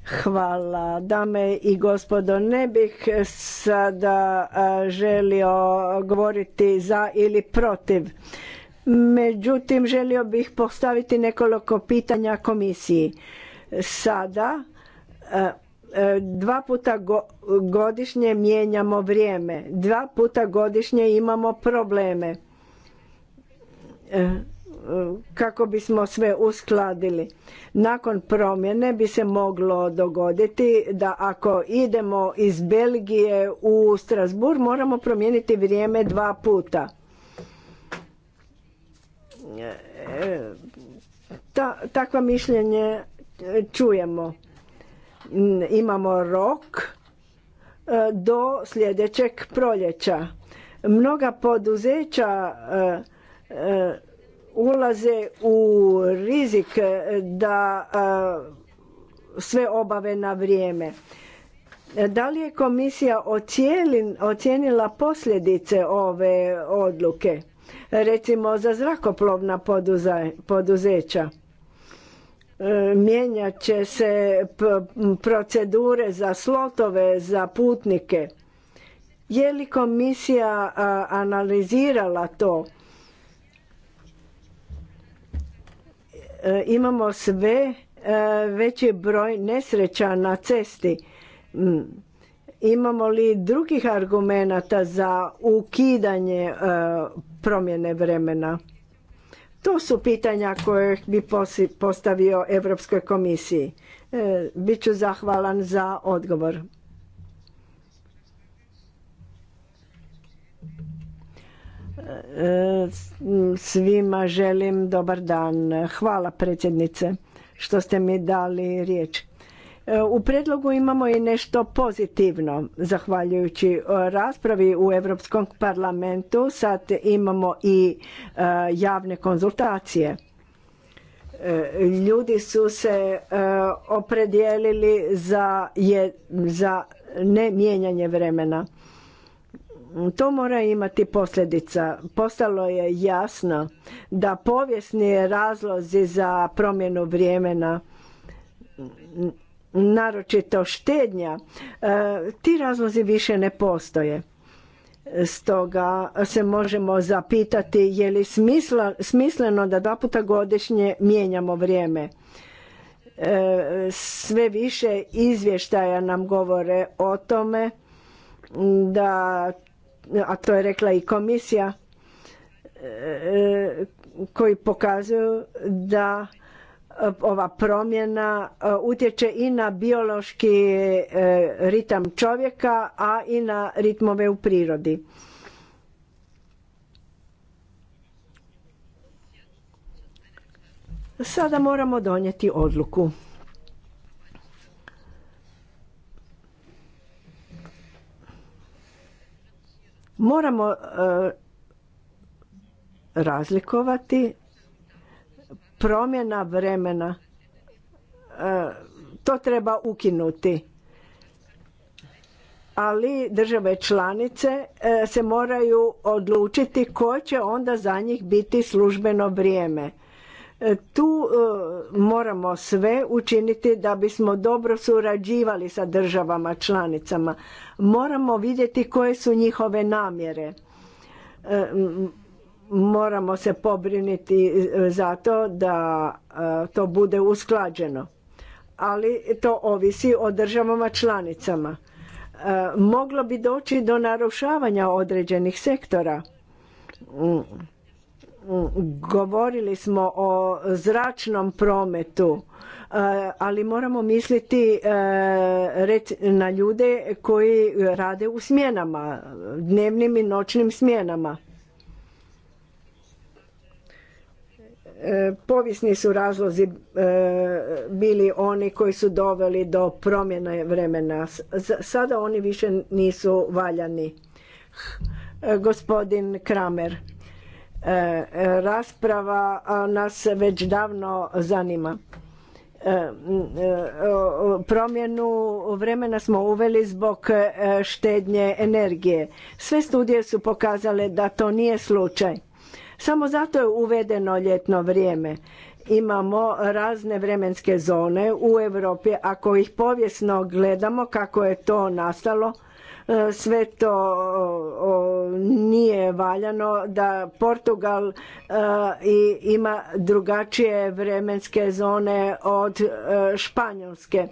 Hvala, dame i gospodo. Ne bih sada želio govoriti za ili protiv. Međutim, želio bih postaviti nekoliko pitanja komisiji. Sada dva puta godišnje mijenjamo vrijeme. Dva puta godišnje imamo probleme. E, kako bismo sve uskladili. Nakon promjene bi se moglo dogoditi da ako idemo iz Belgije u Strasbourg moramo promijeniti vrijeme dva puta. Ta, takva mišljenje čujemo. Imamo rok e, do sljedećeg proljeća. Mnoga poduzeća e, e, ulaze u rizik da sve obave na vrijeme. Da li je komisija ocijenila posljedice ove odluke, recimo za zrakoplovna poduzeća? E, mijenjat će se procedure za slotove, za putnike. Je li komisija analizirala to? E, imamo sve e, veći broj nesreća na cesti. Mm. Imamo li drugih argumenata za ukidanje e, promjene vremena? To su pitanja koje bi postavio Evropskoj komisiji. Biću zahvalan za odgovor. svima želim dobar dan. Hvala predsjednice što ste mi dali riječ. U predlogu imamo i nešto pozitivno. Zahvaljujući e, raspravi u Europskom parlamentu sad imamo i e, javne konzultacije. E, ljudi su se opredijelili za, za ne mijenjanje vremena to mora imati posljedica. Postalo je jasno da povijesni razlozi za promjenu vremena naročito štednja, e, ti razlozi više ne postoje. Stoga se možemo zapitati je li smisla, smisleno da dva puta godišnje mijenjamo vrijeme. E, sve više izvještaja nam govore o tome da a to je rekla i komisija, e, koji pokazuju da ova promjena e, utječe i na biološki e, ritam čovjeka, a i na ritmove u prirodi. Sada moramo donijeti odluku. Moramo e, razlikovati promjena vremena. E, to treba ukinuti. Ali države članice e, se moraju odlučiti koje će onda za njih biti službeno vrijeme E, tu e, moramo sve učiniti da bismo dobro surađivali sa državama članicama. Moramo vidjeti koje su njihove namjere. E, moramo se pobriniti za to da to bude usklađeno. Ali to ovisi o državama članicama. Moglo bi doći do narušavanja određenih sektora mm. Govorili smo o zračnom prometu, e, ali moramo misliti e, na ljude koji rade u smjenama, dnevnim i noćnim smjenama. E, povijesni su razlozi bili oni koji su doveli do promjene vremena. Sada oni više nisu valjani. Gospodin Kramer. E, rasprava nas već davno zanima. E, e, promjenu vremena smo uveli zbog štednje energije. Sve studije su pokazale da to nije slučaj. Samo zato je uvedeno ljetno vrijeme. Imamo razne vremenske zone u Europi. Ako ih povijesno gledamo kako je to nastalo, sve to nije valjano da Portugal e, i ima drugačije vremenske zone od e, Španjolske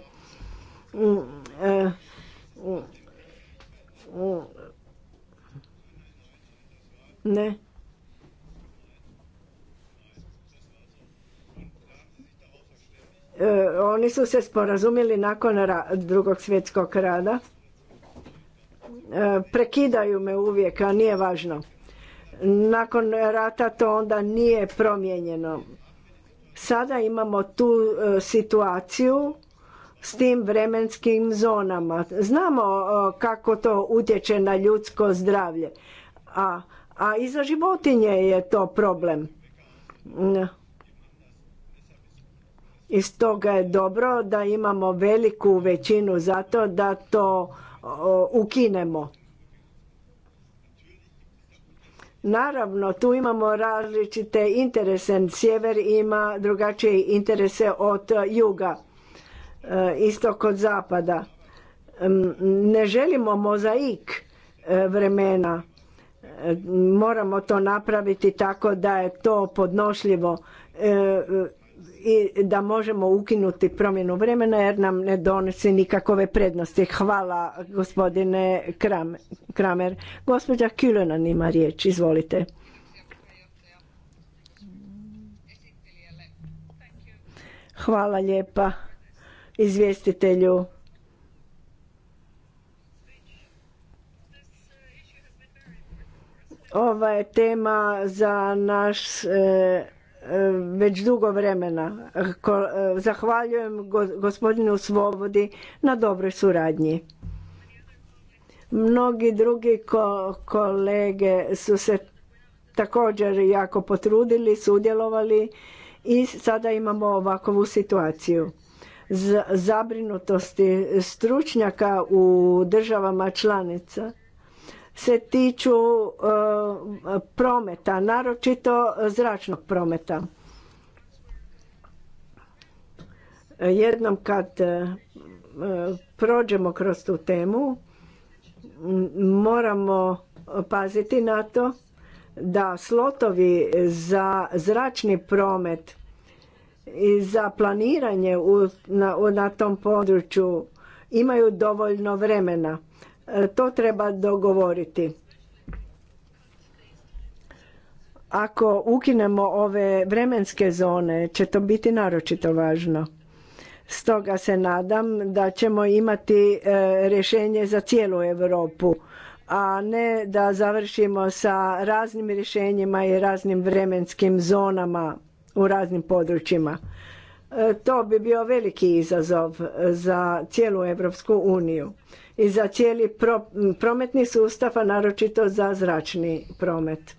mm, e, mm, ne oni su se sporazumili nakon drugog svjetskog rada E, prekidaju me uvijek, a nije važno. Nakon rata to onda nije promijenjeno. Sada imamo tu e, situaciju s tim vremenskim zonama. Znamo e, kako to utječe na ljudsko zdravlje, a, a i za životinje je to problem. I toga je dobro da imamo veliku većinu zato da to ukinemo. Naravno, tu imamo različite interese. Sjever ima drugačije interese od juga, e, isto kod zapada. Ne želimo mozaik e, vremena. E, moramo to napraviti tako da je to podnošljivo i da možemo ukinuti promjenu vremena jer nam ne donosi nikakove prednosti. Hvala gospodine Kramer. Gospođa Kilenan ima riječ, izvolite. Hvala lijepa izvjestitelju. Ova je tema za naš e, E, već dugo vremena. E, zahvaljujem gospodinu Svobodi na dobroj suradnji. Mnogi drugi kolege su se također jako potrudili, sudjelovali i sada imamo ovakvu situaciju. zabrinutosti stručnjaka u državama članica se tiču e, prometa, naročito zračnog prometa. Jednom kad e, prođemo kroz tu temu, moramo paziti na to da slotovi za zračni promet i za planiranje na tom području imaju dovoljno vremena E, to treba dogovoriti. Ako ukinemo ove vremenske zone, će to biti naročito važno. Stoga se nadam da ćemo imati e, rješenje za cijelu Europu, a ne da završimo sa raznim rješenjima i raznim vremenskim zonama u raznim područjima. To bi bio veliki izazov za cijelu Europsku uniju i za cijeli prometni sustav, a naročito za zračni promet.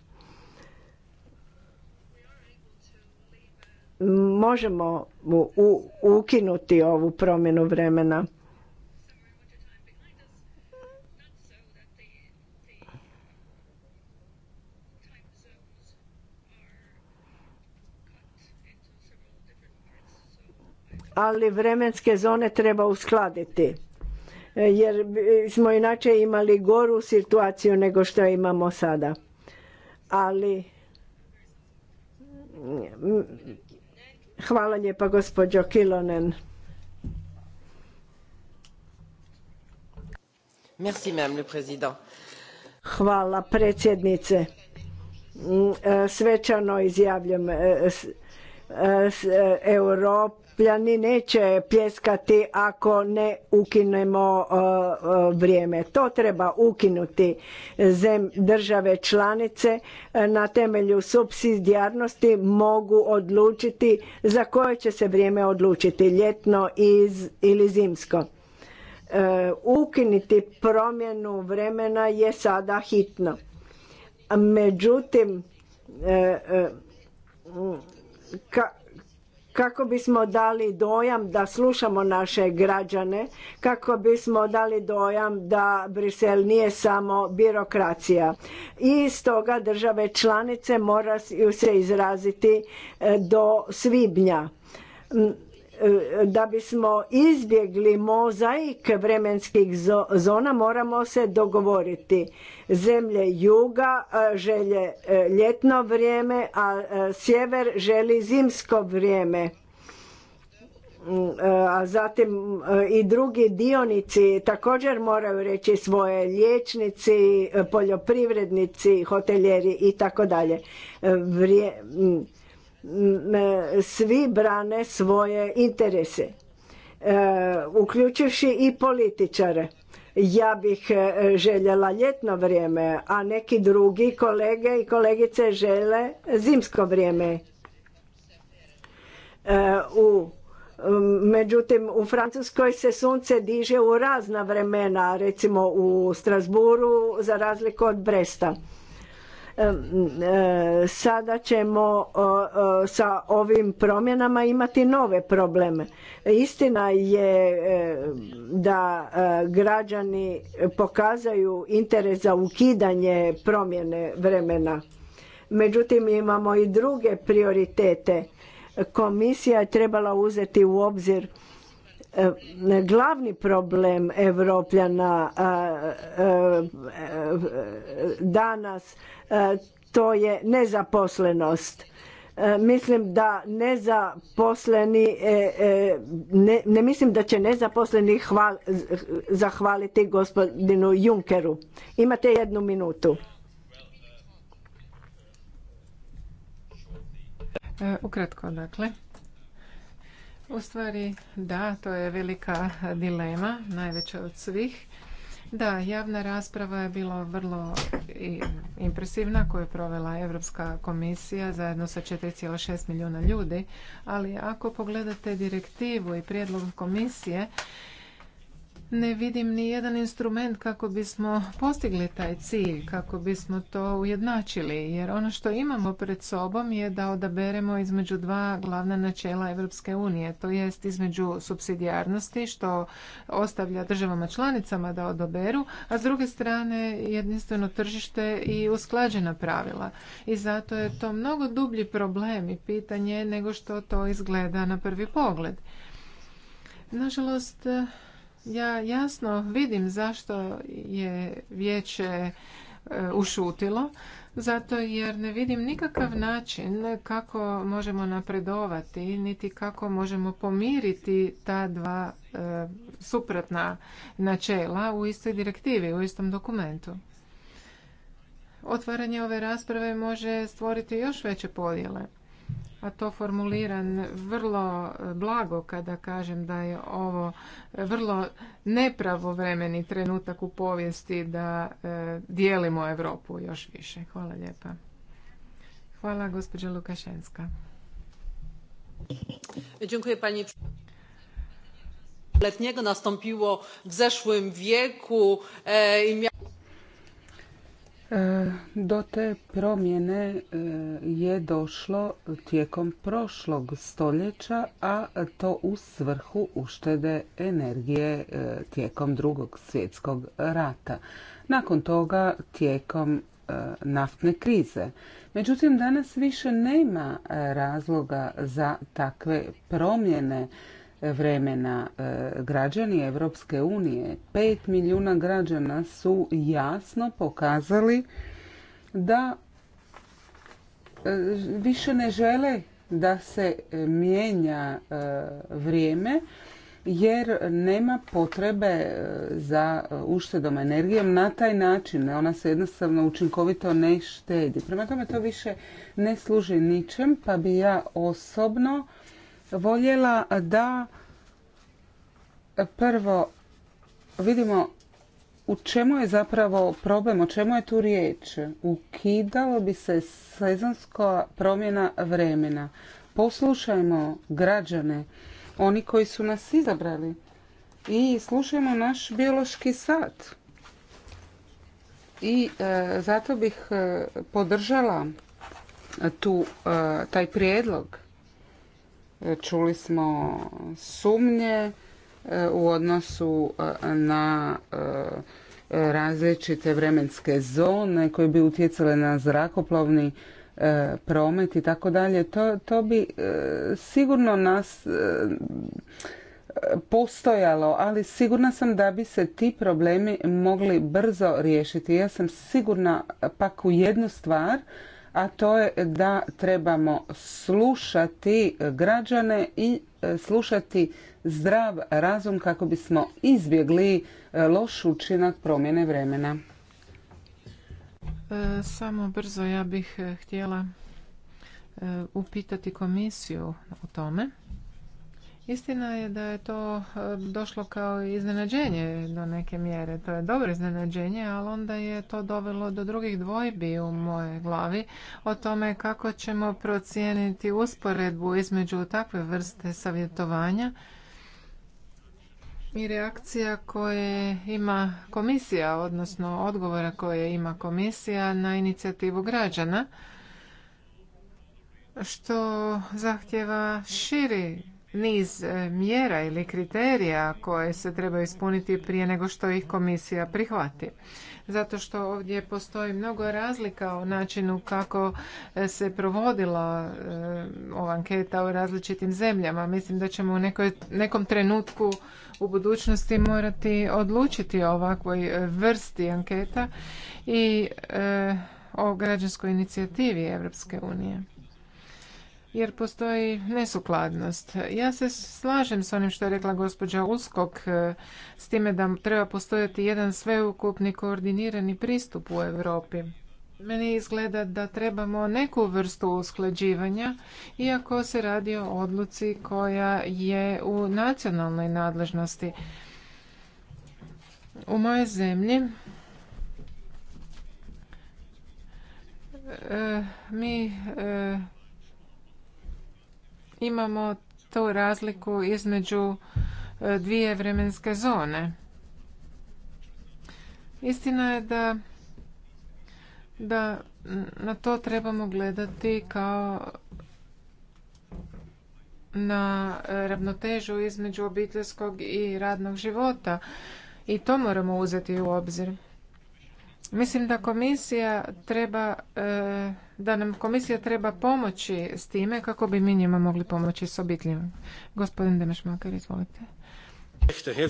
Možemo ukinuti ovu promjenu vremena ali vremenske zone treba uskladiti e, jer smo inače imali goru situaciju nego što imamo sada. Ali hvala lijepa gospođo Kilonen. Merci le président. Hvala predsjednice. Mm, e, svečano izjavljam e, Europa ni neće pljeskati ako ne ukinemo e, e, vrijeme. To treba ukinuti države članice e, na temelju subsidijarnosti mogu odlučiti za koje će se vrijeme odlučiti ljetno ili zimsko. Ukinuti promjenu vremena je sada hitno. Međutim, kako bismo dali dojam da slušamo naše građane, kako bismo dali dojam da Brisel nije samo birokracija. I stoga države članice moraju se izraziti e, do svibnja da bismo izbjegli mozaik vremenskih zona moramo se dogovoriti. Zemlje juga e, želje e, ljetno vrijeme, a e, sjever želi zimsko vrijeme. Mm, a zatim i drugi dionici također moraju reći svoje liječnici, poljoprivrednici, hoteljeri i tako dalje. Mm, svi brane svoje interese, e, uključivši i političare. Ja bih e, željela ljetno vrijeme, a neki drugi kolege i kolegice žele zimsko vrijeme. E, u Međutim, u Francuskoj se sunce diže u razna vremena, recimo u Strasburu za razliku od Bresta. E, sada ćemo sa ovim promjenama imati nove probleme. Istina je e, da e, građani pokazaju interes za ukidanje promjene vremena. Međutim, imamo i druge prioritete. Komisija je trebala uzeti u obzir E, glavni problem Evropljana e, e, danas to je nezaposlenost. Mislim da nezaposleni, ne, mislim da će nezaposleni zahvaliti gospodinu Junkeru. Imate jednu minutu. Ukratko, dakle, u stvari, da, to je velika dilema, najveća od svih. Da, javna rasprava je bila vrlo impresivna koju je provela Europska komisija zajedno sa 4,6 milijuna ljudi, ali ako pogledate direktivu i prijedlog komisije, ne vidim ni jedan instrument kako bismo postigli taj cilj, kako bismo to ujednačili, jer ono što imamo pred sobom je da odaberemo između dva glavna načela Europske unije, to jest između subsidijarnosti što ostavlja državama članicama da odaberu, a s druge strane jedinstveno tržište i usklađena pravila. I zato je to mnogo dublji problem i pitanje nego što to izgleda na prvi pogled. Nažalost, ja jasno vidim zašto je vijeće e, ušutilo, zato jer ne vidim nikakav način kako možemo napredovati, niti kako možemo pomiriti ta dva e, suprotna načela u istoj direktivi, u istom dokumentu. Otvaranje ove rasprave može stvoriti još veće podjele to formuliran vrlo blago kada kažem da je ovo vrlo nepravovremeni trenutak u povijesti da e, dijelimo Europu još više. Hvala lijepa. Hvala gospođa Lukašenska. Dziękuję pani letniego nastąpiło w zeszłym wieku e, i E, do te promjene e, je došlo tijekom prošlog stoljeća, a to u svrhu uštede energije e, tijekom drugog svjetskog rata. Nakon toga tijekom naftne krize. Međutim, danas više nema razloga za takve promjene vremena. E, građani Evropske unije, 5 milijuna građana su jasno pokazali da e, više ne žele da se mijenja e, vrijeme jer nema potrebe za uštedom energijom na taj način. Ona se jednostavno učinkovito ne štedi. Prema tome to više ne služi ničem pa bi ja osobno voljela da prvo vidimo u čemu je zapravo problem, o čemu je tu riječ. Ukidalo bi se sezonska promjena vremena. Poslušajmo građane, oni koji su nas izabrali i slušajmo naš biološki sat. I e, zato bih e, podržala tu, e, taj prijedlog Čuli smo sumnje e, u odnosu e, na e, različite vremenske zone koje bi utjecale na zrakoplovni promet i tako dalje. To bi sigurno nas postojalo, ali sigurna sam da bi se ti problemi mogli brzo riješiti. Ja sam sigurna pak u jednu stvar, a to je da trebamo slušati građane i e, slušati zdrav razum kako bismo izbjegli e, loš učinak promjene vremena. E, samo brzo ja bih htjela upitati komisiju o tome. Istina je da je to e, došlo kao iznenađenje do neke mjere. To je dobro iznenađenje, ali onda je to dovelo do drugih dvojbi u moje glavi o tome kako ćemo procijeniti usporedbu između takve vrste savjetovanja i reakcija koje ima komisija, odnosno odgovora koje ima komisija na inicijativu građana, što zahtjeva širi niz e, mjera ili kriterija koje se trebaju ispuniti prije nego što ih komisija prihvati. Zato što ovdje postoji mnogo razlika u načinu kako e, se provodila e, ova anketa u različitim zemljama. Mislim da ćemo u nekoj, nekom trenutku u budućnosti morati odlučiti o ovakvoj vrsti anketa i o građanskoj inicijativi Europske unije jer postoji nesukladnost. Ja se slažem s onim što je rekla gospođa Uskok, e, s time da treba postojati jedan sveukupni koordinirani pristup u Europi. Meni izgleda da trebamo neku vrstu usklađivanja, iako se radi o odluci koja je u nacionalnoj nadležnosti. U mojoj zemlji e, mi e, imamo tu razliku između e, dvije vremenske zone. Istina je da, da na to trebamo gledati kao na ravnotežu između obiteljskog i radnog života i to moramo uzeti u obzir. Mislim da komisija treba, e, da nam komisija treba pomoći s time kako bi mi njima mogli pomoći s obiteljima. Gospodin makar izvolite. Er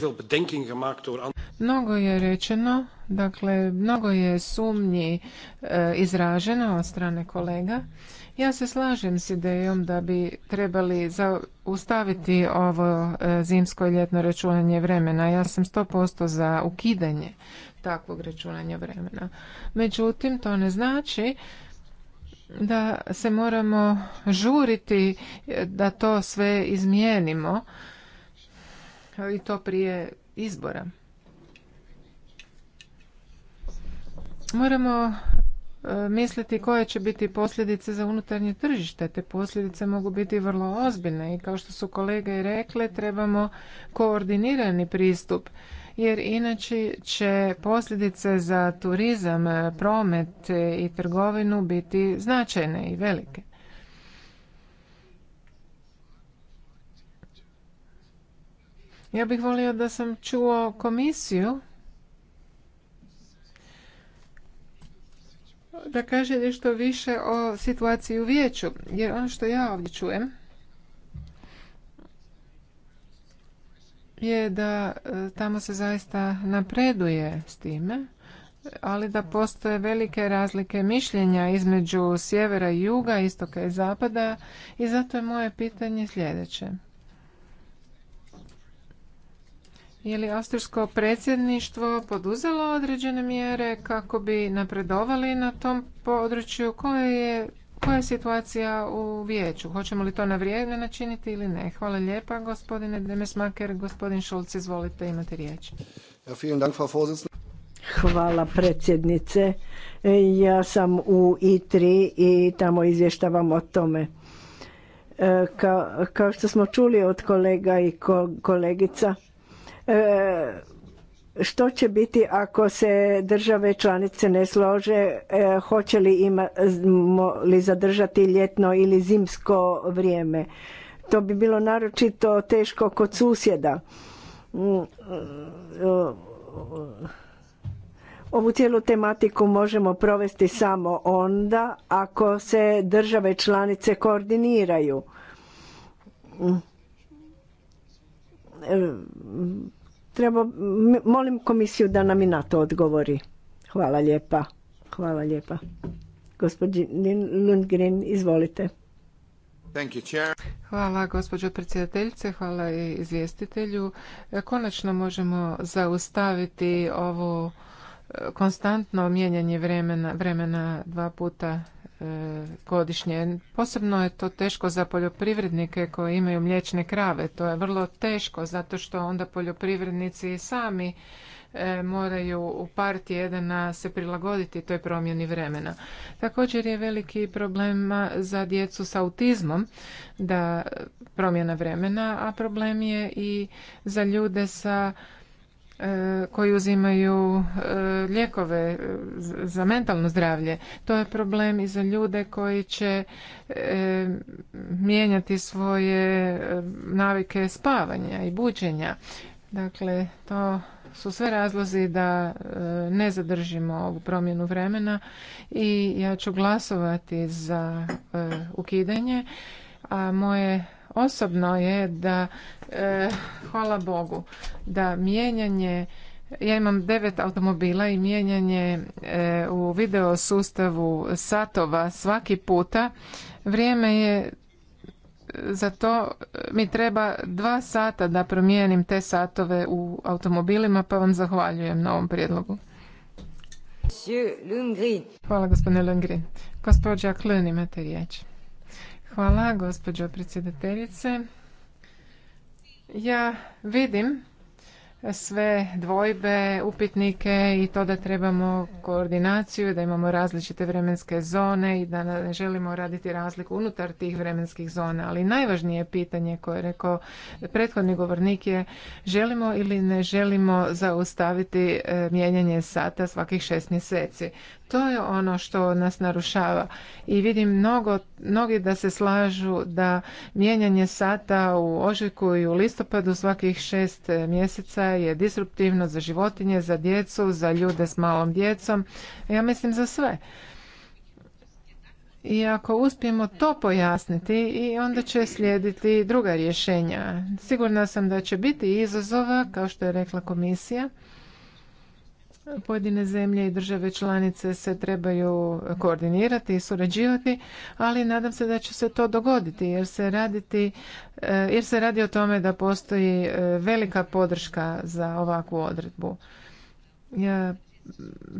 mnogo je rečeno, dakle, mnogo je sumnji e, izraženo od strane kolega. Ja se slažem s idejom da bi trebali zaustaviti ovo e, zimsko i ljetno računanje vremena. Ja sam 100% za ukidanje takvog računanja vremena. Međutim, to ne znači da se moramo žuriti da to sve izmijenimo i to prije izbora. Moramo e, misliti koje će biti posljedice za unutarnje tržište. Te posljedice mogu biti vrlo ozbiljne i kao što su kolege i rekle, trebamo koordinirani pristup jer inače će posljedice za turizam, promet i trgovinu biti značajne i velike. Ja bih volio da sam čuo komisiju da kaže nešto više o situaciji u vijeću, jer ono što ja ovdje čujem je da e, tamo se zaista napreduje s time, ali da postoje velike razlike mišljenja između sjevera i juga, istoka i zapada i zato je moje pitanje sljedeće. Je li austrijsko predsjedništvo poduzelo određene mjere kako bi napredovali na tom području koje je koja je situacija u vijeću? Hoćemo li to na vrijeme načiniti ili ne? Hvala lijepa, gospodine Demesmaker. Gospodin Šulc, izvolite, imate riječ. Hvala predsjednice. E, ja sam u I3 i tamo izvještavam o tome. E, kao, kao što smo čuli od kolega i kolegica, e, što će biti ako se države članice ne slože, e, hoće li, li zadržati ljetno ili zimsko vrijeme? To bi bilo naročito teško kod susjeda. Mm, mm, mm. Ovu cijelu tematiku možemo provesti samo onda ako se države članice koordiniraju e, Treba, molim komisiju da nam i na to odgovori. Hvala lijepa. Hvala lijepa. Gospodin Lundgren, izvolite. Hvala gospođo predsjedateljice, hvala i izvjestitelju. E, konačno možemo zaustaviti ovo e, konstantno mijenjanje vremena, vremena dva puta godišnje. Posebno je to teško za poljoprivrednike koji imaju mliječne krave. To je vrlo teško zato što onda poljoprivrednici sami e, moraju u par tjedana se prilagoditi toj promjeni vremena. Također je veliki problem za djecu s autizmom da promjena vremena, a problem je i za ljude sa E, koji uzimaju e, lijekove e, za mentalno zdravlje. To je problem i za ljude koji će mijenjati svoje navike spavanja i buđenja. Dakle, to su sve razlozi da ne zadržimo ovu promjenu vremena i ja ću glasovati za ukidanje, a moje osobno je da, e, hvala Bogu, da mijenjanje ja imam devet automobila i mijenjanje e, u video sustavu satova svaki puta. Vrijeme je za to mi treba dva sata da promijenim te satove u automobilima pa vam zahvaljujem na ovom prijedlogu. Hvala gospodine Lundgren. Gospođa Klun imate riječ. Hvala, gospođo predsjedateljice. Ja vidim sve dvojbe, upitnike i to da trebamo koordinaciju, da imamo različite vremenske zone i da ne želimo raditi razliku unutar tih vremenskih zona. Ali najvažnije pitanje koje je rekao prethodni govornik je želimo ili ne želimo zaustaviti e, mijenjanje sata svakih šest mjeseci. To je ono što nas narušava i vidim mnogo, mnogi da se slažu da mijenjanje sata u ožujku i u listopadu svakih šest mjeseca je disruptivno za životinje, za djecu, za ljude s malom djecom, ja mislim za sve. I ako uspijemo to pojasniti i onda će slijediti druga rješenja. Sigurna sam da će biti izazova, kao što je rekla komisija, Pojedine zemlje i države članice se trebaju koordinirati i surađivati, ali nadam se da će se to dogoditi jer se, raditi, eh, jer se radi o tome da postoji eh, velika podrška za ovakvu odredbu.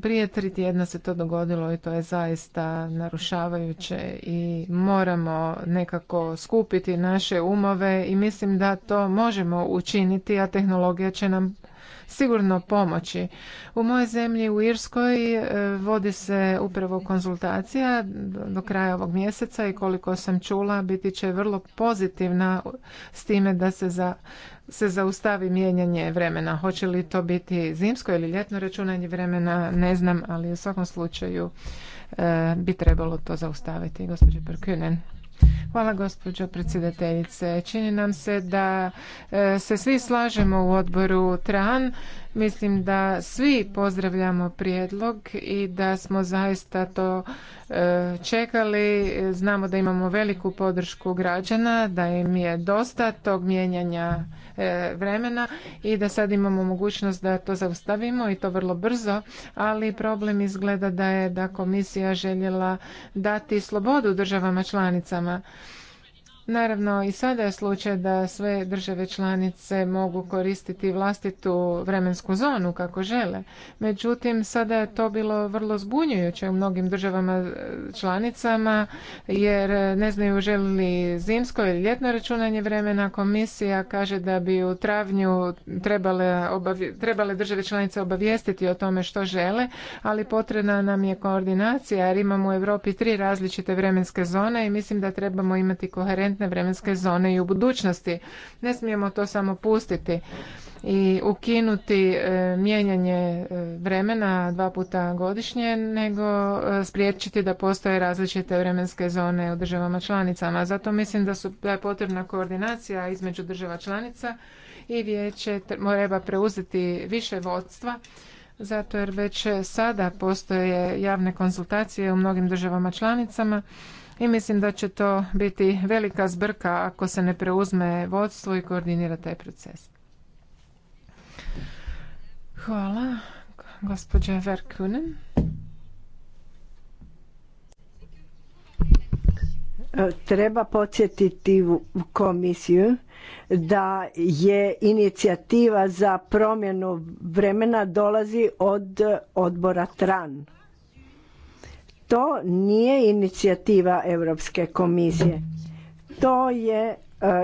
prije tri tjedna se to dogodilo i to je zaista narušavajuće i moramo nekako skupiti naše umove i mislim da to možemo učiniti, a tehnologija će nam sigurno pomoći. U mojoj zemlji u Irskoj e, vodi se upravo konzultacija do kraja ovog mjeseca i koliko sam čula biti će vrlo pozitivna s time da se za se zaustavi mijenjanje vremena. Hoće li to biti zimsko ili ljetno računanje vremena, ne znam, ali u svakom slučaju e, bi trebalo to zaustaviti. Gospođo Perkunen. Hvala gospođo predsjedateljice. Čini nam se da e, se svi slažemo u odboru TRAN. Mislim da svi pozdravljamo prijedlog i da smo zaista to e, čekali. Znamo da imamo veliku podršku građana, da im je dosta tog mijenjanja E, vremena i da sad imamo mogućnost da to zaustavimo i to vrlo brzo, ali problem izgleda da je da komisija željela dati slobodu državama članicama Naravno i sada je slučaj da sve države članice mogu koristiti vlastitu vremensku zonu kako žele. Međutim, sada je to bilo vrlo zbunjujuće u mnogim državama e, članicama jer e, ne znaju želi li zimsko ili ljetno računanje vremena. Komisija kaže da bi u travnju trebale, trebale države članice obavijestiti o tome što žele, ali potrebna nam je koordinacija jer imamo u Europi tri različite vremenske zone i mislim da trebamo imati koherentnost na vremenske zone i u budućnosti. Ne smijemo to samo pustiti i ukinuti e, mijenjanje e, vremena dva puta godišnje, nego e, spriječiti da postoje različite vremenske zone u državama članicama. Zato mislim da, su, je potrebna koordinacija između država članica i vijeće treba preuzeti više vodstva zato jer već sada postoje javne konsultacije u mnogim državama članicama i mislim da će to biti velika zbrka ako se ne preuzme vodstvo i koordinira taj proces. Hvala, gospođa Verkunen. E, treba podsjetiti komisiju da je inicijativa za promjenu vremena dolazi od odbora TRAN to nije inicijativa Europske komisije. To je e,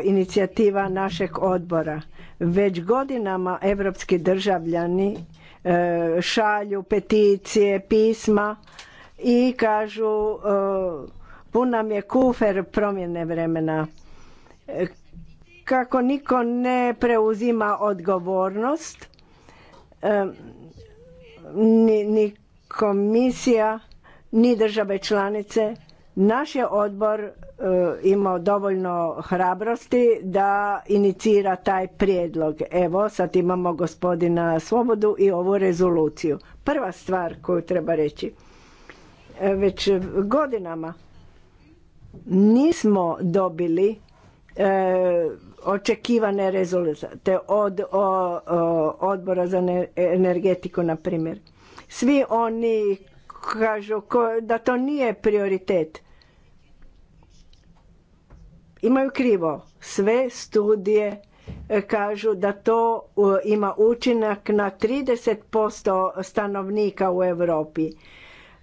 inicijativa našeg odbora. Već godinama europski državljani e, šalju peticije, pisma i kažu e, pun nam je kufer promjene vremena. Kako niko ne preuzima odgovornost, ni komisija ni države članice. Naš je odbor e, imao dovoljno hrabrosti da inicira taj prijedlog. Evo, sad imamo gospodina Svobodu i ovu rezoluciju. Prva stvar koju treba reći, e, već godinama nismo dobili e, očekivane rezultate od odbora za energetiku, na primjer. Svi oni kažu da to nije prioritet. Imaju krivo. Sve studije e, kažu da to e, ima učinak na 30% stanovnika u Europi.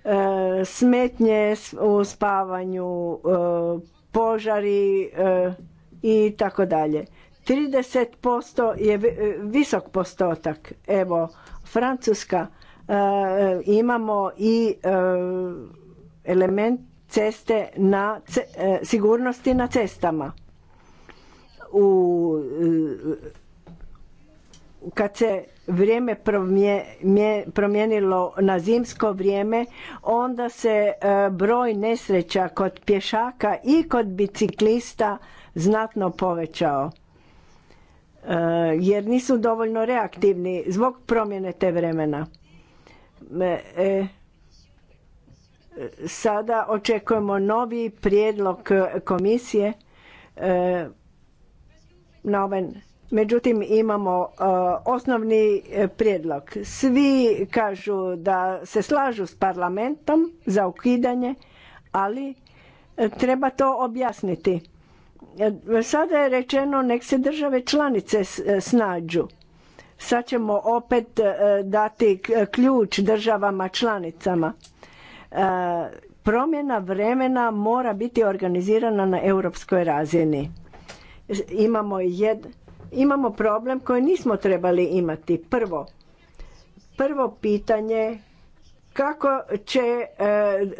E, smetnje u spavanju, požari i tako dalje. 30% je visok postotak. Evo, Francuska Eh, imamo i eh, element ceste na eh, sigurnosti na cestama. U, kad se vrijeme promijenilo na zimsko vrijeme, onda se broj nesreća kod pješaka i kod biciklista znatno povećao. Jer nisu dovoljno reaktivni zbog promjene te vremena E, e, sada očekujemo novi prijedlog komisije e, na ovaj Međutim, imamo osnovni prijedlog. Svi kažu da se slažu s parlamentom za ukidanje, ali treba to objasniti. Sada je rečeno nek se države članice snađu. Sad ćemo opet e, dati ključ državama članicama. E, promjena vremena mora biti organizirana na europskoj razini. Imamo, jed, imamo problem koji nismo trebali imati. Prvo, prvo pitanje kako će e,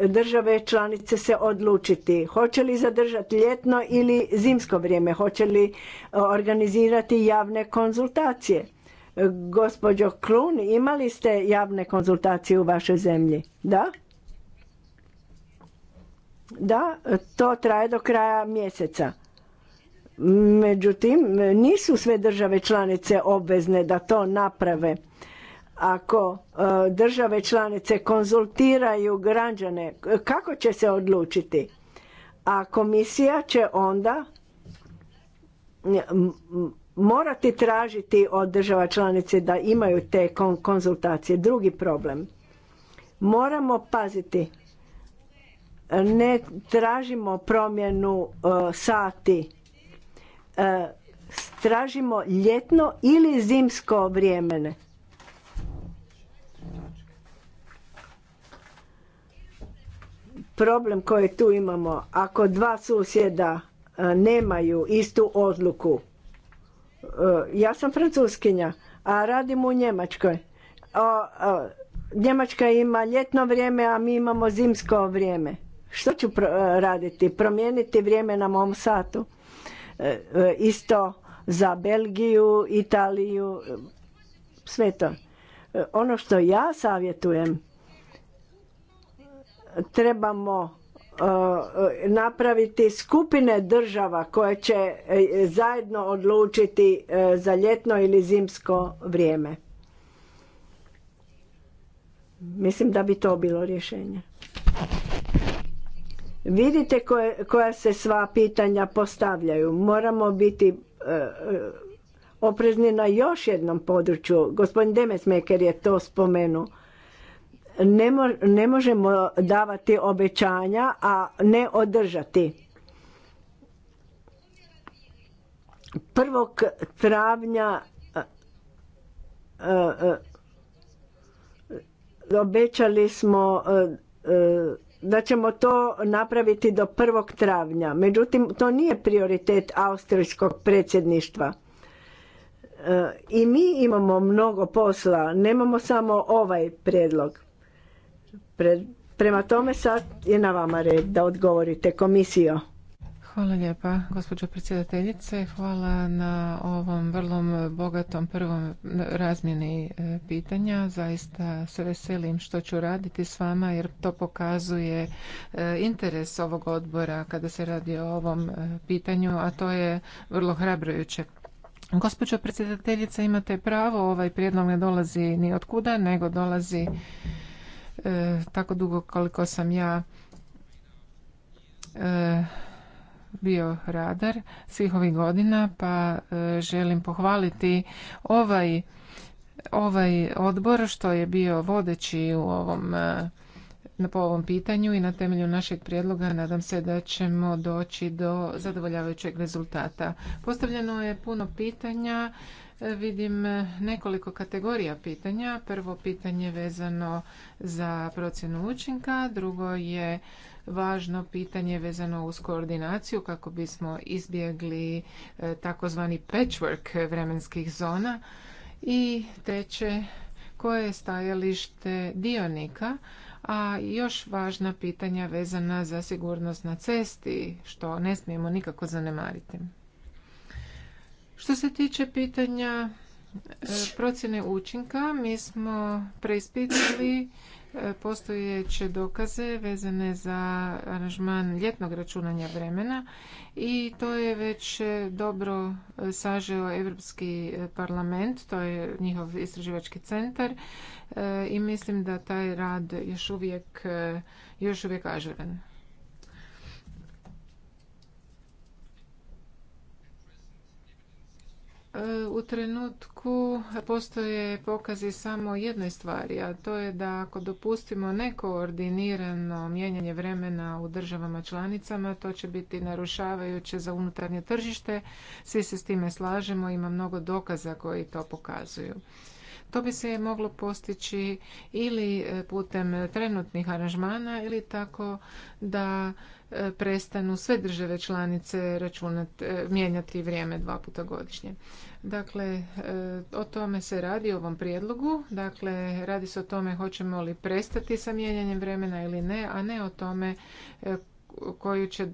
države članice se odlučiti? Hoće li zadržati ljetno ili zimsko vrijeme? Hoće li organizirati javne konzultacije? Gospođo Klun, imali ste javne konzultacije u vašoj zemlji? Da? Da, to traje do kraja mjeseca. Međutim, nisu sve države članice obvezne da to naprave. Ako e, države članice konzultiraju građane, kako će se odlučiti? A komisija će onda morati tražiti od država članice da imaju te konzultacije. Drugi problem. Moramo paziti. Ne tražimo promjenu e, sati. E, tražimo ljetno ili zimsko vrijeme. Problem koji tu imamo, ako dva susjeda e, nemaju istu odluku, E, ja sam francuskinja, a radim u Njemačkoj. Njemačka ima ljetno vrijeme, a mi imamo zimsko vrijeme. Što ću e, raditi? Promijeniti vrijeme na mom satu? E, isto za Belgiju, Italiju, sve to. Ono što ja savjetujem, trebamo E, napraviti skupine država koje će e, zajedno odlučiti e, za ljetno ili zimsko vrijeme. Mislim da bi to bilo rješenje. Vidite koje, koja se sva pitanja postavljaju. Moramo biti oprezni na još jednom području. Gospodin Demesmeker je to spomenuo. Ne, možemo davati obećanja, a ne održati. 1. travnja e, e, e, obećali smo da ćemo to napraviti do 1. travnja. Međutim, to nije prioritet austrijskog predsjedništva. I mi imamo mnogo posla, nemamo samo ovaj predlog. Prema tome sad je na vama red da odgovorite komisijo. Hvala lijepa, gospođo predsjedateljice. Hvala na ovom vrlo bogatom prvom razmjeni e, pitanja. Zaista se veselim što ću raditi s vama jer to pokazuje e, interes ovog odbora kada se radi o ovom e, pitanju, a to je vrlo hrabrojuće. Gospođo predsjedateljice, imate pravo, ovaj prijedlog ne dolazi ni od kuda, nego dolazi E, tako dugo koliko sam ja e, bio radar svih ovih godina pa e, želim pohvaliti ovaj ovaj odbor što je bio vodeći u ovom po ovom pitanju i na temelju našeg prijedloga nadam se da ćemo doći do zadovoljavajućeg rezultata. Postavljeno je puno pitanja vidim e, nekoliko kategorija pitanja. Prvo pitanje vezano za procjenu učinka, drugo je važno pitanje vezano uz koordinaciju kako bismo izbjegli e, takozvani patchwork vremenskih zona i treće koje je stajalište dionika a još važna pitanja vezana za sigurnost na cesti što ne smijemo nikako zanemariti. Što se tiče pitanja e, procjene učinka, mi smo preispitali e, postojeće dokaze vezane za aranžman ljetnog računanja vremena i to je već dobro sažeo Evropski parlament, to je njihov istraživački centar e, i mislim da taj rad još uvijek, još uvijek ažuran. u trenutku postoje pokazi samo jednoj stvari, a to je da ako dopustimo nekoordinirano mijenjanje vremena u državama članicama, to će biti narušavajuće za unutarnje tržište. Svi se s time slažemo, ima mnogo dokaza koji to pokazuju. To bi se moglo postići ili e, putem trenutnih aranžmana ili tako da prestanu sve države članice računati, e, mijenjati vrijeme dva puta godišnje. Dakle, e, o tome se radi u ovom prijedlogu. Dakle, radi se o tome hoćemo li prestati sa mijenjanjem vremena ili ne, a ne o tome e, koju će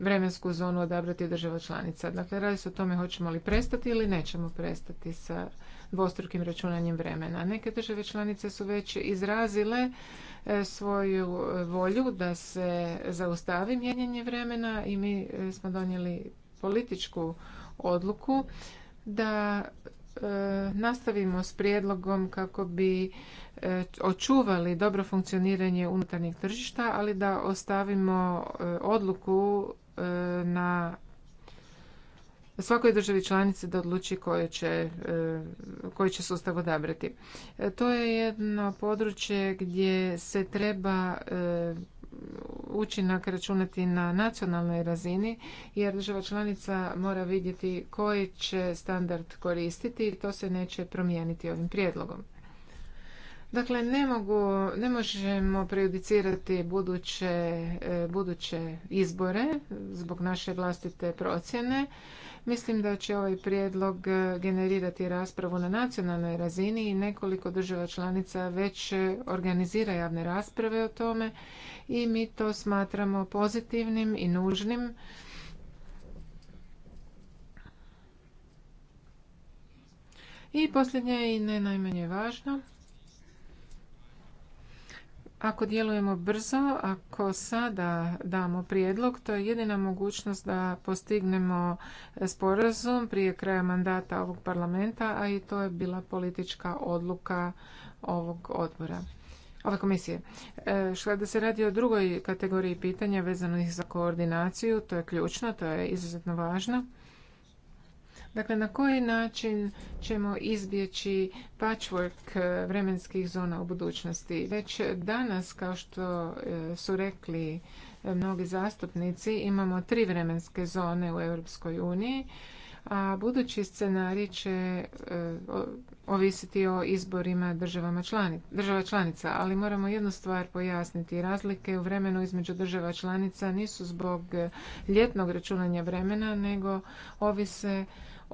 vremensku zonu odabrati država članica. Dakle, radi se o tome hoćemo li prestati ili nećemo prestati sa dvostrukim računanjem vremena. Neke države članice su već izrazile E, svoju volju da se zaustavi mijenjanje vremena i mi e, smo donijeli političku odluku da e, nastavimo s prijedlogom kako bi očuvali dobro funkcioniranje unutarnjeg tržišta, ali da ostavimo odluku na svakoj državi članici da odluči e, koji će sustav odabrati. E, to je jedno područje gdje se treba e, učinak računati na nacionalnoj razini jer država članica mora vidjeti koji će standard koristiti i to se neće promijeniti ovim prijedlogom. Dakle, ne, mogu, ne možemo prejudicirati buduće, buduće izbore zbog naše vlastite procjene. Mislim da će ovaj prijedlog e, generirati raspravu na nacionalnoj razini i nekoliko država članica već e, organizira javne rasprave o tome i mi to smatramo pozitivnim i nužnim. I posljednje i ne najmanje važno. Ako djelujemo brzo, ako sada damo prijedlog, to je jedina mogućnost da postignemo sporazum prije kraja mandata ovog parlamenta, a i to je bila politička odluka ovog odbora ove komisije. E, Što da se radi o drugoj kategoriji pitanja vezanih za koordinaciju, to je ključno, to je izuzetno važno. Dakle, na koji način ćemo izbjeći patchwork e, vremenskih zona u budućnosti? Već danas, kao što e, su rekli e, mnogi zastupnici, imamo tri vremenske zone u Europskoj uniji, a budući scenarij će ovisiti o izborima država članica, ali moramo jednu stvar pojasniti. Razlike u vremenu između država članica nisu zbog ljetnog računanja vremena, nego ovise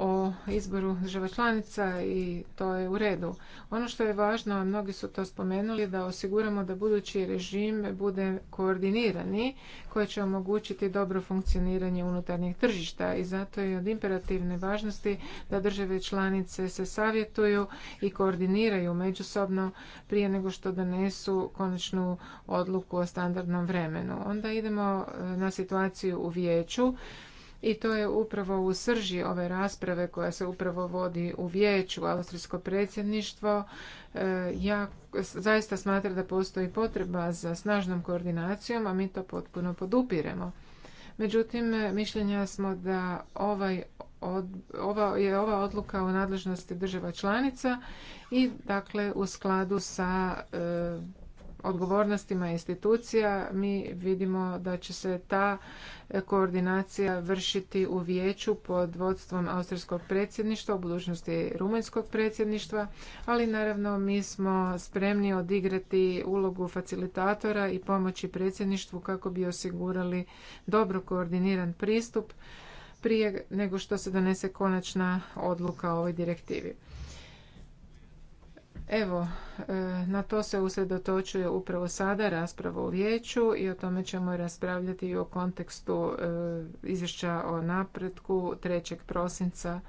o izboru država članica i to je u redu. Ono što je važno, a mnogi su to spomenuli, da osiguramo da budući režim bude koordinirani koji će omogućiti dobro funkcioniranje unutarnjih tržišta i zato je od imperativne važnosti da države članice se savjetuju i koordiniraju međusobno prije nego što donesu konačnu odluku o standardnom vremenu. Onda idemo e, na situaciju u vijeću i to je upravo u srži ove rasprave koja se upravo vodi u vijeću. Austrijsko predsjedništvo e, ja zaista smatram da postoji potreba za snažnom koordinacijom, a mi to potpuno podupiremo. Međutim, e, mišljenja smo da ovaj ova, je ova odluka u nadležnosti država članica i dakle u skladu sa e, odgovornostima institucija mi vidimo da će se ta koordinacija vršiti u vijeću pod vodstvom austrijskog predsjedništva, u budućnosti rumunjskog predsjedništva, ali naravno mi smo spremni odigrati ulogu facilitatora i pomoći predsjedništvu kako bi osigurali dobro koordiniran pristup prije nego što se donese konačna odluka o ovoj direktivi. Evo, e, na to se usredotočuje upravo sada rasprava u vijeću i o tome ćemo raspravljati i o kontekstu e, izvješća o napretku 3. prosinca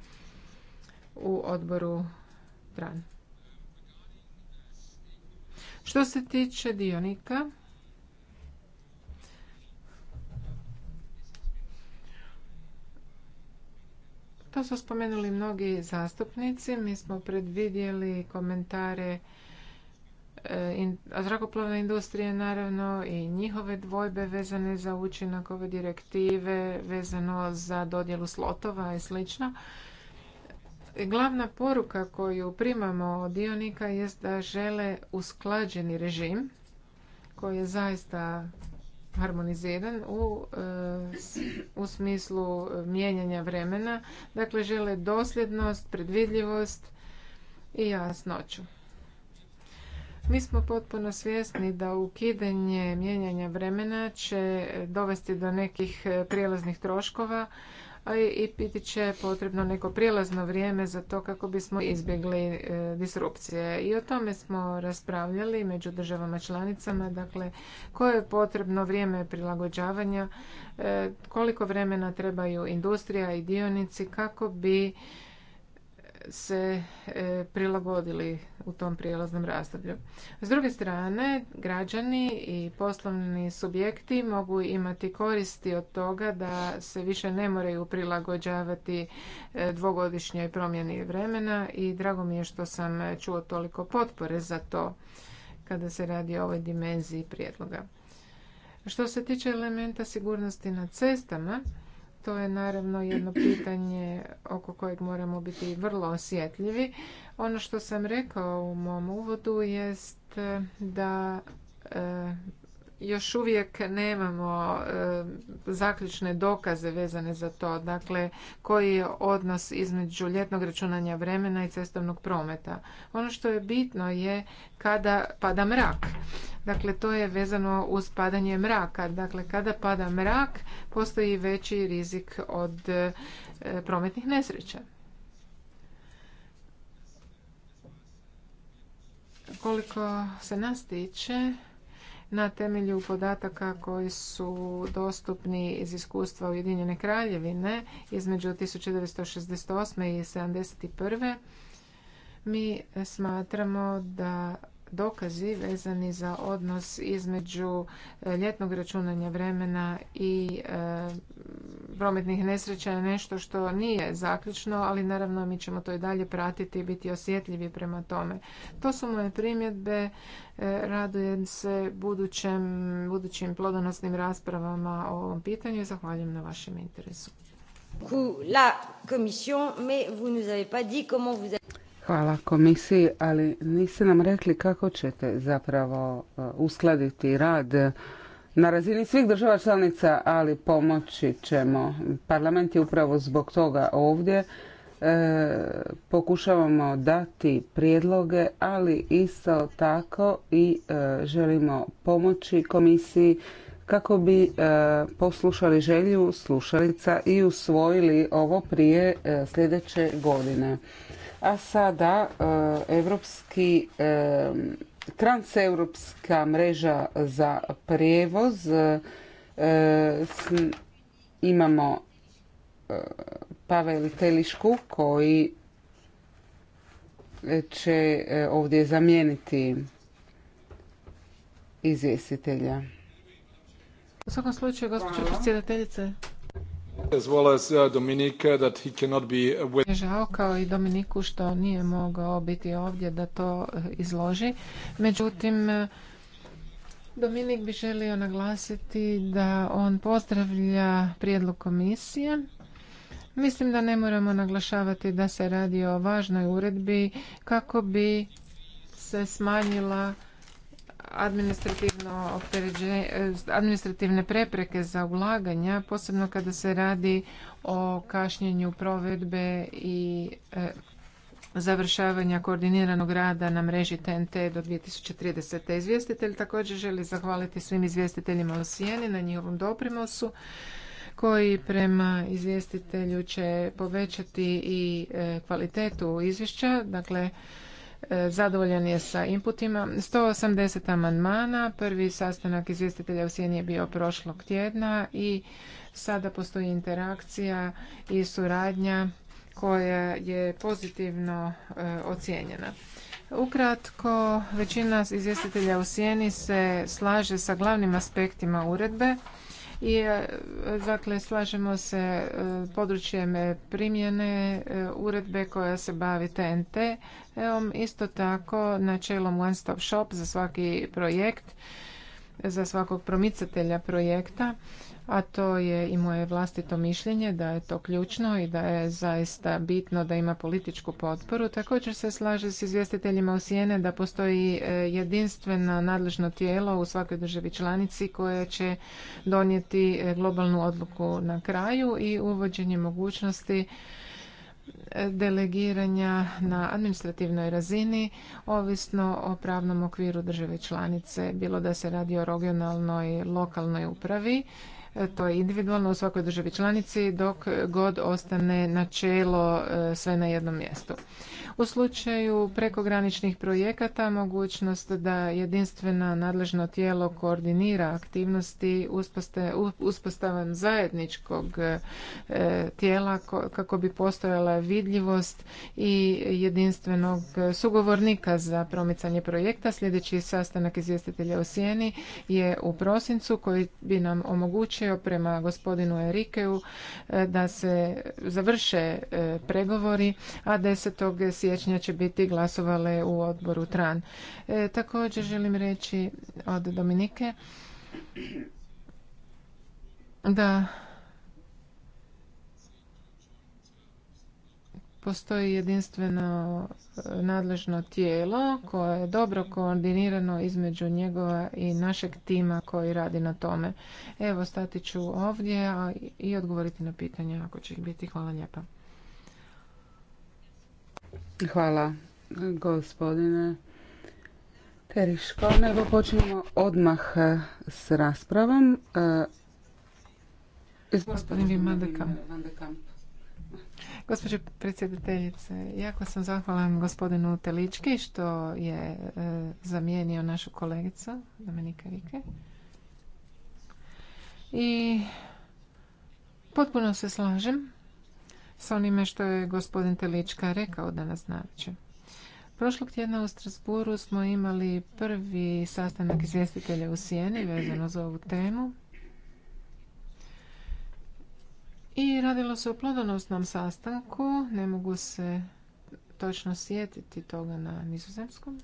u odboru TRAN. Što se tiče dionika, To su spomenuli mnogi zastupnici. Mi smo predvidjeli komentare e, zrakoplovne industrije naravno i njihove dvojbe vezane za učinak ove direktive, vezano za dodjelu slotova i sl. Glavna poruka koju primamo od dionika jest da žele usklađeni režim koji je zaista harmoniziran u, eh, u smislu mijenjanja vremena. Dakle, žele dosljednost, predvidljivost i jasnoću. Mi smo potpuno svjesni da ukidanje mijenjanja vremena će dovesti do nekih prijelaznih troškova, i biti će potrebno neko prijelazno vrijeme za to kako bismo izbjegli e, disrupcije. I o tome smo raspravljali među državama članicama, dakle koje je potrebno vrijeme prilagođavanja, e, koliko vremena trebaju industrija i dionici kako bi se e, prilagodili u tom prijelaznom razdoblju. S druge strane, građani i poslovni subjekti mogu imati koristi od toga da se više ne moraju prilagođavati e, dvogodišnjoj promjeni vremena i drago mi je što sam čuo toliko potpore za to kada se radi o ovoj dimenziji prijedloga. Što se tiče elementa sigurnosti na cestama, to je naravno jedno pitanje oko kojeg moramo biti vrlo osjetljivi. Ono što sam rekao u mom uvodu jest eh, da eh, još uvijek nemamo e, zaključne dokaze vezane za to. Dakle, koji je odnos između ljetnog računanja vremena i cestovnog prometa. Ono što je bitno je kada pada mrak. Dakle, to je vezano uz padanje mraka. Dakle, kada pada mrak, postoji veći rizik od e, prometnih nesreća. Koliko se nas tiče, na temelju podataka koji su dostupni iz iskustva Ujedinjene kraljevine između 1968. i 1971. Mi smatramo da dokazi vezani za odnos između e, ljetnog računanja vremena i e, prometnih nesreća je nešto što nije zaključno, ali naravno mi ćemo to i dalje pratiti i biti osjetljivi prema tome. To su moje primjedbe. E, radujem se budućim plodonosnim raspravama o ovom pitanju i zahvaljujem na vašem interesu. La commission, mais vous nous Hvala komisiji, ali niste nam rekli kako ćete zapravo e, uskladiti rad na razini svih država članica, ali pomoći ćemo. Parlament je upravo zbog toga ovdje. E, pokušavamo dati prijedloge, ali isto tako i e, želimo pomoći komisiji kako bi poslušali želju slušalica i usvojili ovo prije sljedeće godine a sada eh, evropski eh, transeuropska mreža za prijevoz eh, imamo Pavel Telišku koji će ovdje zamijeniti izvjestitelja. U svakom slučaju, gospođo predsjedateljice, Uh, žao kao i Dominiku što nije mogao biti ovdje da to uh, izloži. Međutim, uh, Dominik bi želio naglasiti da on pozdravlja prijedlog komisije. Mislim da ne moramo naglašavati da se radi o važnoj uredbi kako bi se smanjila administrativno eh, administrativne prepreke za ulaganja, posebno kada se radi o kašnjenju provedbe i eh, završavanja koordiniranog rada na mreži TNT do 2030. Izvjestitelj također želi zahvaliti svim izvjestiteljima u sjeni na njihovom doprinosu koji prema izvjestitelju će povećati i eh, kvalitetu izvješća. Dakle, E, zadovoljan je sa inputima. 180 amandmana, prvi sastanak izvjestitelja u Sjeni je bio prošlog tjedna i sada postoji interakcija i suradnja koja je pozitivno e, ocijenjena. Ukratko, većina izvjestitelja u Sjeni se slaže sa glavnim aspektima uredbe i e, dakle slažemo se e, područjem primjene e, uredbe koja se bavi TNT. Evom isto tako načelom one stop shop za svaki projekt za svakog promicatelja projekta a to je i moje vlastito mišljenje da je to ključno i da je zaista bitno da ima političku potporu. Također se slaže s izvjestiteljima u Sijene da postoji e, jedinstveno nadležno tijelo u svakoj državi članici koje će donijeti e, globalnu odluku na kraju i uvođenje mogućnosti e, delegiranja na administrativnoj razini ovisno o pravnom okviru države članice, bilo da se radi o regionalnoj, lokalnoj upravi E, to je individualno u svakoj državi članici dok god ostane načelo e, sve na jednom mjestu. U slučaju prekograničnih projekata mogućnost da jedinstveno nadležno tijelo koordinira aktivnosti uspostavom zajedničkog e, tijela kako bi postojala vidljivost i jedinstvenog sugovornika za promicanje projekta. Sljedeći sastanak izvjestitelja u Sjeni je u prosincu koji bi nam omogućio zaključio prema gospodinu Erikeu e, da se završe e, pregovori, a 10. siječnja će biti glasovale u odboru TRAN. E, također želim reći od Dominike da postoji jedinstveno e, nadležno tijelo koje je dobro koordinirano između njegova i našeg tima koji radi na tome. Evo, stati ću ovdje i odgovoriti na pitanja ako će ih biti. Hvala lijepa. Hvala, gospodine Teriško. Evo, počnemo odmah e, s raspravom. E, Gospodin Gospođo predsjedateljice, jako sam zahvalan gospodinu Telički što je e, zamijenio našu kolegicu, Domenika Rike. I potpuno se slažem sa onime što je gospodin Telička rekao danas znači. Prošlog tjedna u Strasburu smo imali prvi sastanak izvjestitelja u Sijeni vezano za ovu temu I radilo se o plodonosnom sastanku, ne mogu se točno sjetiti toga na nizozemskom.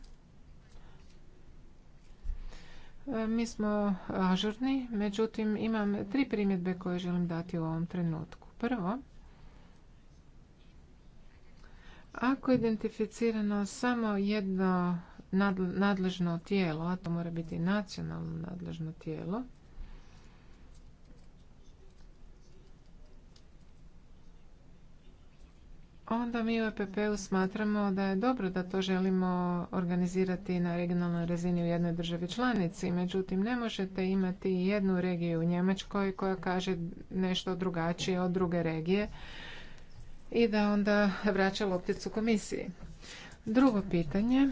E, mi smo ažurni, međutim imam tri primjedbe koje želim dati u ovom trenutku. Prvo, ako je identificirano samo jedno nadležno tijelo, a to mora biti nacionalno nadležno tijelo, onda mi u EPP-u smatramo da je dobro da to želimo organizirati na regionalnoj razini u jednoj državi članici. Međutim, ne možete imati jednu regiju u Njemačkoj koja kaže nešto drugačije od druge regije i da onda vraća lopticu komisiji. Drugo pitanje,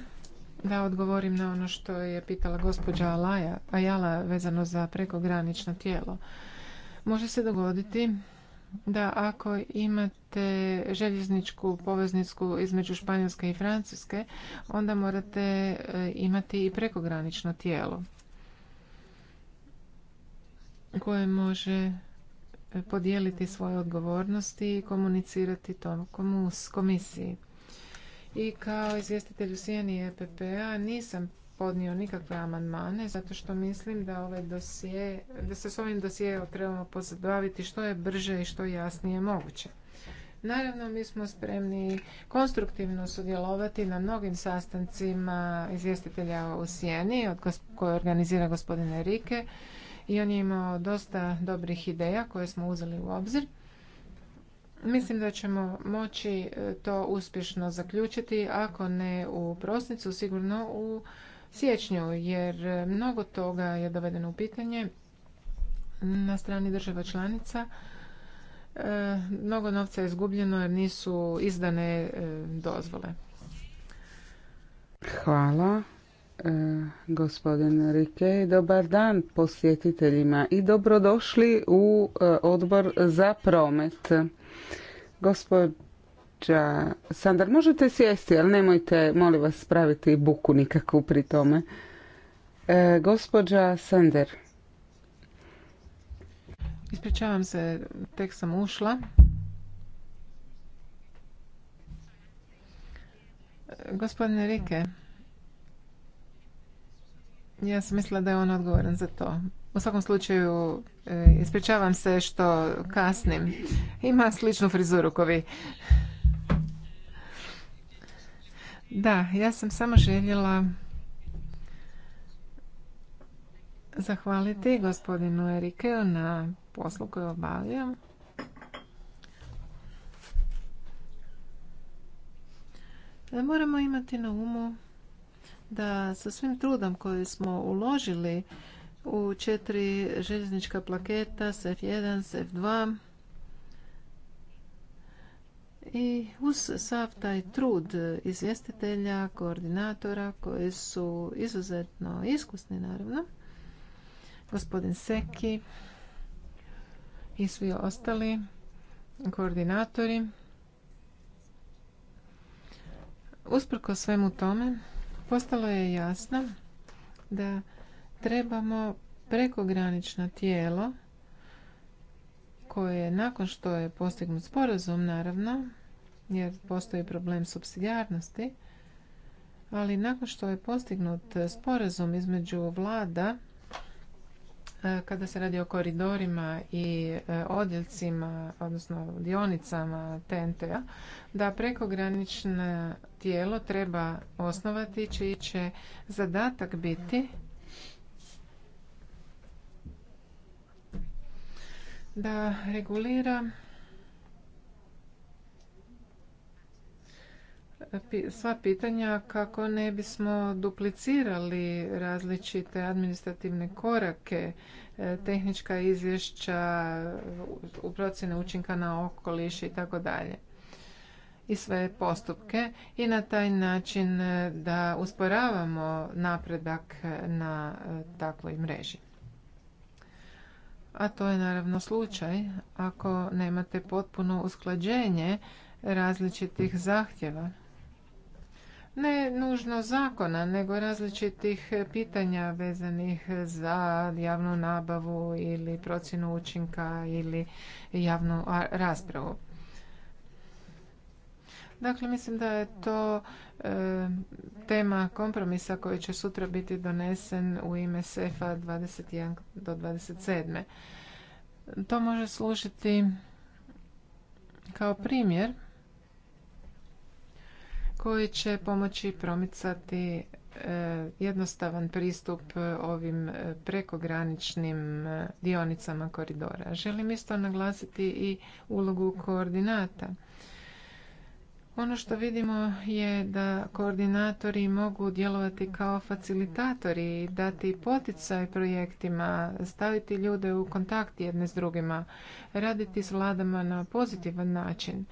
da odgovorim na ono što je pitala gospođa Alaja, Ajala vezano za prekogranično tijelo. Može se dogoditi da ako imate željezničku poveznicu između Španjolske i Francuske, onda morate e, imati i prekogranično tijelo koje može e, podijeliti svoje odgovornosti i komunicirati to komisiji. I kao izvjestitelj u Sijeni EPP-a nisam podnio nikakve amandmane zato što mislim da ovaj dosije, da se s ovim dosijeom trebamo pozabaviti što je brže i što jasnije moguće. Naravno, mi smo spremni konstruktivno sudjelovati na mnogim sastancima izvjestitelja u Sjeni koje organizira gospodine Rike i on je imao dosta dobrih ideja koje smo uzeli u obzir. Mislim da ćemo moći e, to uspješno zaključiti, ako ne u prosnicu, sigurno u siječnju jer e, mnogo toga je dovedeno u pitanje na strani država članica. E, mnogo novca je izgubljeno jer nisu izdane e, dozvole. Hvala. E, gospodin Rike, dobar dan posjetiteljima i dobrodošli u odbor za promet. Gospodin gospođa Sandar, možete sjesti, ali nemojte, molim vas, praviti buku nikakvu pri tome. E, gospođa Sander. Ispričavam se, tek sam ušla. Gospodine Rike, ja sam mislila da je on odgovoran za to. U svakom slučaju, e, ispričavam se što kasnim. Ima sličnu frizuru kao da, ja sam samo željela zahvaliti gospodinu Erikeu na poslu koju obavljam. E, moramo imati na umu da sa svim trudom koji smo uložili u četiri željeznička plaketa, SF1, SF2, i uz sav taj trud izvjestitelja, koordinatora koji su izuzetno iskusni naravno, gospodin Seki i svi ostali koordinatori. Usprko svemu tome, postalo je jasno da trebamo prekogranično tijelo koje nakon što je postignut sporazum naravno jer postoji problem subsidijarnosti, ali nakon što je postignut sporazum između vlada e, kada se radi o koridorima i e, odjeljcima, odnosno dionicama TNT-a, da prekogranično tijelo treba osnovati čiji će zadatak biti da regulira sva pitanja kako ne bismo duplicirali različite administrativne korake, e, tehnička izvješća, u procjene učinka na okoliš i tako dalje i sve postupke i na taj način e, da usporavamo napredak e, na takvoj mreži. A to je naravno slučaj ako nemate potpuno usklađenje različitih zahtjeva ne nužno zakona, nego različitih pitanja vezanih za javnu nabavu ili procjenu učinka ili javnu raspravu. Dakle, mislim da je to e, tema kompromisa koji će sutra biti donesen u ime SEFA 21 do 27. To može služiti kao primjer koji će pomoći promicati e, jednostavan pristup e, ovim e, prekograničnim dionicama koridora. Želim isto naglasiti i ulogu koordinata. Ono što vidimo je da koordinatori mogu djelovati kao facilitatori, dati poticaj projektima, staviti ljude u kontakt jedne s drugima, raditi s vladama na pozitivan način.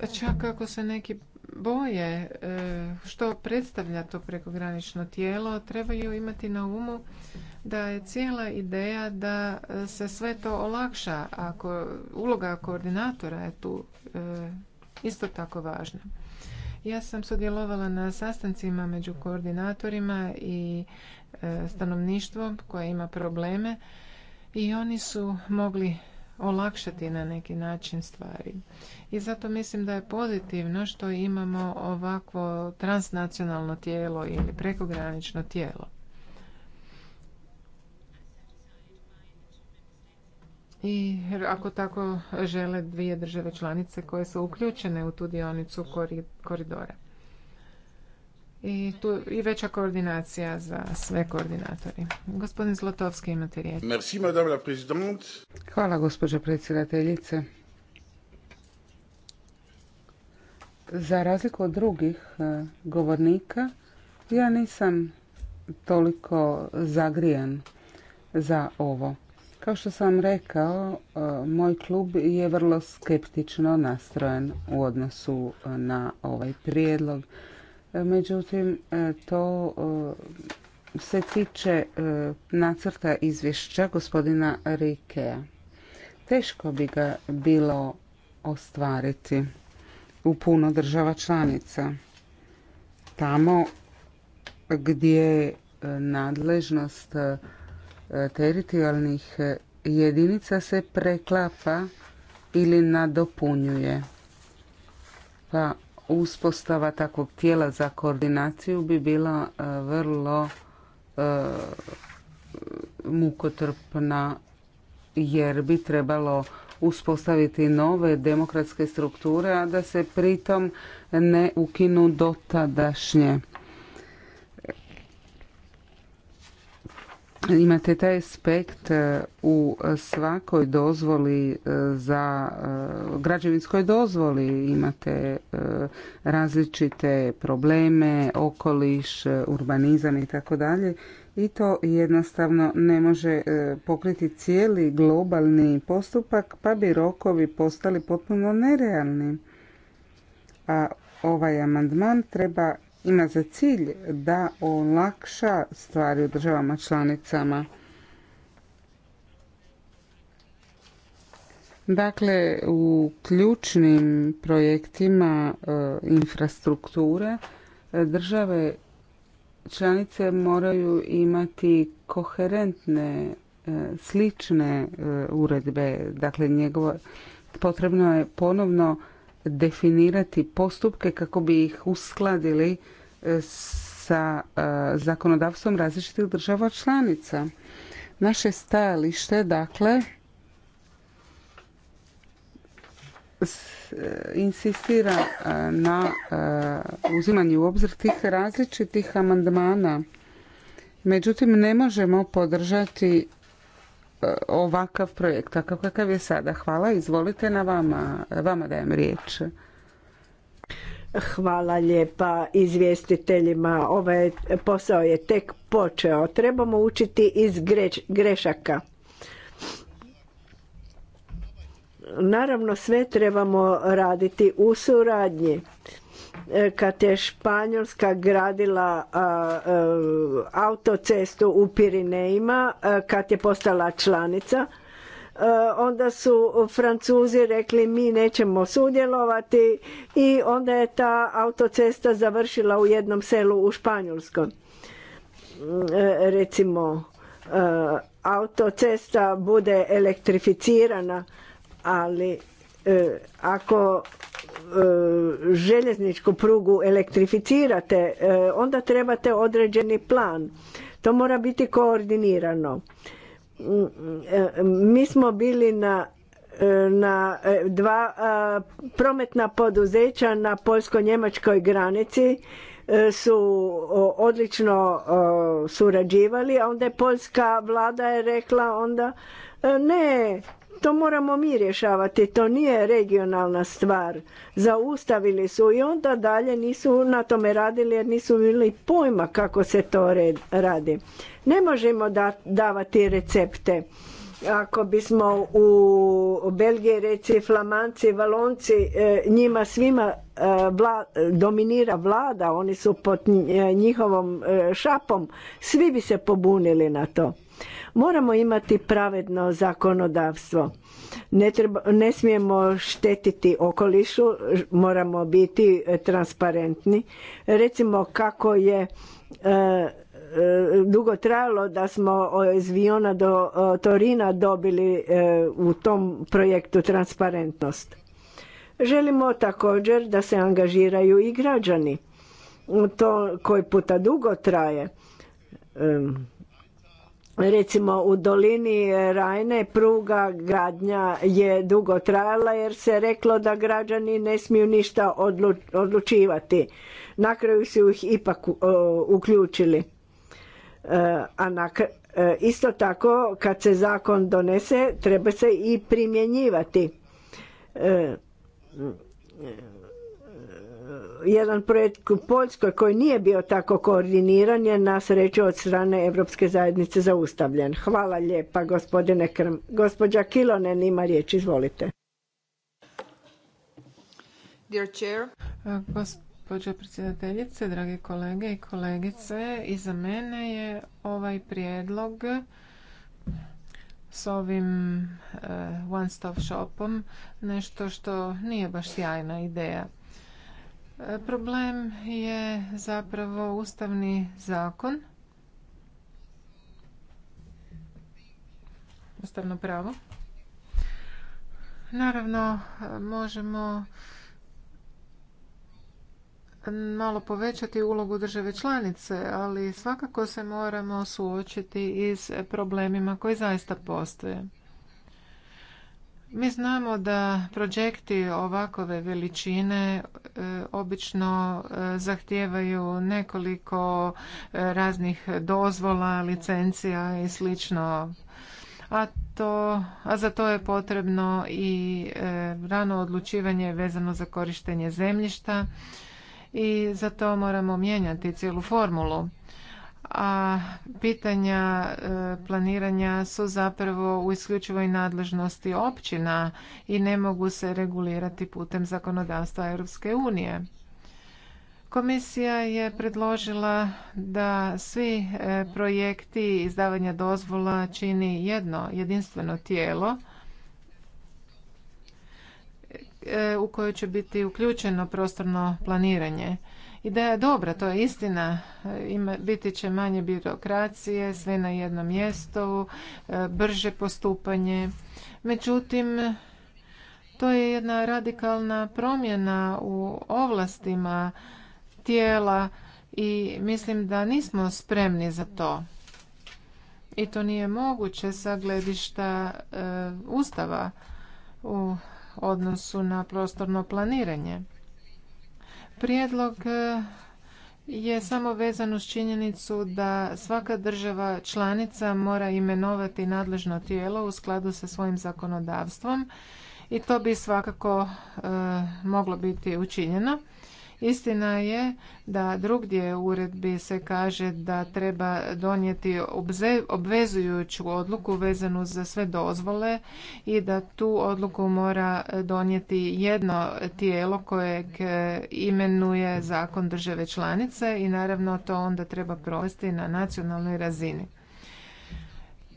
Pa čak ako se neki boje e, što predstavlja to prekogranično tijelo, trebaju imati na umu da je cijela ideja da e, se sve to olakša, ako uloga koordinatora je tu e, isto tako važna. Ja sam sudjelovala na sastancima među koordinatorima i stanovništvom koje ima probleme i oni su mogli olakšati na neki način stvari. I zato mislim da je pozitivno što imamo ovakvo transnacionalno tijelo ili prekogranično tijelo. I ako tako žele dvije države članice koje su uključene u tu dionicu koridora i tu i veća koordinacija za sve koordinatori. Gospodin Zlotovski imate riječ. Merci, madame la présidente. Hvala gospođo predsjedateljice. Za razliku od drugih e, govornika, ja nisam toliko zagrijan za ovo. Kao što sam rekao, e, moj klub je vrlo skeptično nastrojen u odnosu e, na ovaj prijedlog Međutim, e, to e, se tiče e, nacrta izvješća gospodina Rikea. Teško bi ga bilo ostvariti u puno država članica. Tamo gdje nadležnost teritorijalnih jedinica se preklapa ili nadopunjuje. Pa uspostava takvog tijela za koordinaciju bi bila e, vrlo e, mukotrpna jer bi trebalo uspostaviti nove demokratske strukture, a da se pritom ne ukinu dotadašnje. imate taj aspekt e, u svakoj dozvoli e, za e, građevinskoj dozvoli imate različite probleme, okoliš, urbanizam i tako dalje i to jednostavno ne može pokriti cijeli globalni postupak pa bi rokovi postali potpuno nerealni. A ovaj amandman treba ima za cilj da olakša stvari u državama članicama. Dakle, u ključnim projektima e, infrastrukture e, države članice moraju imati koherentne e, slične uredbe. Dakle, potrebno je ponovno definirati postupke kako bi ih uskladili e, sa e, zakonodavstvom različitih država članica. Naše stajalište, dakle, e, insistira na uzimanju u obzir tih različitih amandmana. Međutim, ne možemo podržati ovakav projekt, takav kakav je sada. Hvala, izvolite na vama, vama dajem riječ. Hvala lijepa izvjestiteljima. Ovaj posao je tek počeo. Trebamo učiti iz grešaka. Naravno sve trebamo raditi u suradnji. E, kad je Španjolska gradila e, autocestu u Pirinejima, e, kad je postala članica, onda su Francuzi rekli mi nećemo sudjelovati i onda je ta autocesta završila u jednom selu u Španjolskom. Mm, recimo, autocesta bude elektrificirana, ali ako E, željezničku prugu elektrificirate, e, onda trebate određeni plan. To mora biti koordinirano. Mm, e, mi smo bili na na dva prometna poduzeća na poljsko-njemačkoj granici su odlično surađivali, a onda je poljska vlada je rekla onda ne, to moramo mi rješavati, to nije regionalna stvar. Zaustavili su i onda dalje nisu na tome radili jer nisu imali pojma kako se to radi. Ne možemo da, davati recepte. Ako bismo u Belgiji, reci, Flamanci, Valonci, e, njima svima e, dominira vlada, oni su pod e, njihovom šapom, svi bi se pobunili na to. Moramo imati pravedno zakonodavstvo. Ne, treba, ne smijemo štetiti okolišu, moramo biti e, transparentni. Recimo kako je e, e, dugo trajalo da smo iz Viona do Torina dobili u tom projektu transparentnost. Želimo također da se angažiraju i građani. To koji puta dugo traje recimo u dolini Rajne pruga gradnja je dugo trajala jer se reklo da građani ne smiju ništa odlučivati. Na kraju su ih ipak e, uključili. E, a na, e, isto tako kad se zakon donese treba se i primjenjivati jedan projekt u Poljskoj koji nije bio tako koordiniran je na sreću od strane Europske zajednice zaustavljen. Hvala lijepa gospodine Krm. Gospođa Kilonen ima riječ, izvolite. Dear e, Gospođo predsjedateljice, dragi kolege i kolegice, iza mene je ovaj prijedlog s ovim e, one stop shopom nešto što nije baš sjajna ideja Problem je zapravo ustavni zakon, ustavno pravo. Naravno, možemo malo povećati ulogu države članice, ali svakako se moramo suočiti i s problemima koji zaista postoje. Mi znamo da projekti ovakove veličine e, obično e, zahtijevaju nekoliko e, raznih dozvola, licencija i slično. A, to, a za to je potrebno i rano odlučivanje vezano za korištenje zemljišta i za to moramo mijenjati cijelu formulu a pitanja e, planiranja su zapravo u isključivoj nadležnosti općina i ne mogu se regulirati putem zakonodavstva Europske unije. Komisija je predložila da svi e, projekti izdavanja dozvola čini jedno jedinstveno tijelo e, u koje će biti uključeno prostorno planiranje. Ideja je dobra, to je istina. Ima, biti će manje birokracije, sve na jednom mjestu, e, brže postupanje. Međutim, to je jedna radikalna promjena u ovlastima tijela i mislim da nismo spremni za to. I to nije moguće sa gledišta e, ustava u odnosu na prostorno planiranje. Prijedlog e, je samo vezan uz činjenicu da svaka država članica mora imenovati nadležno tijelo u skladu sa svojim zakonodavstvom i to bi svakako e, moglo biti učinjeno. Istina je da drugdje u uredbi se kaže da treba donijeti obvezujuću odluku vezanu za sve dozvole i da tu odluku mora donijeti jedno tijelo kojeg imenuje zakon države članice i naravno to onda treba provesti na nacionalnoj razini.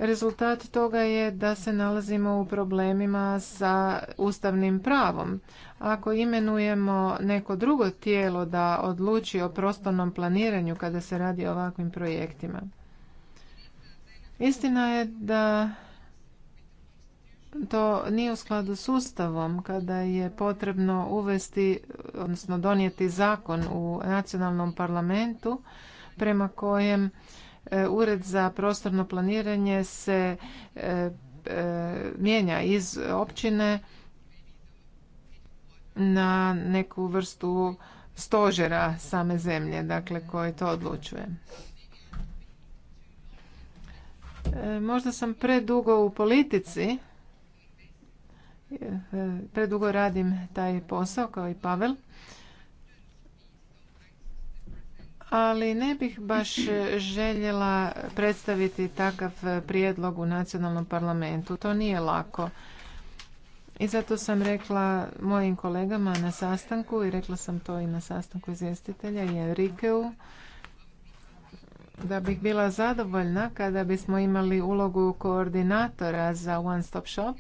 Rezultat toga je da se nalazimo u problemima sa ustavnim pravom. Ako imenujemo neko drugo tijelo da odluči o prostornom planiranju kada se radi o ovakvim projektima. Istina je da to nije u skladu s ustavom kada je potrebno uvesti, odnosno donijeti zakon u nacionalnom parlamentu prema kojem E, ured za prostorno planiranje se e, e, mijenja iz općine na neku vrstu stožera same zemlje, dakle koji to odlučuje. Možda sam predugo u politici, predugo radim taj posao kao i Pavel. ali ne bih baš e, željela predstaviti takav e, prijedlog u nacionalnom parlamentu. To nije lako. I zato sam rekla mojim kolegama na sastanku i rekla sam to i na sastanku izvjestitelja i Enrikeu da bih bila zadovoljna kada bismo imali ulogu koordinatora za One Stop Shop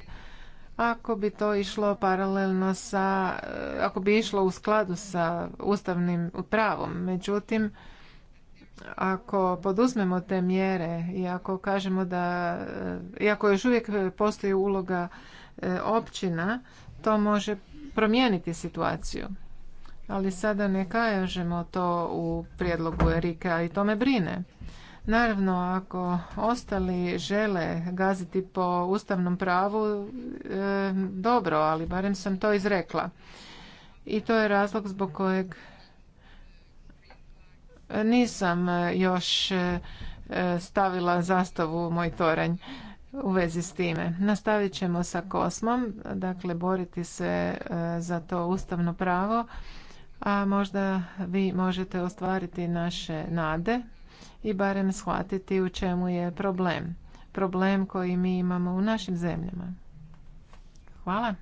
ako bi to išlo paralelno sa, eh, ako bi išlo u skladu sa ustavnim pravom. Međutim, ako poduzmemo te mjere i ako kažemo da, eh, iako još uvijek postoji uloga eh, općina, to može promijeniti situaciju. Ali sada ne kažemo to u prijedlogu Erika i to me brine. Naravno, ako ostali žele gaziti po ustavnom pravu, e, dobro, ali barem sam to izrekla. I to je razlog zbog kojeg nisam još e, stavila zastavu u moj toranj u vezi s time. Nastavit ćemo sa kosmom, dakle boriti se e, za to ustavno pravo, a možda vi možete ostvariti naše nade i barem shvatiti u čemu je problem. Problem koji mi imamo u našim zemljama. Hvala.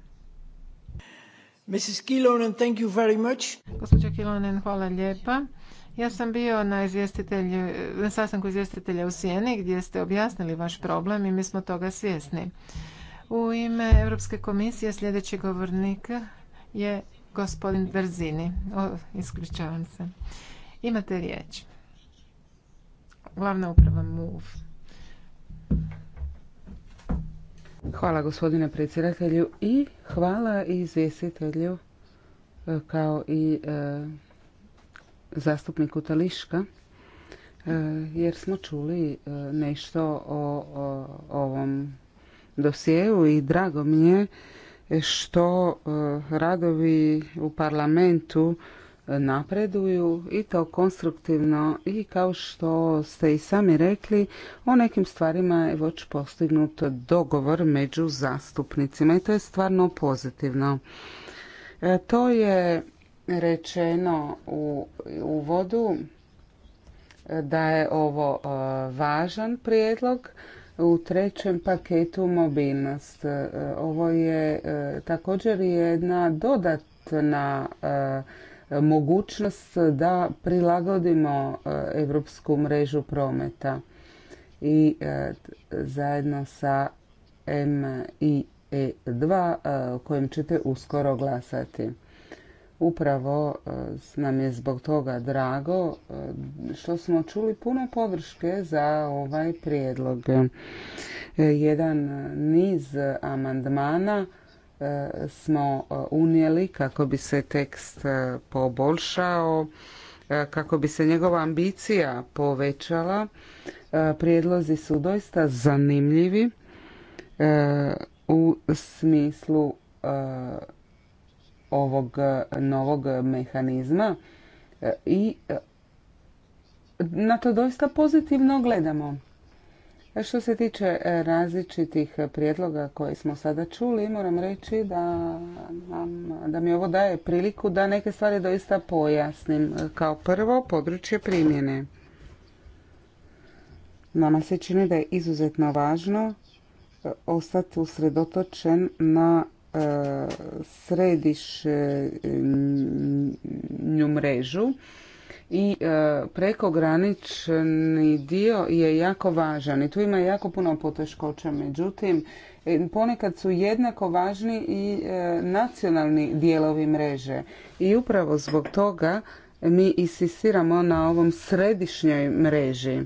Mrs. Kilonen, thank you very much. Kilonen, hvala lijepa. Ja sam bio na, izvjestitelju, na sastanku izvjestitelja u Sijeni gdje ste objasnili vaš problem i mi smo toga svjesni. U ime Europske komisije sljedeći govornik je gospodin Verzini. isključavam se. Imate riječ glavna uprava Hvala gospodine predsjedatelju i hvala i izvjestitelju e, kao i e, zastupniku Tališka e, jer smo čuli nešto o, o ovom dosjeu i drago mi je što radovi u parlamentu napreduju i to konstruktivno i kao što ste i sami rekli o nekim stvarima je već postignut dogovor među zastupnicima i to je stvarno pozitivno. E, to je rečeno u uvodu da je ovo e, važan prijedlog u trećem paketu mobilnost. E, ovo je također jedna dodatna E, mogućnost da prilagodimo europsku mrežu prometa i e, zajedno sa MIE2 e, o kojem ćete uskoro glasati. Upravo nam je zbog toga drago što smo čuli puno podrške za ovaj prijedlog. Jedan niz amandmana smo e, unijeli kako bi se tekst e, poboljšao, e, kako bi se njegova ambicija povećala. Prijedlozi su doista zanimljivi u smislu ovog novog mehanizma i na to doista pozitivno gledamo. Što se tiče e, različitih prijedloga koje smo sada čuli, moram reći da, mi ovo daje priliku da neke stvari doista pojasnim. Kao prvo, područje primjene. Nama se čini da je izuzetno važno e, ostati usredotočen na e, središnju mrežu i e, prekogranični dio je jako važan i tu ima jako puno poteškoća. Međutim, e, ponekad su jednako važni i e, nacionalni dijelovi mreže i upravo zbog toga mi insistiramo na ovom središnjoj mreži.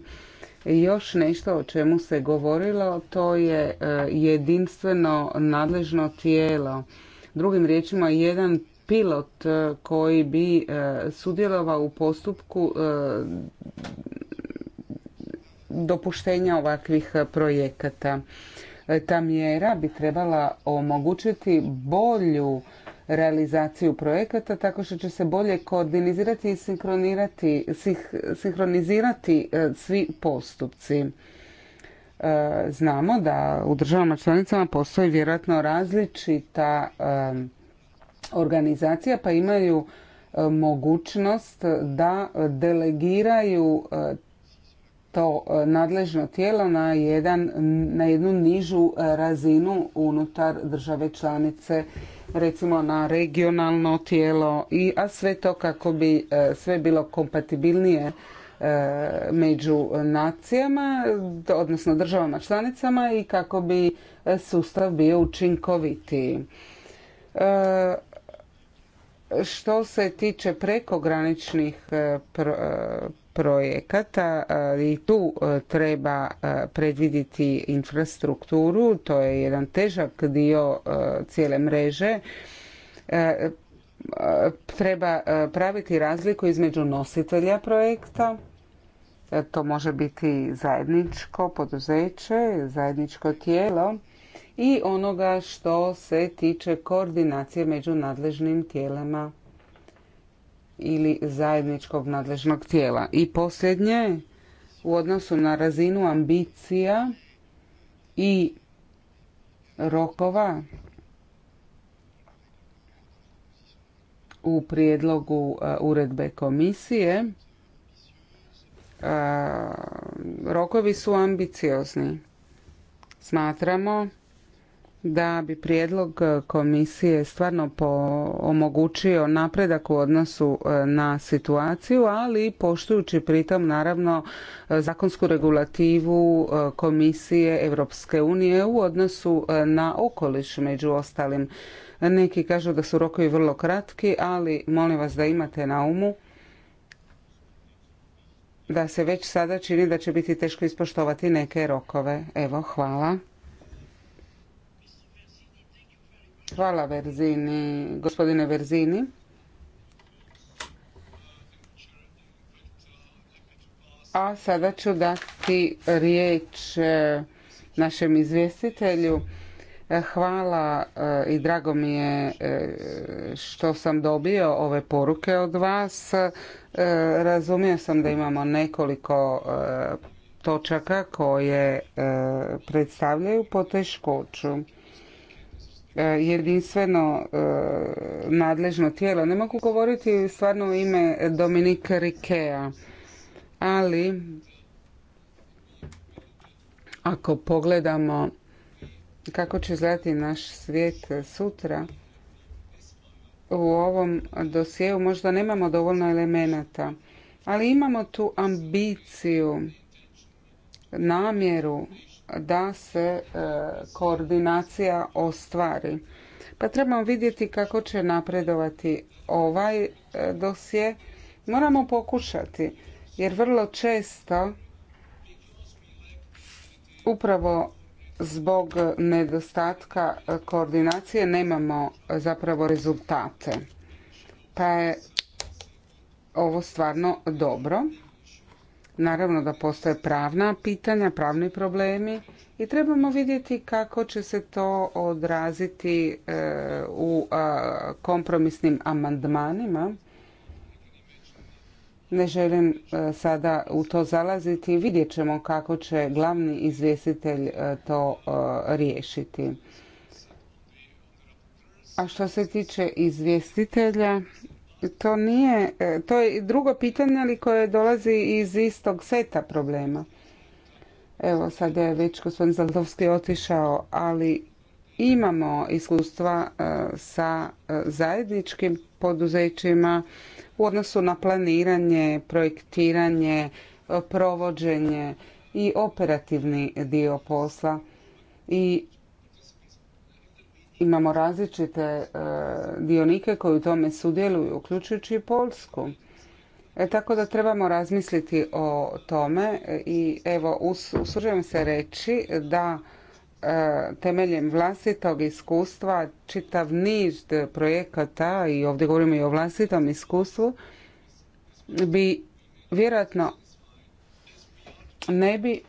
Još nešto o čemu se govorilo, to je jedinstveno nadležno tijelo. Drugim riječima, jedan pilot e, koji bi e, sudjelovao u postupku e, dopuštenja ovakvih projekata. Ta mjera bi trebala omogućiti bolju realizaciju projekata tako što će se bolje koordinizirati i sinkronizirati svi postupci. Znamo da u državama članicama postoji vjerojatno različita organizacija pa imaju e, mogućnost da delegiraju e, to e, nadležno tijelo na, jedan, na jednu nižu razinu unutar države članice, recimo na regionalno tijelo, i, a sve to kako bi sve bilo kompatibilnije među nacijama, odnosno državama članicama i kako bi sustav bio učinkovitiji. Što se tiče prekograničnih e, e, projekata e, i tu treba predviditi infrastrukturu, to je jedan težak dio cijele mreže. Treba praviti razliku između nositelja projekta, to može biti zajedničko poduzeće, zajedničko tijelo, i onoga što se tiče koordinacije među nadležnim tijelama ili zajedničkog nadležnog tijela. I posljednje, u odnosu na razinu ambicija i rokova u prijedlogu uredbe komisije, rokovi su ambiciozni. Smatramo da bi prijedlog komisije stvarno omogućio napredak u odnosu e, na situaciju, ali poštujući pritom naravno zakonsku regulativu e, komisije Europske unije u odnosu e, na okoliš među ostalim. Neki kažu da su rokovi vrlo kratki, ali molim vas da imate na umu da se već sada čini da će biti teško ispoštovati neke rokove. Evo, hvala. Hvala Verzini, gospodine Verzini. A sada ću dati riječ e, našem izvjestitelju. E, hvala e, i drago mi je što sam dobio ove poruke od vas. Razumio sam da imamo nekoliko točaka koje predstavljaju poteškoću. E, jedinstveno e, nadležno tijelo. Ne mogu govoriti stvarno ime Dominika Rikea, ali ako pogledamo kako će izgledati naš svijet sutra, u ovom dosjeu možda nemamo dovoljno elemenata, ali imamo tu ambiciju, namjeru da se e, koordinacija ostvari. Pa trebamo vidjeti kako će napredovati ovaj e, dosje. Moramo pokušati jer vrlo često upravo zbog nedostatka e, koordinacije nemamo zapravo rezultate. Pa je ovo stvarno dobro. Naravno da postoje pravna pitanja, pravni problemi i trebamo vidjeti kako će se to odraziti e, u e, kompromisnim amandmanima. Ne želim e, sada u to zalaziti i vidjet ćemo kako će glavni izvjestitelj to riješiti. A što se tiče izvjestitelja, to nije, e, to je drugo pitanje, ali koje dolazi iz istog seta problema. Evo, sad je već gospodin Zaldovski otišao, ali imamo iskustva e, sa e, zajedničkim poduzećima u odnosu na planiranje, projektiranje, provođenje i operativni dio posla. I imamo različite e, dionike koji u tome sudjeluju, uključujući i Polsku. E, tako da trebamo razmisliti o tome e, i evo usuđujem se reći da e, temeljem vlastitog iskustva čitav niz projekata i ovdje govorimo i o vlastitom iskustvu bi vjerojatno ne bi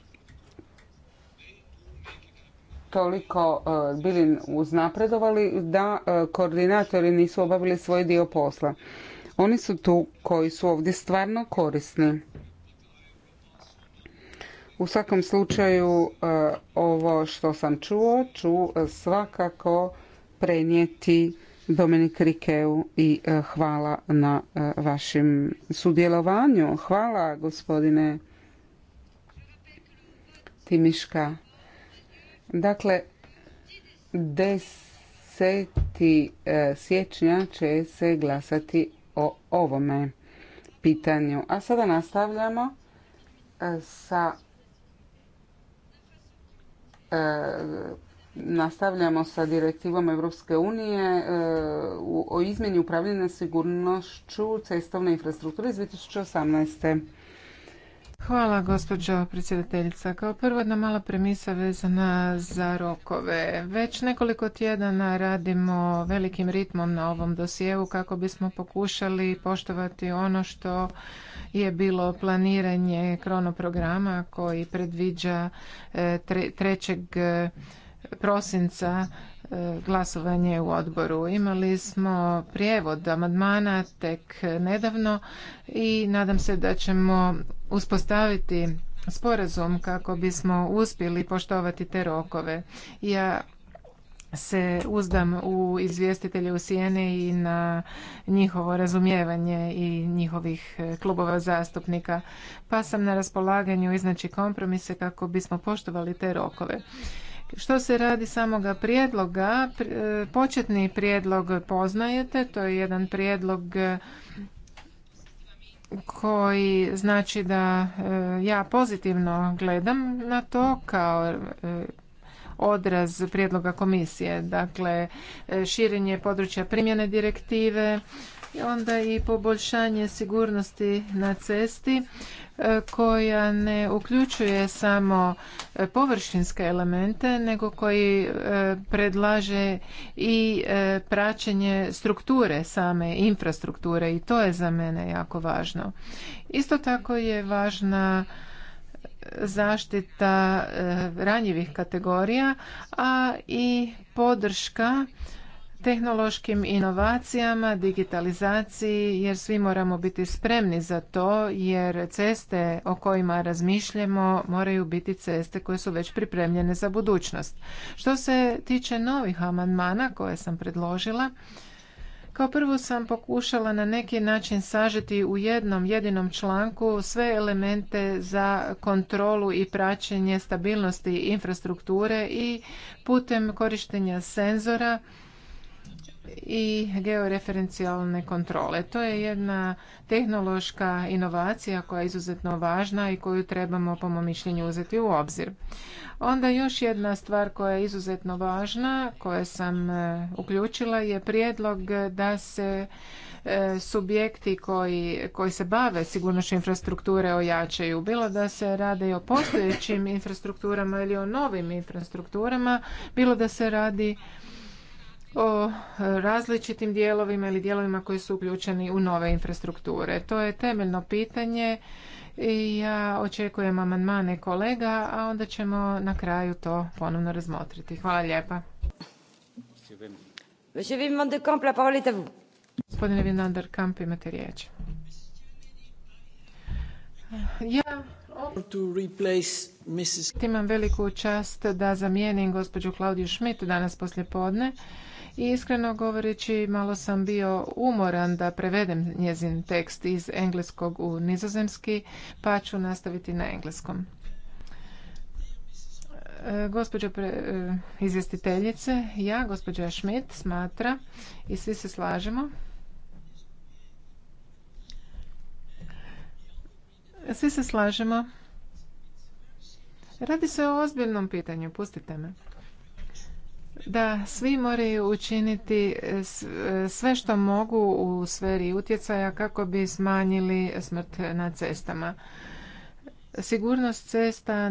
toliko e, bili uznapredovali da e, koordinatori nisu obavili svoj dio posla. Oni su tu koji su ovdje stvarno korisni. U svakom slučaju e, ovo što sam čuo ću svakako prenijeti Dominik Rikeu i hvala na vašem sudjelovanju. Hvala gospodine Timiška. Dakle, 10. E, siječnja će se glasati o ovome pitanju. A sada nastavljamo e, sa e, nastavljamo sa direktivom Europske unije o izmjeni upravljanja sigurnošću cestovne infrastrukture iz 2018. Hvala gospođo predsjedateljica. Kao prvo jedna mala premisa vezana za rokove. Već nekoliko tjedana radimo velikim ritmom na ovom dosjeu kako bismo pokušali poštovati ono što je bilo planiranje kronoprograma koji predviđa 3. Eh, eh, prosinca glasovanje u odboru. Imali smo prijevod amandmana tek nedavno i nadam se da ćemo uspostaviti sporazum kako bismo uspjeli poštovati te rokove. Ja se uzdam u izvjestitelje u Sijene i na njihovo razumijevanje i njihovih klubova zastupnika, pa sam na raspolaganju iznaći kompromise kako bismo poštovali te rokove. Što se radi samoga prijedloga, e, početni prijedlog poznajete, to je jedan prijedlog e, koji znači da e, ja pozitivno gledam na to kao odraz prijedloga komisije. Dakle, širenje područja primjene direktive, onda i poboljšanje sigurnosti na cesti e, koja ne uključuje samo e, površinske elemente nego koji e, predlaže i praćenje strukture same infrastrukture i to je za mene jako važno. Isto tako je važna zaštita ranjivih kategorija, a i podrška tehnološkim inovacijama, digitalizaciji, jer svi moramo biti spremni za to, jer ceste o kojima razmišljamo moraju biti ceste koje su već pripremljene za budućnost. Što se tiče novih amandmana koje sam predložila, kao prvo sam pokušala na neki način sažeti u jednom jedinom članku sve elemente za kontrolu i praćenje stabilnosti infrastrukture i putem korištenja senzora i georeferencijalne kontrole. To je jedna tehnološka inovacija koja je izuzetno važna i koju trebamo po mom mišljenju uzeti u obzir. Onda još jedna stvar koja je izuzetno važna, koje sam e, uključila je prijedlog da se e, subjekti koji, koji se bave sigurnošću infrastrukture ojačaju. Bilo da se radi o postojećim (laughs) infrastrukturama ili o novim infrastrukturama, bilo da se radi o različitim dijelovima ili dijelovima koji su uključeni u nove infrastrukture. To je temeljno pitanje i ja očekujem amandmane kolega, a onda ćemo na kraju to ponovno razmotriti. Hvala lijepa. Gospodine Vinander Kamp, imate riječ. Ja imam veliku čast da zamijenim gospođu Klaudiju Schmidt danas poslje podne i iskreno govoreći malo sam bio umoran da prevedem njezin tekst iz engleskog u nizozemski pa ću nastaviti na engleskom. E, gospođo e, izvjestiteljice, ja, gospođa Schmidt, smatra i svi se slažemo Svi se slažemo. Radi se o ozbiljnom pitanju, pustite me da svi moraju učiniti e, e, sve što mogu u sferi utjecaja kako bi smanjili smrt na cestama. Sigurnost cesta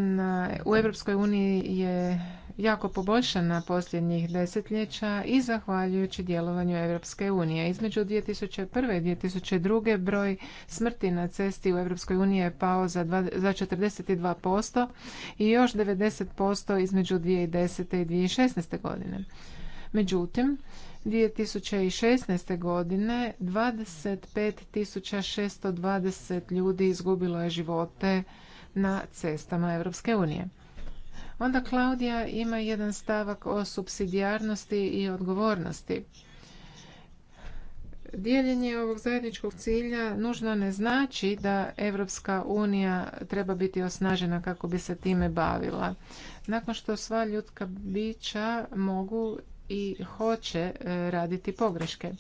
u Europskoj uniji je jako poboljšana posljednjih desetljeća i zahvaljujući djelovanju Europske unije. Između 2001. i 2002. broj smrti na cesti u Europskoj uniji je pao za 42% i još 90% između 2010. i 2016. godine. Međutim, 2016. godine 25.620 ljudi izgubilo je živote na cestama Europske unije. Onda Klaudija ima jedan stavak o subsidijarnosti i odgovornosti. Dijeljenje ovog zajedničkog cilja nužno ne znači da Europska unija treba biti osnažena kako bi se time bavila. Nakon što sva ljudska bića mogu i hoće eh, raditi pogreške.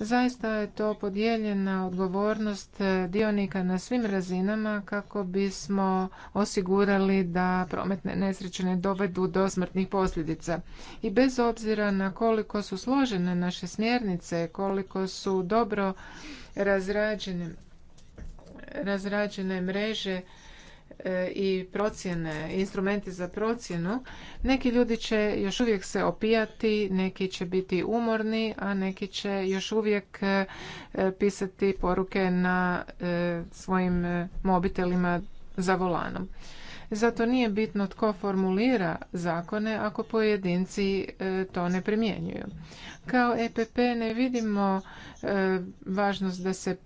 Zaista je to podijeljena odgovornost e, dionika na svim razinama kako bismo osigurali da prometne nesreće ne dovedu do smrtnih posljedica. I bez obzira na koliko su složene naše smjernice, koliko su dobro razrađene, razrađene mreže E, i procjene, instrumenti za procjenu, neki ljudi će još uvijek se opijati, neki će biti umorni, a neki će još uvijek e, pisati poruke na e, svojim mobitelima za volanom. Zato nije bitno tko formulira zakone ako pojedinci to ne primjenjuju. Kao EPP ne vidimo važnost da se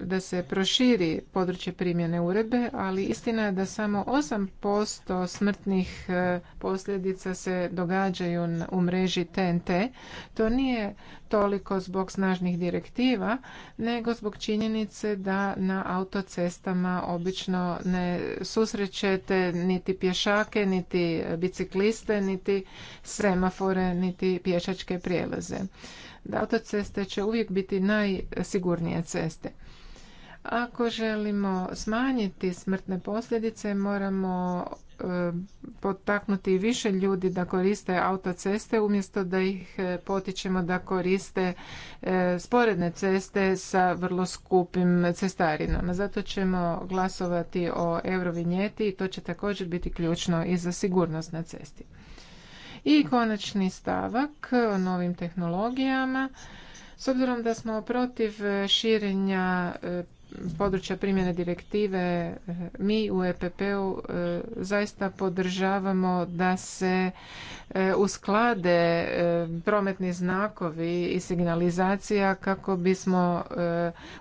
da se proširi područje primjene uredbe, ali istina je da samo 8% smrtnih e, posljedica se događaju u mreži TNT. To nije toliko zbog snažnih direktiva, nego zbog činjenice da na autocestama obično ne susrećete niti pješake, niti bicikliste, niti semafore, niti pješačke prijelaze autoceste će uvijek biti najsigurnije ceste. Ako želimo smanjiti smrtne posljedice, moramo e, potaknuti više ljudi da koriste autoceste umjesto da ih e, potičemo da koriste e, sporedne ceste sa vrlo skupim cestarinama. Zato ćemo glasovati o eurovinjeti i to će također biti ključno i za sigurnost na cesti. I konačni stavak o novim tehnologijama. S obzirom da smo protiv širenja e, područja primjene direktive eh, mi u EPP-u eh, zaista podržavamo da se eh, usklade prometni znakovi i signalizacija kako bismo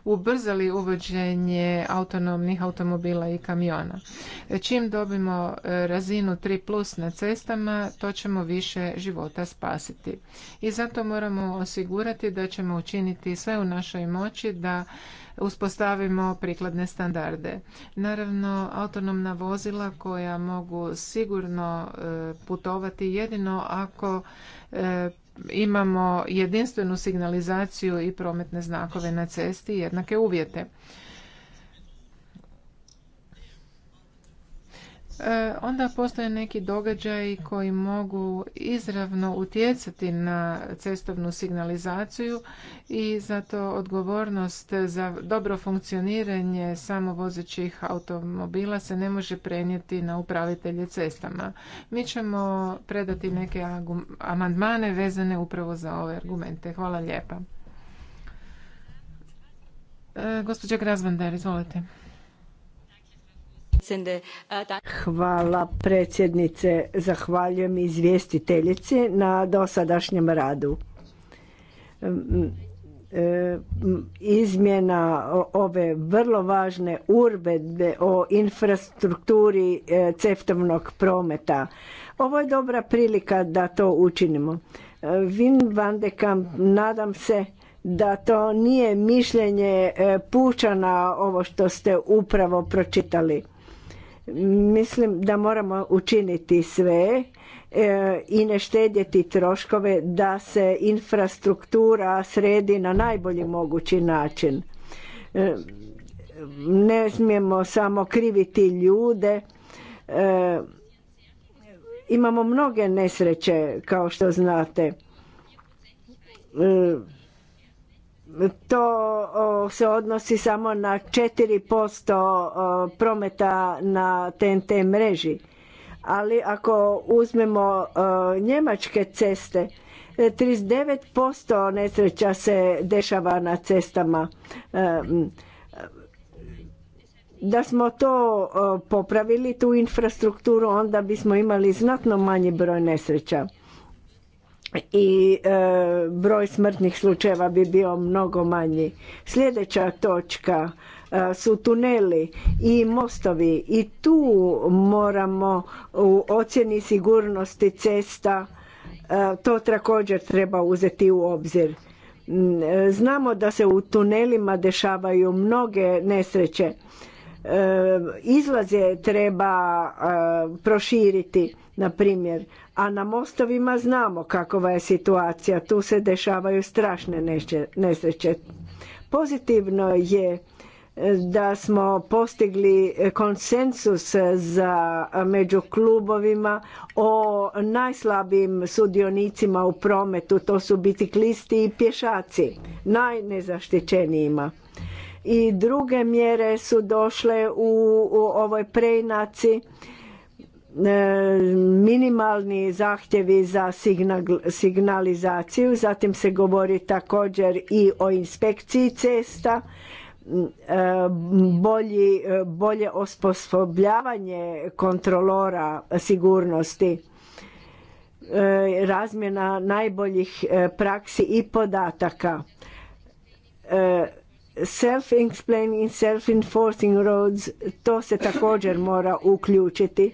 ubrzali uvođenje autonomnih automobila i kamiona. Čim dobimo razinu 3 plus na cestama, to ćemo više života spasiti. I zato moramo osigurati da ćemo učiniti sve u našoj moći da uspostavimo prikladne standarde. Naravno, autonomna vozila koja mogu sigurno e, putovati jedino ako e, imamo jedinstvenu signalizaciju i prometne znakove na cesti i jednake uvjete. E, onda postoje neki događaji koji mogu izravno utjecati na cestovnu signalizaciju i zato odgovornost za dobro funkcioniranje samovozećih automobila se ne može prenijeti na upravitelje cestama. Mi ćemo predati neke amandmane vezane upravo za ove argumente. Hvala lijepa. E, gospođa Grazvander, izvolite. Hvala predsjednice, zahvaljujem izvjestiteljici na dosadašnjem radu. E, izmjena ove vrlo važne uredbe o infrastrukturi e, cestovnog prometa. Ovo je dobra prilika da to učinimo. Vin e, van de nadam se da to nije mišljenje pučana ovo što ste upravo pročitali Mislim da moramo učiniti sve e, i ne štedjeti troškove da se infrastruktura sredi na najbolji mogući način. E, ne smijemo samo kriviti ljude. E, imamo mnoge nesreće, kao što znate to se odnosi samo na 4% prometa na TNT mreži. Ali ako uzmemo njemačke ceste, 39% nesreća se dešava na cestama. Da smo to popravili, tu infrastrukturu, onda bismo imali znatno manji broj nesreća i e, broj smrtnih slučajeva bi bio mnogo manji. Sljedeća točka e, su tuneli i mostovi i tu moramo u ocjeni sigurnosti cesta e, to također treba uzeti u obzir. Mm, znamo da se u tunelima dešavaju mnoge nesreće. Izlaze treba proširiti, na primjer. A na mostovima znamo kakova je situacija. Tu se dešavaju strašne nesreće. Pozitivno je e, da smo postigli konsensus za e, među klubovima o najslabijim sudionicima u prometu, to su biciklisti i pješaci, najnezaštićenijima. I druge mjere su došle u, u ovoj preinaci E, minimalni zahtjevi za signalizaciju, zatim se govori također i o inspekciji cesta, e, e, bolje osposobljavanje kontrolora sigurnosti, razmjena najboljih praksi i podataka. Self-explaining, self-enforcing roads, to se također mora uključiti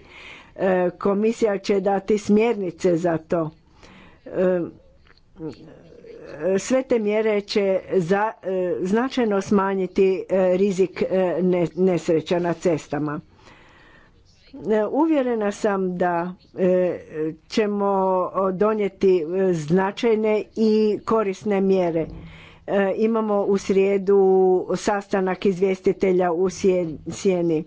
E, komisija će dati smjernice za to. E, sve te mjere će za, e, značajno smanjiti rizik nesreća na cestama. Uvjerena sam da ćemo donijeti značajne i korisne mjere. Imamo u srijedu sastanak izvjestitelja u Sjeni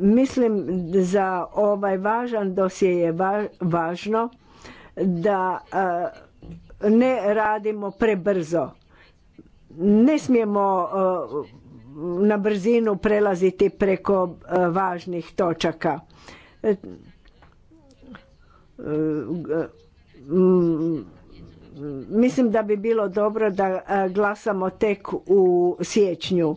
Mislim za ovaj važan dosje je važno da ne radimo prebrzo. Ne smijemo na brzinu prelaziti preko važnih točaka. E, mislim da bi bilo dobro da glasamo tek u siječnju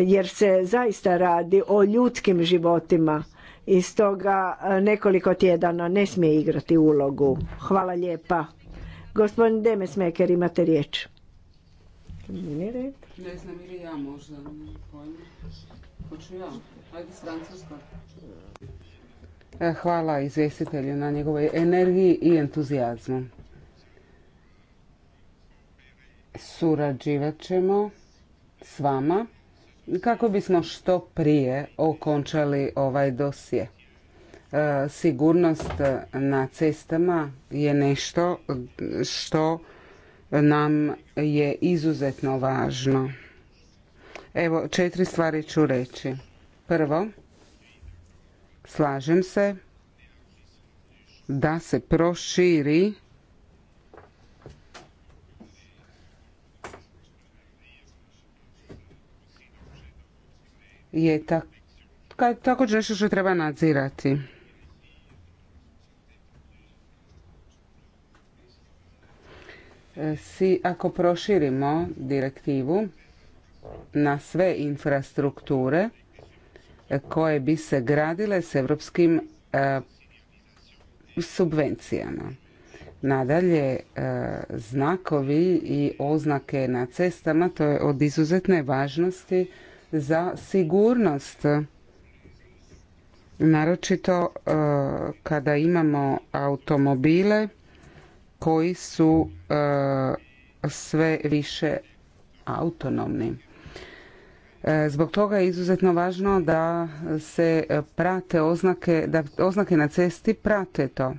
jer se zaista radi o ljudskim životima i stoga e, nekoliko tjedana ne smije igrati ulogu. Hvala lijepa. Gospodin Demesmeker, imate riječ. Ne znam ja e, Hvala izvjestitelju na njegovoj energiji i entuzijazmu. Surađivat ćemo s vama kako bismo što prije okončali ovaj dosje. E, sigurnost na cestama je nešto što nam je izuzetno važno. Evo, četiri stvari ću reći. Prvo, slažem se da se proširi je također nešto što treba nadzirati. E, si, ako proširimo direktivu na sve infrastrukture e, koje bi se gradile s europskim e, subvencijama. Nadalje, znakovi i oznake na cestama, to je od izuzetne važnosti za sigurnost naročito e, kada imamo automobile koji su e, sve više autonomni. E, zbog toga je izuzetno važno da se prate oznake, da oznake na cesti prate to.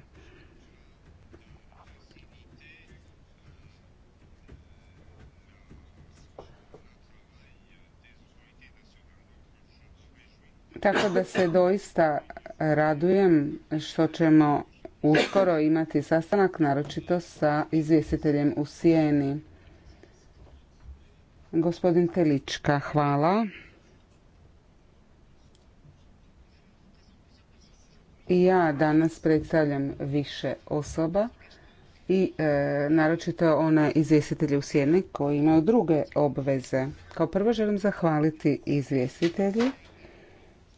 Tako da se doista radujem što ćemo uskoro imati sastanak, naročito sa izvjestiteljem u Sijeni. Gospodin Telička, hvala. I ja danas predstavljam više osoba i e, naročito one izvjestitelje u Sjeni koji imaju druge obveze. Kao prvo želim zahvaliti izvjestitelji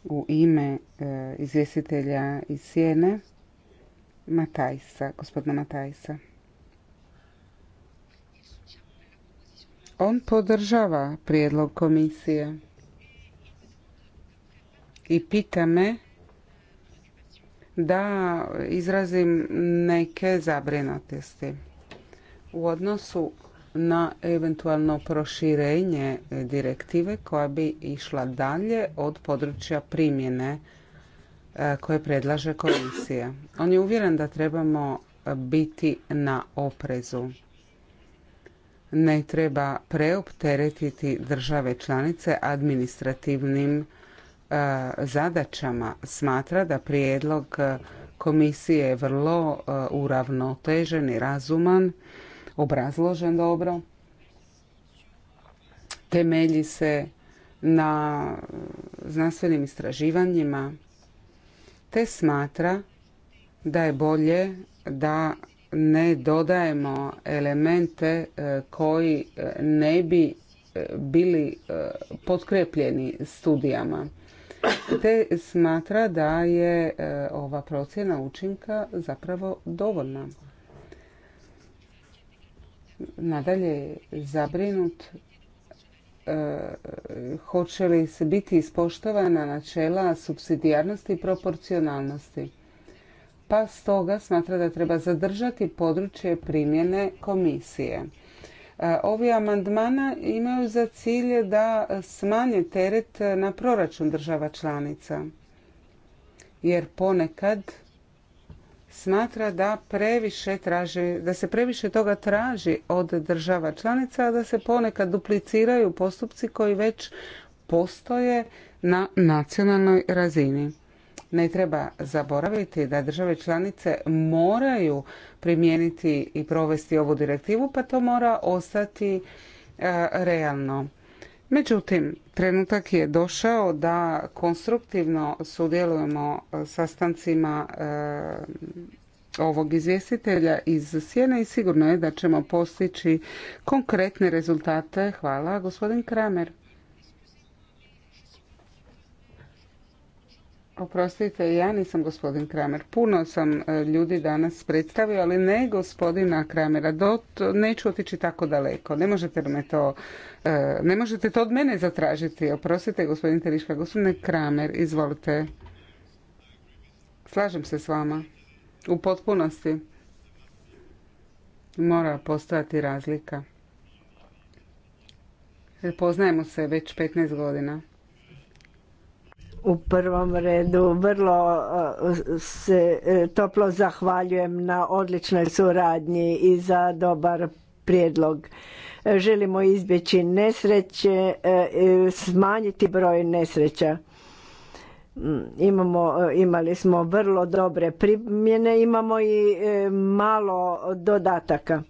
u ime e, izvjestitelja iz Sjene, Matajsa, gospodina Matajsa. On podržava prijedlog komisije i pita me da izrazim neke zabrinutosti u odnosu na eventualno proširenje direktive koja bi išla dalje od područja primjene e, koje predlaže komisija. On je uvjeren da trebamo biti na oprezu. Ne treba preopteretiti države članice administrativnim e, zadaćama. Smatra da prijedlog e, komisije je vrlo uravnotežen i razuman obrazložen dobro, temelji se na znanstvenim istraživanjima, te smatra da je bolje da ne dodajemo elemente e, koji e, ne bi e, bili potkrepljeni studijama. Te smatra da je ova procjena učinka zapravo dovoljna nadalje zabrinut e, hoće li se biti ispoštovana načela subsidijarnosti i proporcionalnosti. Pa stoga smatra da treba zadržati područje primjene komisije. E, ovi amandmana imaju za cilje da smanje teret na proračun država članica. Jer ponekad smatra da previše traži, da se previše toga traži od država članica, a da se ponekad dupliciraju postupci koji već postoje na nacionalnoj razini. Ne treba zaboraviti da države članice moraju primijeniti i provesti ovu direktivu, pa to mora ostati e, realno. Međutim, trenutak je došao da konstruktivno sudjelujemo e, sastancima e, ovog izvjestitelja iz Sjene i sigurno je da ćemo postići konkretne rezultate. Hvala, gospodin Kramer. Oprostite, ja nisam gospodin Kramer. Puno sam e, ljudi danas predstavio, ali ne gospodina Kramera. neću otići tako daleko. Ne možete, me to, e, ne možete to od mene zatražiti. Oprostite, gospodin Teriška. Gospodine Kramer, izvolite. Slažem se s vama. U potpunosti. Mora postojati razlika. E, poznajemo se već 15 godina u prvom redu vrlo e, se e, toplo zahvaljujem na odličnoj suradnji i za dobar prijedlog. Želimo izbjeći nesreće, e, smanjiti broj nesreća. Mm, imamo, imali smo vrlo dobre primjene, imamo i malo dodataka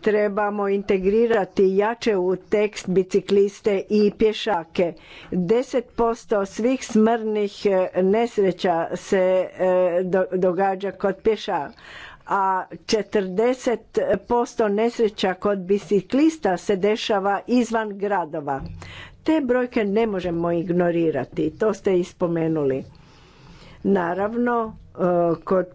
trebamo integrirati jače u tekst bicikliste i pješake. 10% svih smrnih e, nesreća se e, događa kod pješa, a 40% nesreća kod biciklista se dešava izvan gradova. Te brojke ne možemo ignorirati, to ste i spomenuli. Naravno, e, kod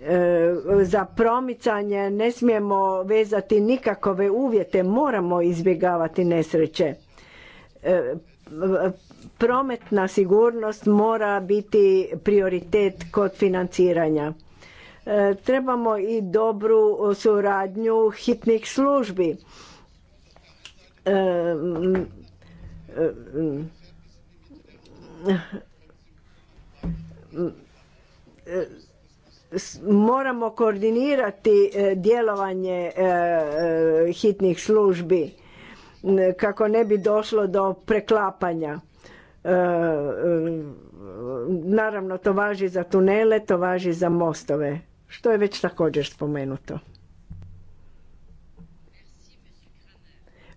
E, za promicanje ne smijemo vezati nikakove uvjete, moramo izbjegavati nesreće. E, prometna sigurnost mora biti prioritet kod financiranja. E, trebamo i dobru suradnju hitnih službi moramo koordinirati e, djelovanje e, e, hitnih službi kako ne bi došlo do preklapanja. Naravno, to važi za tunele, to važi za mostove, što je već također spomenuto.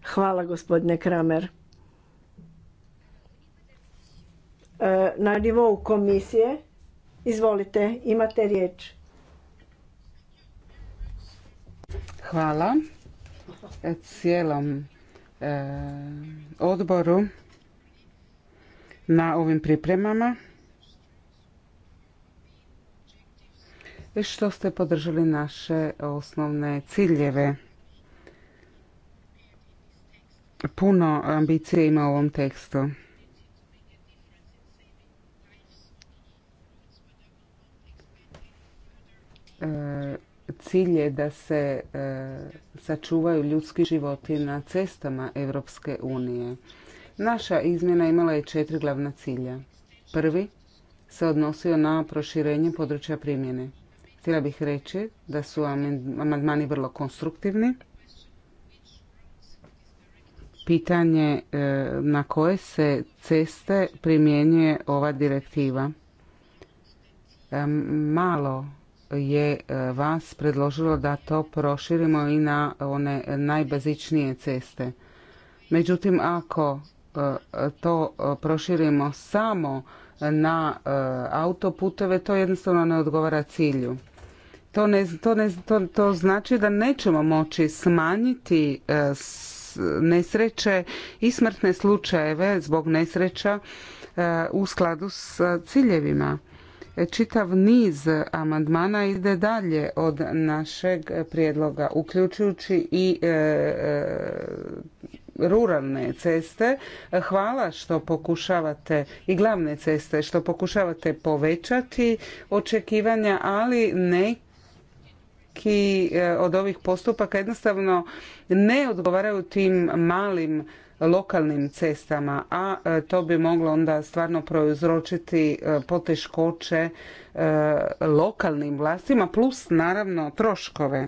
Hvala gospodine Kramer. Na nivou komisije Izvolite, imate riječ. Hvala cijelom e, odboru na ovim pripremama. što ste podržali naše osnovne ciljeve. Puno ambicije ima u ovom tekstu. cilj je da se e, sačuvaju ljudski životi na cestama Evropske unije. Naša izmjena imala je četiri glavna cilja. Prvi se odnosio na proširenje područja primjene. Htjela bih reći da su amandmani vrlo konstruktivni. Pitanje e, na koje se ceste primjenjuje ova direktiva. E, malo je e, vas predložilo da to proširimo i na one najbazičnije ceste. Međutim, ako e, to e, proširimo samo na autoputeve, to jednostavno ne odgovara cilju. To, to, ne, to, to znači da nećemo moći smanjiti nesreće i smrtne slučajeve zbog nesreća u skladu s ciljevima čitav niz amandmana ide dalje od našeg prijedloga, uključujući i e, e, ruralne ceste. Hvala što pokušavate i glavne ceste što pokušavate povećati očekivanja, ali neki e, od ovih postupaka jednostavno ne odgovaraju tim malim lokalnim cestama, a e, to bi moglo onda stvarno prouzročiti e, poteškoće e, lokalnim vlastima plus naravno troškove.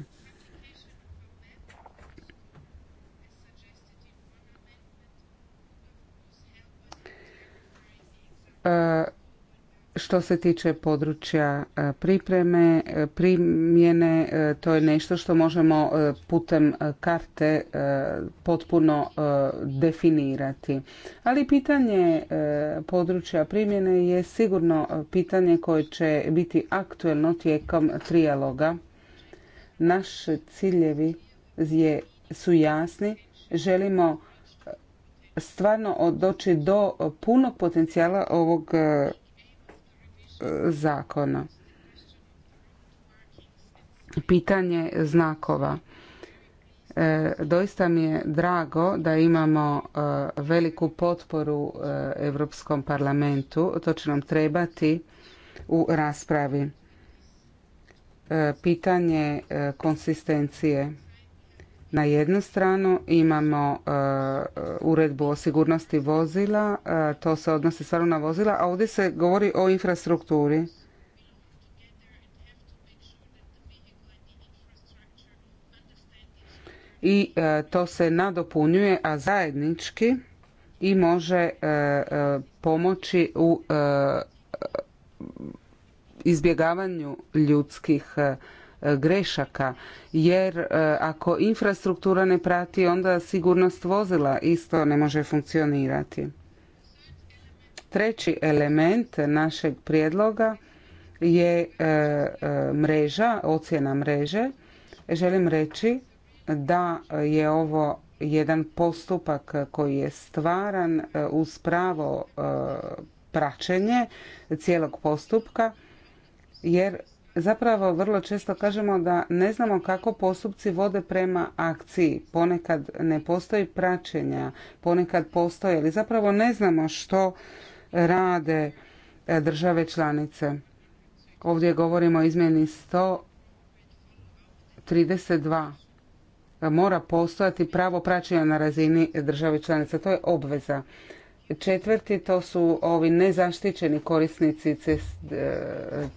Što se tiče područja e, pripreme, e, primjene, e, to je nešto što možemo putem karte potpuno definirati. Ali pitanje područja primjene je sigurno pitanje koje će biti aktuelno tijekom trijaloga. Naš ciljevi su jasni. Želimo stvarno doći do punog potencijala ovog zakona. Pitanje znakova. E, doista mi je drago da imamo e, veliku potporu Europskom parlamentu. To će nam trebati u raspravi. E, pitanje konsistencije na jednu stranu imamo e, uredbu o sigurnosti vozila, e, to se odnosi stvarno na vozila, a ovdje se govori o infrastrukturi. I e, to se nadopunjuje, a zajednički i može pomoći u izbjegavanju ljudskih E, grešaka jer e, ako infrastruktura ne prati onda sigurnost vozila isto ne može funkcionirati. Treći element našeg prijedloga je e, mreža, ocjena mreže. Želim reći da je ovo jedan postupak koji je stvaran uz pravo praćenje cijelog postupka jer zapravo vrlo često kažemo da ne znamo kako postupci vode prema akciji. Ponekad ne postoji praćenja, ponekad postoje, ali zapravo ne znamo što rade e, države članice. Ovdje govorimo o izmjeni 132. E, mora postojati pravo praćenja na razini države članice. To je obveza. Četvrti, to su ovi nezaštićeni korisnici e,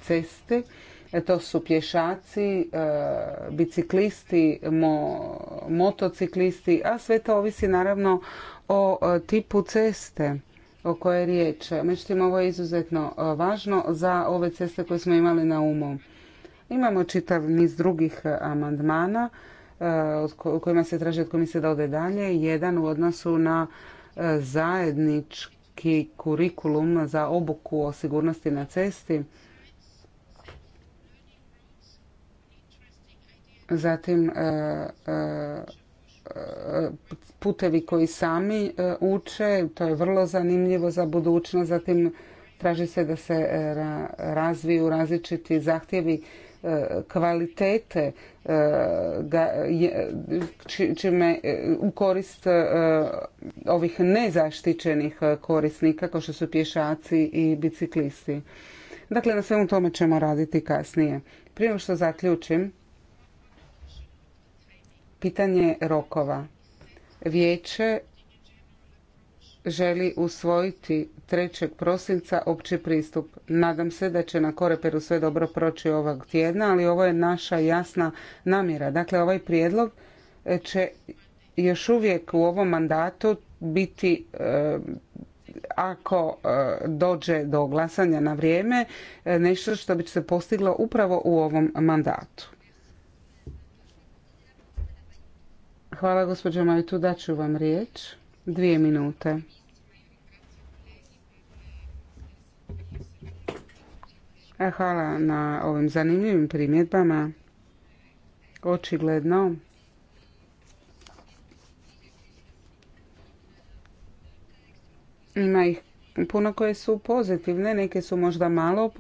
ceste to su pješaci, e, biciklisti, motociklisti, a sve to ovisi naravno o e, tipu ceste o kojoj je riječ. Međutim, ovo je izuzetno e, važno za ove ceste koje smo imali na umu. Imamo čitav niz drugih amandmana u kojima se traži od komisije da ode dalje. Jedan u odnosu na zajednički kurikulum za obuku o sigurnosti na cesti zatim e, e, putevi koji sami e, uče, to je vrlo zanimljivo za budućnost, zatim traži se da se razviju različiti zahtjevi kvalitete čime u korist ovih nezaštićenih korisnika kao što su pješaci i biciklisti. Dakle, na svemu tome ćemo raditi kasnije. Prije što zaključim, pitanje rokova. Vijeće želi usvojiti 3. prosinca opći pristup. Nadam se da će na Koreperu sve dobro proći ovog tjedna, ali ovo je naša jasna namjera. Dakle, ovaj prijedlog e, će još uvijek u ovom mandatu biti e, ako e, dođe do glasanja na vrijeme nešto što bi se postiglo upravo u ovom mandatu. Hvala gospođo Majtu, daću vam riječ. Dvije minute. E, hvala na ovim zanimljivim primjedbama. Očigledno ima ih puno koje su pozitivne, neke su možda malo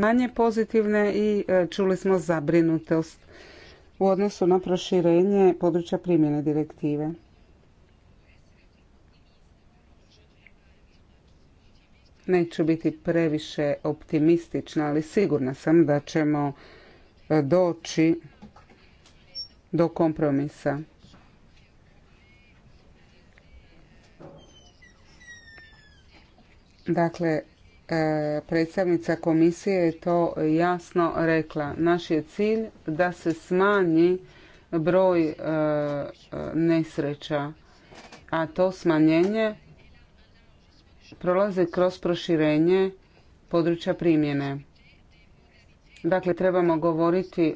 manje pozitivne i e, čuli smo zabrinutost u odnosu na proširenje područja primjene direktive. Neću biti previše optimistična, ali sigurna sam da ćemo e, doći do kompromisa. Dakle, E, predstavnica komisije je to jasno rekla. Naš je cilj da se smanji broj e, nesreća, a to smanjenje prolazi kroz proširenje područja primjene. Dakle, trebamo govoriti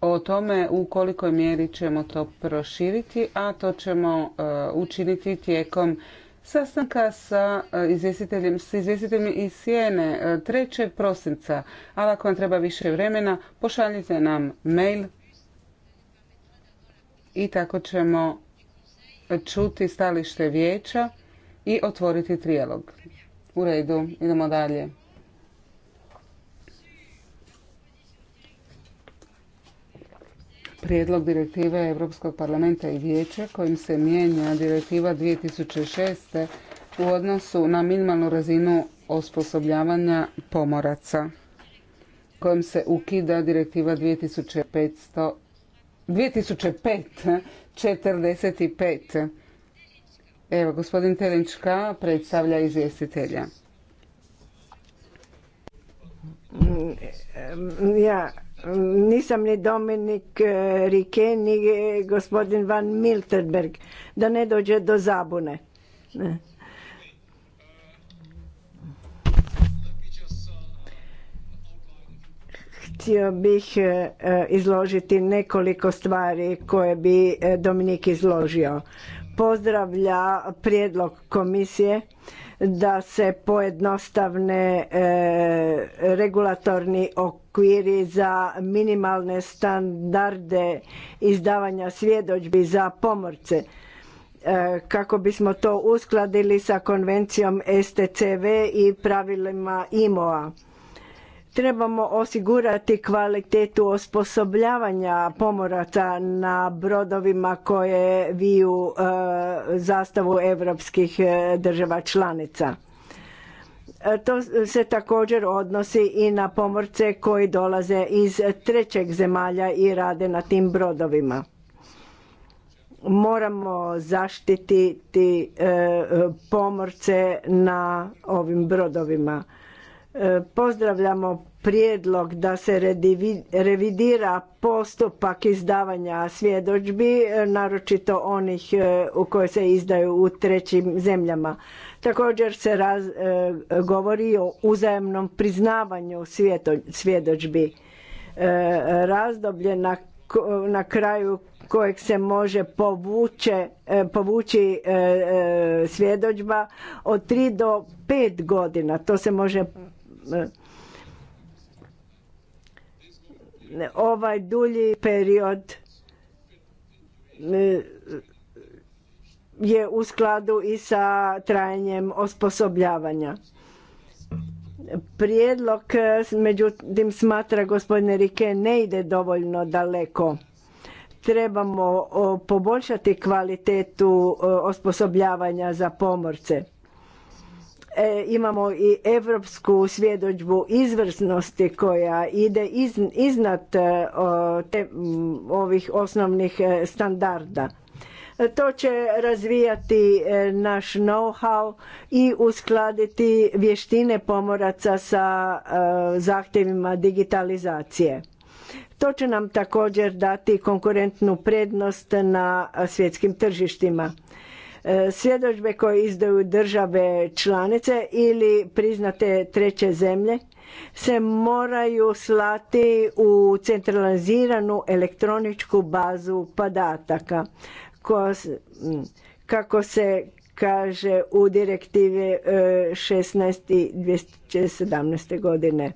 o tome u kolikoj mjeri ćemo to proširiti, a to ćemo e, učiniti tijekom sastanka sa e, izvjestiteljem, iz Sijene 3. E, prosinca. Ali ako vam treba više vremena, pošaljite nam mail i tako ćemo čuti stalište vijeća i otvoriti trijelog U redu, idemo dalje. prijedlog direktive Europskog parlamenta i vijeća kojim se mijenja direktiva 2006. u odnosu na minimalnu razinu osposobljavanja pomoraca kojim se ukida direktiva 2005 2005 45. Evo, gospodin Telinčka predstavlja izvjestitelja. Ja nisam ni Dominik e, Rike, ni e, gospodin Van Miltenberg, da ne dođe do zabune. Htio bih e, izložiti nekoliko stvari koje bi Dominik izložio. Pozdravlja prijedlog komisije da se pojednostavne regulatorni okvir okviri za minimalne standarde izdavanja svjedočbi za pomorce e, kako bismo to uskladili sa konvencijom STCV i pravilima IMOA. Trebamo osigurati kvalitetu osposobljavanja pomoraca na brodovima koje viju e, zastavu europskih e, država članica E, to se također odnosi i na pomorce koji dolaze iz trećeg zemalja i rade na tim brodovima. Moramo zaštititi e, pomorce na ovim brodovima. E, pozdravljamo prijedlog da se revidira postupak izdavanja svjedodžbi, naročito onih u koje se izdaju u trećim zemljama. Također se raz, e, govori o uzajemnom priznavanju svjeto, svjedočbi. E, razdoblje na, na kraju kojeg se može povuće, e, povući svjedočba od 3 do 5 godina. To se može ovaj dulji period je u skladu i sa trajanjem osposobljavanja. Prijedlog, međutim, smatra gospodine Rike, ne ide dovoljno daleko. Trebamo poboljšati kvalitetu osposobljavanja za pomorce. E, imamo i europsku svjedođbu izvrsnosti koja ide iznad ovih osnovnih e, standarda to će razvijati e, naš know-how i uskladiti vještine pomoraca sa e, zahtjevima digitalizacije. To će nam također dati konkurentnu prednost na e, svjetskim tržištima. Svjedočbe koje izdaju države članice ili priznate treće zemlje se moraju slati u centraliziranu elektroničku bazu podataka. Mm, kako se kaže u direktivi 16. E, godine.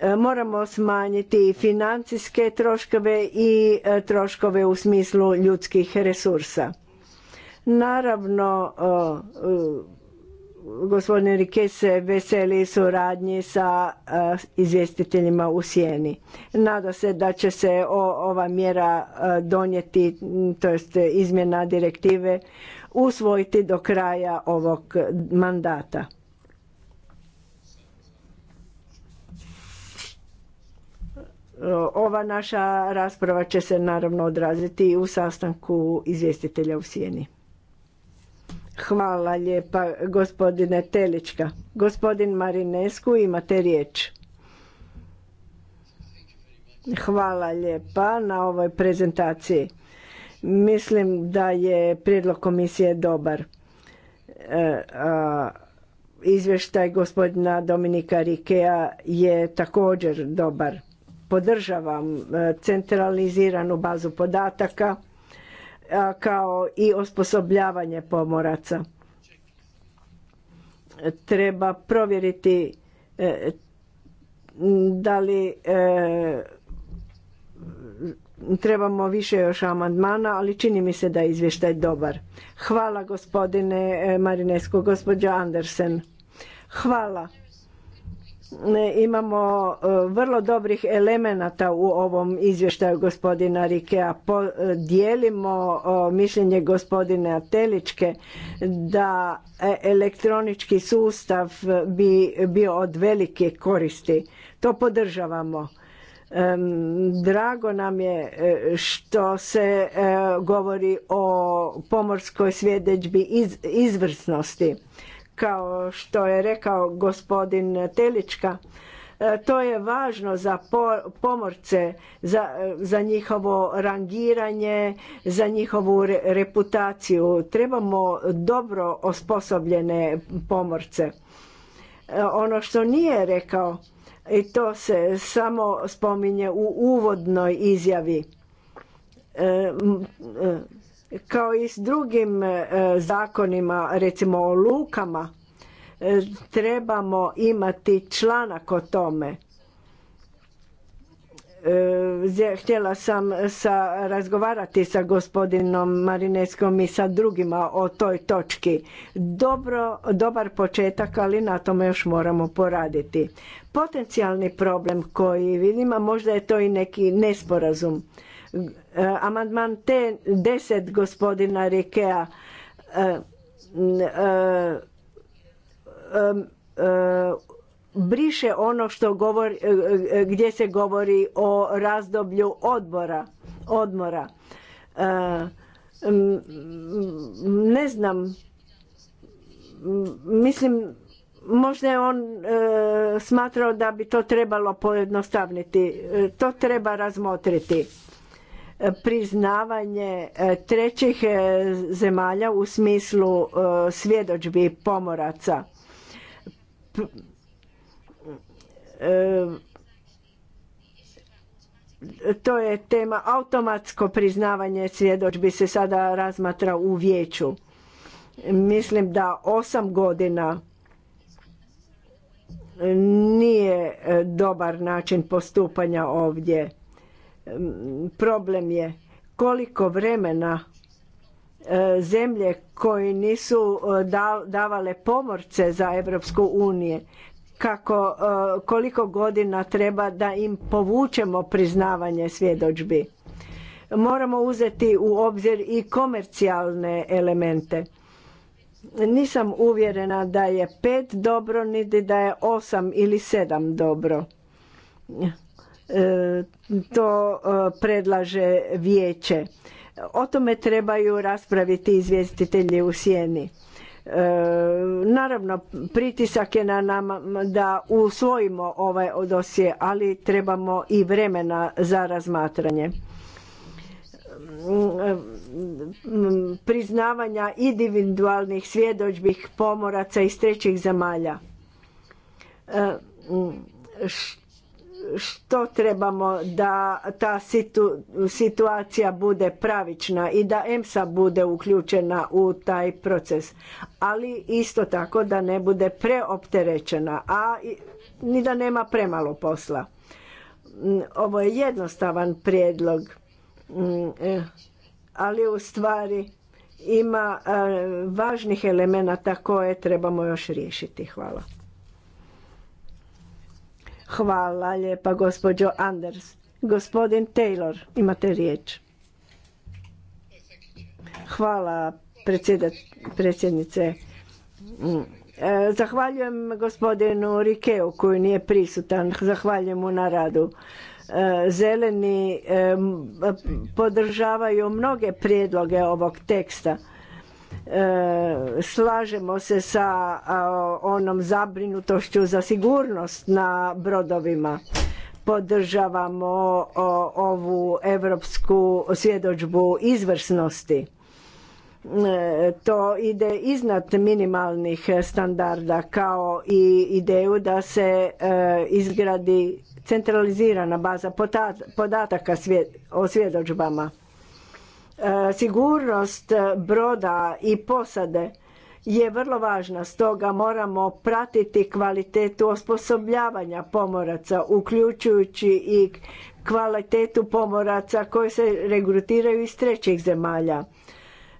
E, moramo smanjiti financijske troškove i e, troškove u smislu ljudskih resursa. Naravno, gospodin Rike se veseli suradnji sa e, izvjestiteljima u Sjeni. Nada se da će se ova mjera e, donijeti, to jest izmjena direktive, usvojiti do kraja ovog mandata. Ova naša rasprava će se naravno odraziti u sastanku izvjestitelja u Sjeni. Hvala lijepa gospodine Telička. Gospodin Marinesku imate riječ. Hvala lijepa na ovoj prezentaciji. Mislim da je prijedlog komisije dobar. E, izvještaj gospodina Dominika Rikea je također dobar. Podržavam e, centraliziranu bazu podataka kao i osposobljavanje pomoraca. Treba provjeriti e, da li e, trebamo više još amandmana, ali čini mi se da je izvještaj dobar. Hvala gospodine e, Marinesko, gospođa Andersen. Hvala imamo e, vrlo dobrih elemenata u ovom izvještaju gospodina Rikea. E, dijelimo mišljenje gospodine Ateličke da e, elektronički sustav bi bio od velike koristi. To podržavamo. Drago nam je što se govori o pomorskoj svjedodžbi izvrsnosti kao što je rekao gospodin Telička, e, to je važno za pomorce, za, za njihovo rangiranje, za njihovu reputaciju. Trebamo dobro osposobljene pomorce. E, ono što nije rekao, i to se samo spominje u uvodnoj izjavi, e, kao i s drugim e, zakonima, recimo o lukama, e, trebamo imati članak o tome. E, htjela sam sa, razgovarati sa gospodinom Marineskom i sa drugima o toj točki. Dobro, dobar početak, ali na tome još moramo poraditi. Potencijalni problem koji vidimo, možda je to i neki nesporazum. E, amandman te 10 gospodina Rikea e, e, briše ono što govori, gdje se govori o razdoblju odbora, odmora. Ne znam, mislim, možda je on smatrao da bi to trebalo pojednostavniti. To treba razmotriti priznavanje e, trećih e, zemalja u smislu e, svjedočbi pomoraca to je tema automatsko priznavanje svjedočbi se sada razmatra u vijeću mislim da osam godina nije dobar način postupanja ovdje problem je koliko vremena e, zemlje koje nisu e, davale pomorce za Europsku uniju kako e, koliko godina treba da im povučemo priznavanje svjedodžbi. Moramo uzeti u obzir i komercijalne elemente. Nisam uvjerena da je pet dobro, niti da je osam ili sedam dobro to e, predlaže vijeće. O tome trebaju raspraviti izvjestitelji u sjeni. E, naravno, pritisak je na nama da usvojimo ovaj odosje, ali trebamo i vremena za razmatranje priznavanja individualnih svjedočbih pomoraca iz trećih zemalja. E, što što trebamo da ta situacija bude pravična i da EMSA bude uključena u taj proces, ali isto tako da ne bude preopterećena, a ni da nema premalo posla. Mm, ovo je jednostavan prijedlog, mm, e, ali u stvari ima e, važnih elemenata koje trebamo još riješiti. Hvala. Hvala lijepa gospođo Anders. Gospodin Taylor, imate riječ. Hvala predsjednice. Mm. E, zahvaljujem gospodinu Rikeu koji nije prisutan. Zahvaljujem mu na radu. E, zeleni podržavaju mnoge prijedloge ovog teksta E, slažemo se sa onom zabrinutošću za sigurnost na brodovima podržavamo ovu europsku svjedočbu izvrsnosti e, to ide iznad minimalnih standarda kao i ideju da se e, izgradi centralizirana baza podataka o svjedočbama E, sigurnost broda i posade je vrlo važna, stoga moramo pratiti kvalitetu osposobljavanja pomoraca, uključujući i kvalitetu pomoraca koji se regrutiraju iz trećih zemalja.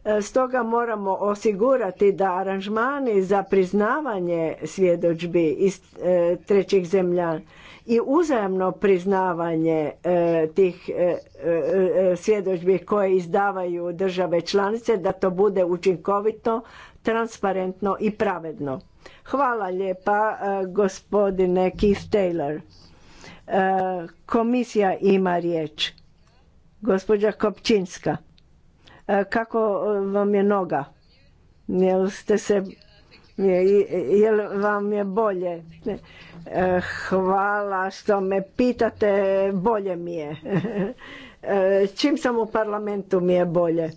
E, stoga moramo osigurati da aranžmani za priznavanje svjedočbi iz e, trećih zemlja i uzajamno priznavanje e, tih svjedočbi koje izdavaju države članice da to bude učinkovito, transparentno i pravedno. Hvala lijepa gospodine Keith Taylor. Komisija ima riječ. Gospođa Kopčinska. E, kako e, vam je noga? Jel ste se jel vam je bolje? E, hvala što me pitate, bolje mi je. (laughs) Čim sam u parlamentu mi je bolje.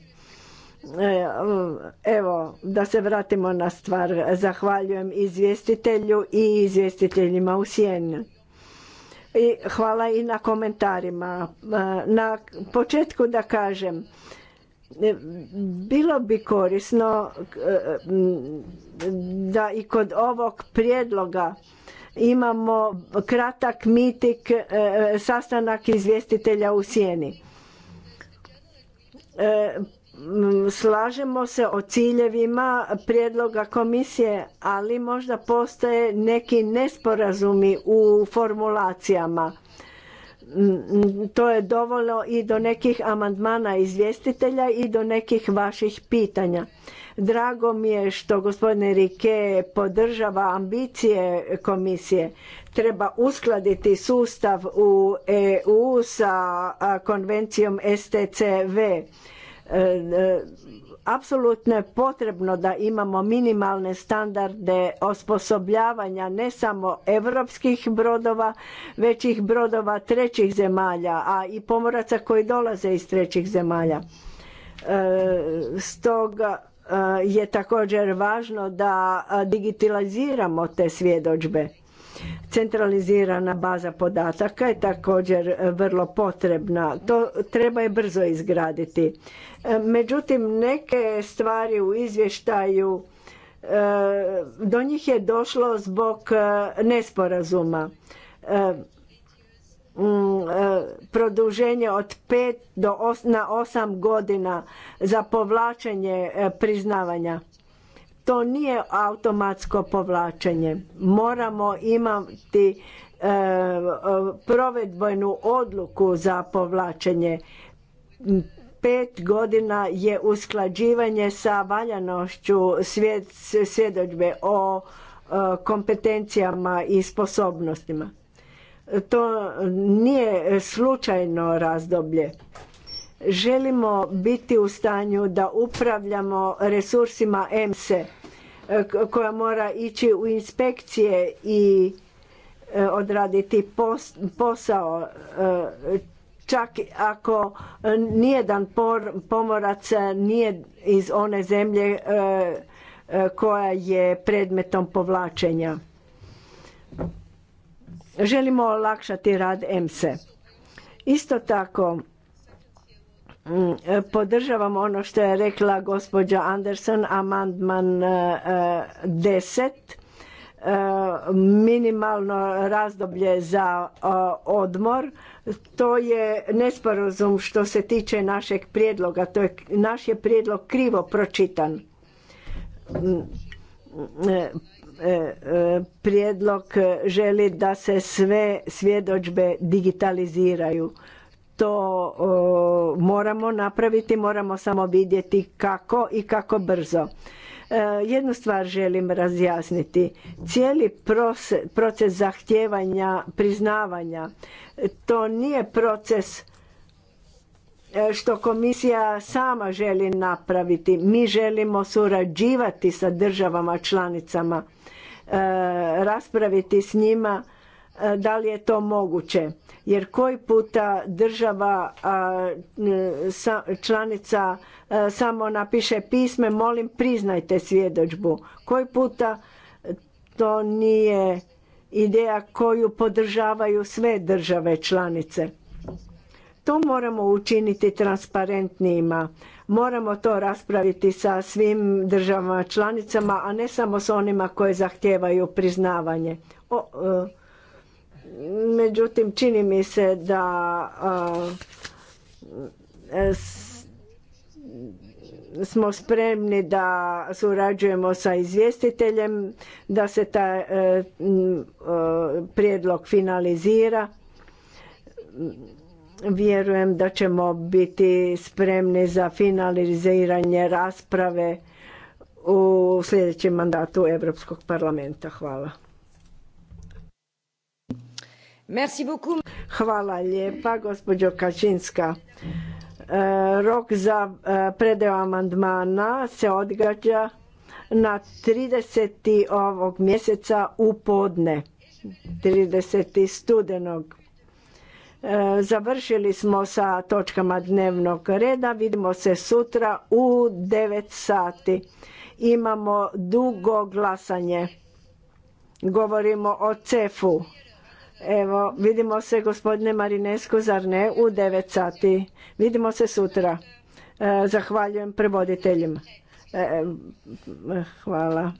Evo, da se vratimo na stvar. Zahvaljujem izvjestitelju i izvjestiteljima u sjeni. I hvala i na komentarima. Na početku da kažem, bilo bi korisno eh, da i kod ovog prijedloga imamo kratak mitik eh, sastanak izvjestitelja u sjeni. Eh, slažemo se o ciljevima prijedloga komisije, ali možda postoje neki nesporazumi u formulacijama Mm, to je dovoljno i do nekih amandmana izvjestitelja i do nekih vaših pitanja. Drago mi je što gospodin Rike podržava ambicije komisije. Treba uskladiti sustav u EU sa konvencijom STCV e, e, apsolutno je potrebno da imamo minimalne standarde osposobljavanja ne samo europskih brodova već i brodova trećih zemalja a i pomoraca koji dolaze iz trećih zemalja e, stoga e, je također važno da digitaliziramo te svjedodžbe Centralizirana baza podataka je također e, vrlo potrebna. To treba je brzo izgraditi. E, međutim, neke stvari u izvještaju e, do njih je došlo zbog nesporazuma. Produženje od pet do na 8 godina za povlačenje priznavanja to nije automatsko povlačenje. Moramo imati e, provedbenu odluku za povlačenje. Pet godina je usklađivanje sa valjanošću svjed, o e, kompetencijama i sposobnostima. To nije slučajno razdoblje želimo biti u stanju da upravljamo resursima EMSE e, koja mora ići u inspekcije i e, odraditi posao e, čak ako nijedan pomorac nije iz one zemlje koja je predmetom povlačenja. Želimo olakšati rad EMSE. Isto tako Podržavam ono što je rekla gospođa Anderson, amandman 10 e, e, e, minimalno razdoblje za odmor. To je nesporazum što se tiče našeg prijedloga. To je, naš je prijedlog krivo pročitan. Mm, prijedlog želi da se sve svjedočbe digitaliziraju to moramo napraviti, moramo samo vidjeti kako i kako brzo. E, jednu stvar želim razjasniti. Cijeli proces zahtijevanja, priznavanja, to nije proces e, što komisija sama želi napraviti. Mi želimo surađivati sa državama članicama, e, raspraviti s njima E, da li je to moguće jer koji puta država članica e, samo napiše pisme molim priznajte svjedodžbu koji puta to nije ideja koju podržavaju sve države članice to moramo učiniti transparentnijima moramo to raspraviti sa svim državama članicama a ne samo s onima koje zahtijevaju priznavanje e, međutim čini mi se da smo spremni da surađujemo sa izvjestiteljem da se taj e, e, prijedlog finalizira vjerujem da ćemo biti spremni za finaliziranje rasprave u sljedećem mandatu Europskog parlamenta. Hvala. Hvala lijepa, gospođo Kačinska. E, rok za e, predaju amandmana se odgađa na 30. ovog mjeseca u podne, 30. studenog. E, završili smo sa točkama dnevnog reda. Vidimo se sutra u 9 sati. Imamo dugo glasanje. Govorimo o CEF-u. Evo, vidimo se gospodine Marinesko, zar ne, u 9 sati. Vidimo se sutra. E, zahvaljujem prevoditeljima. E, e, hvala.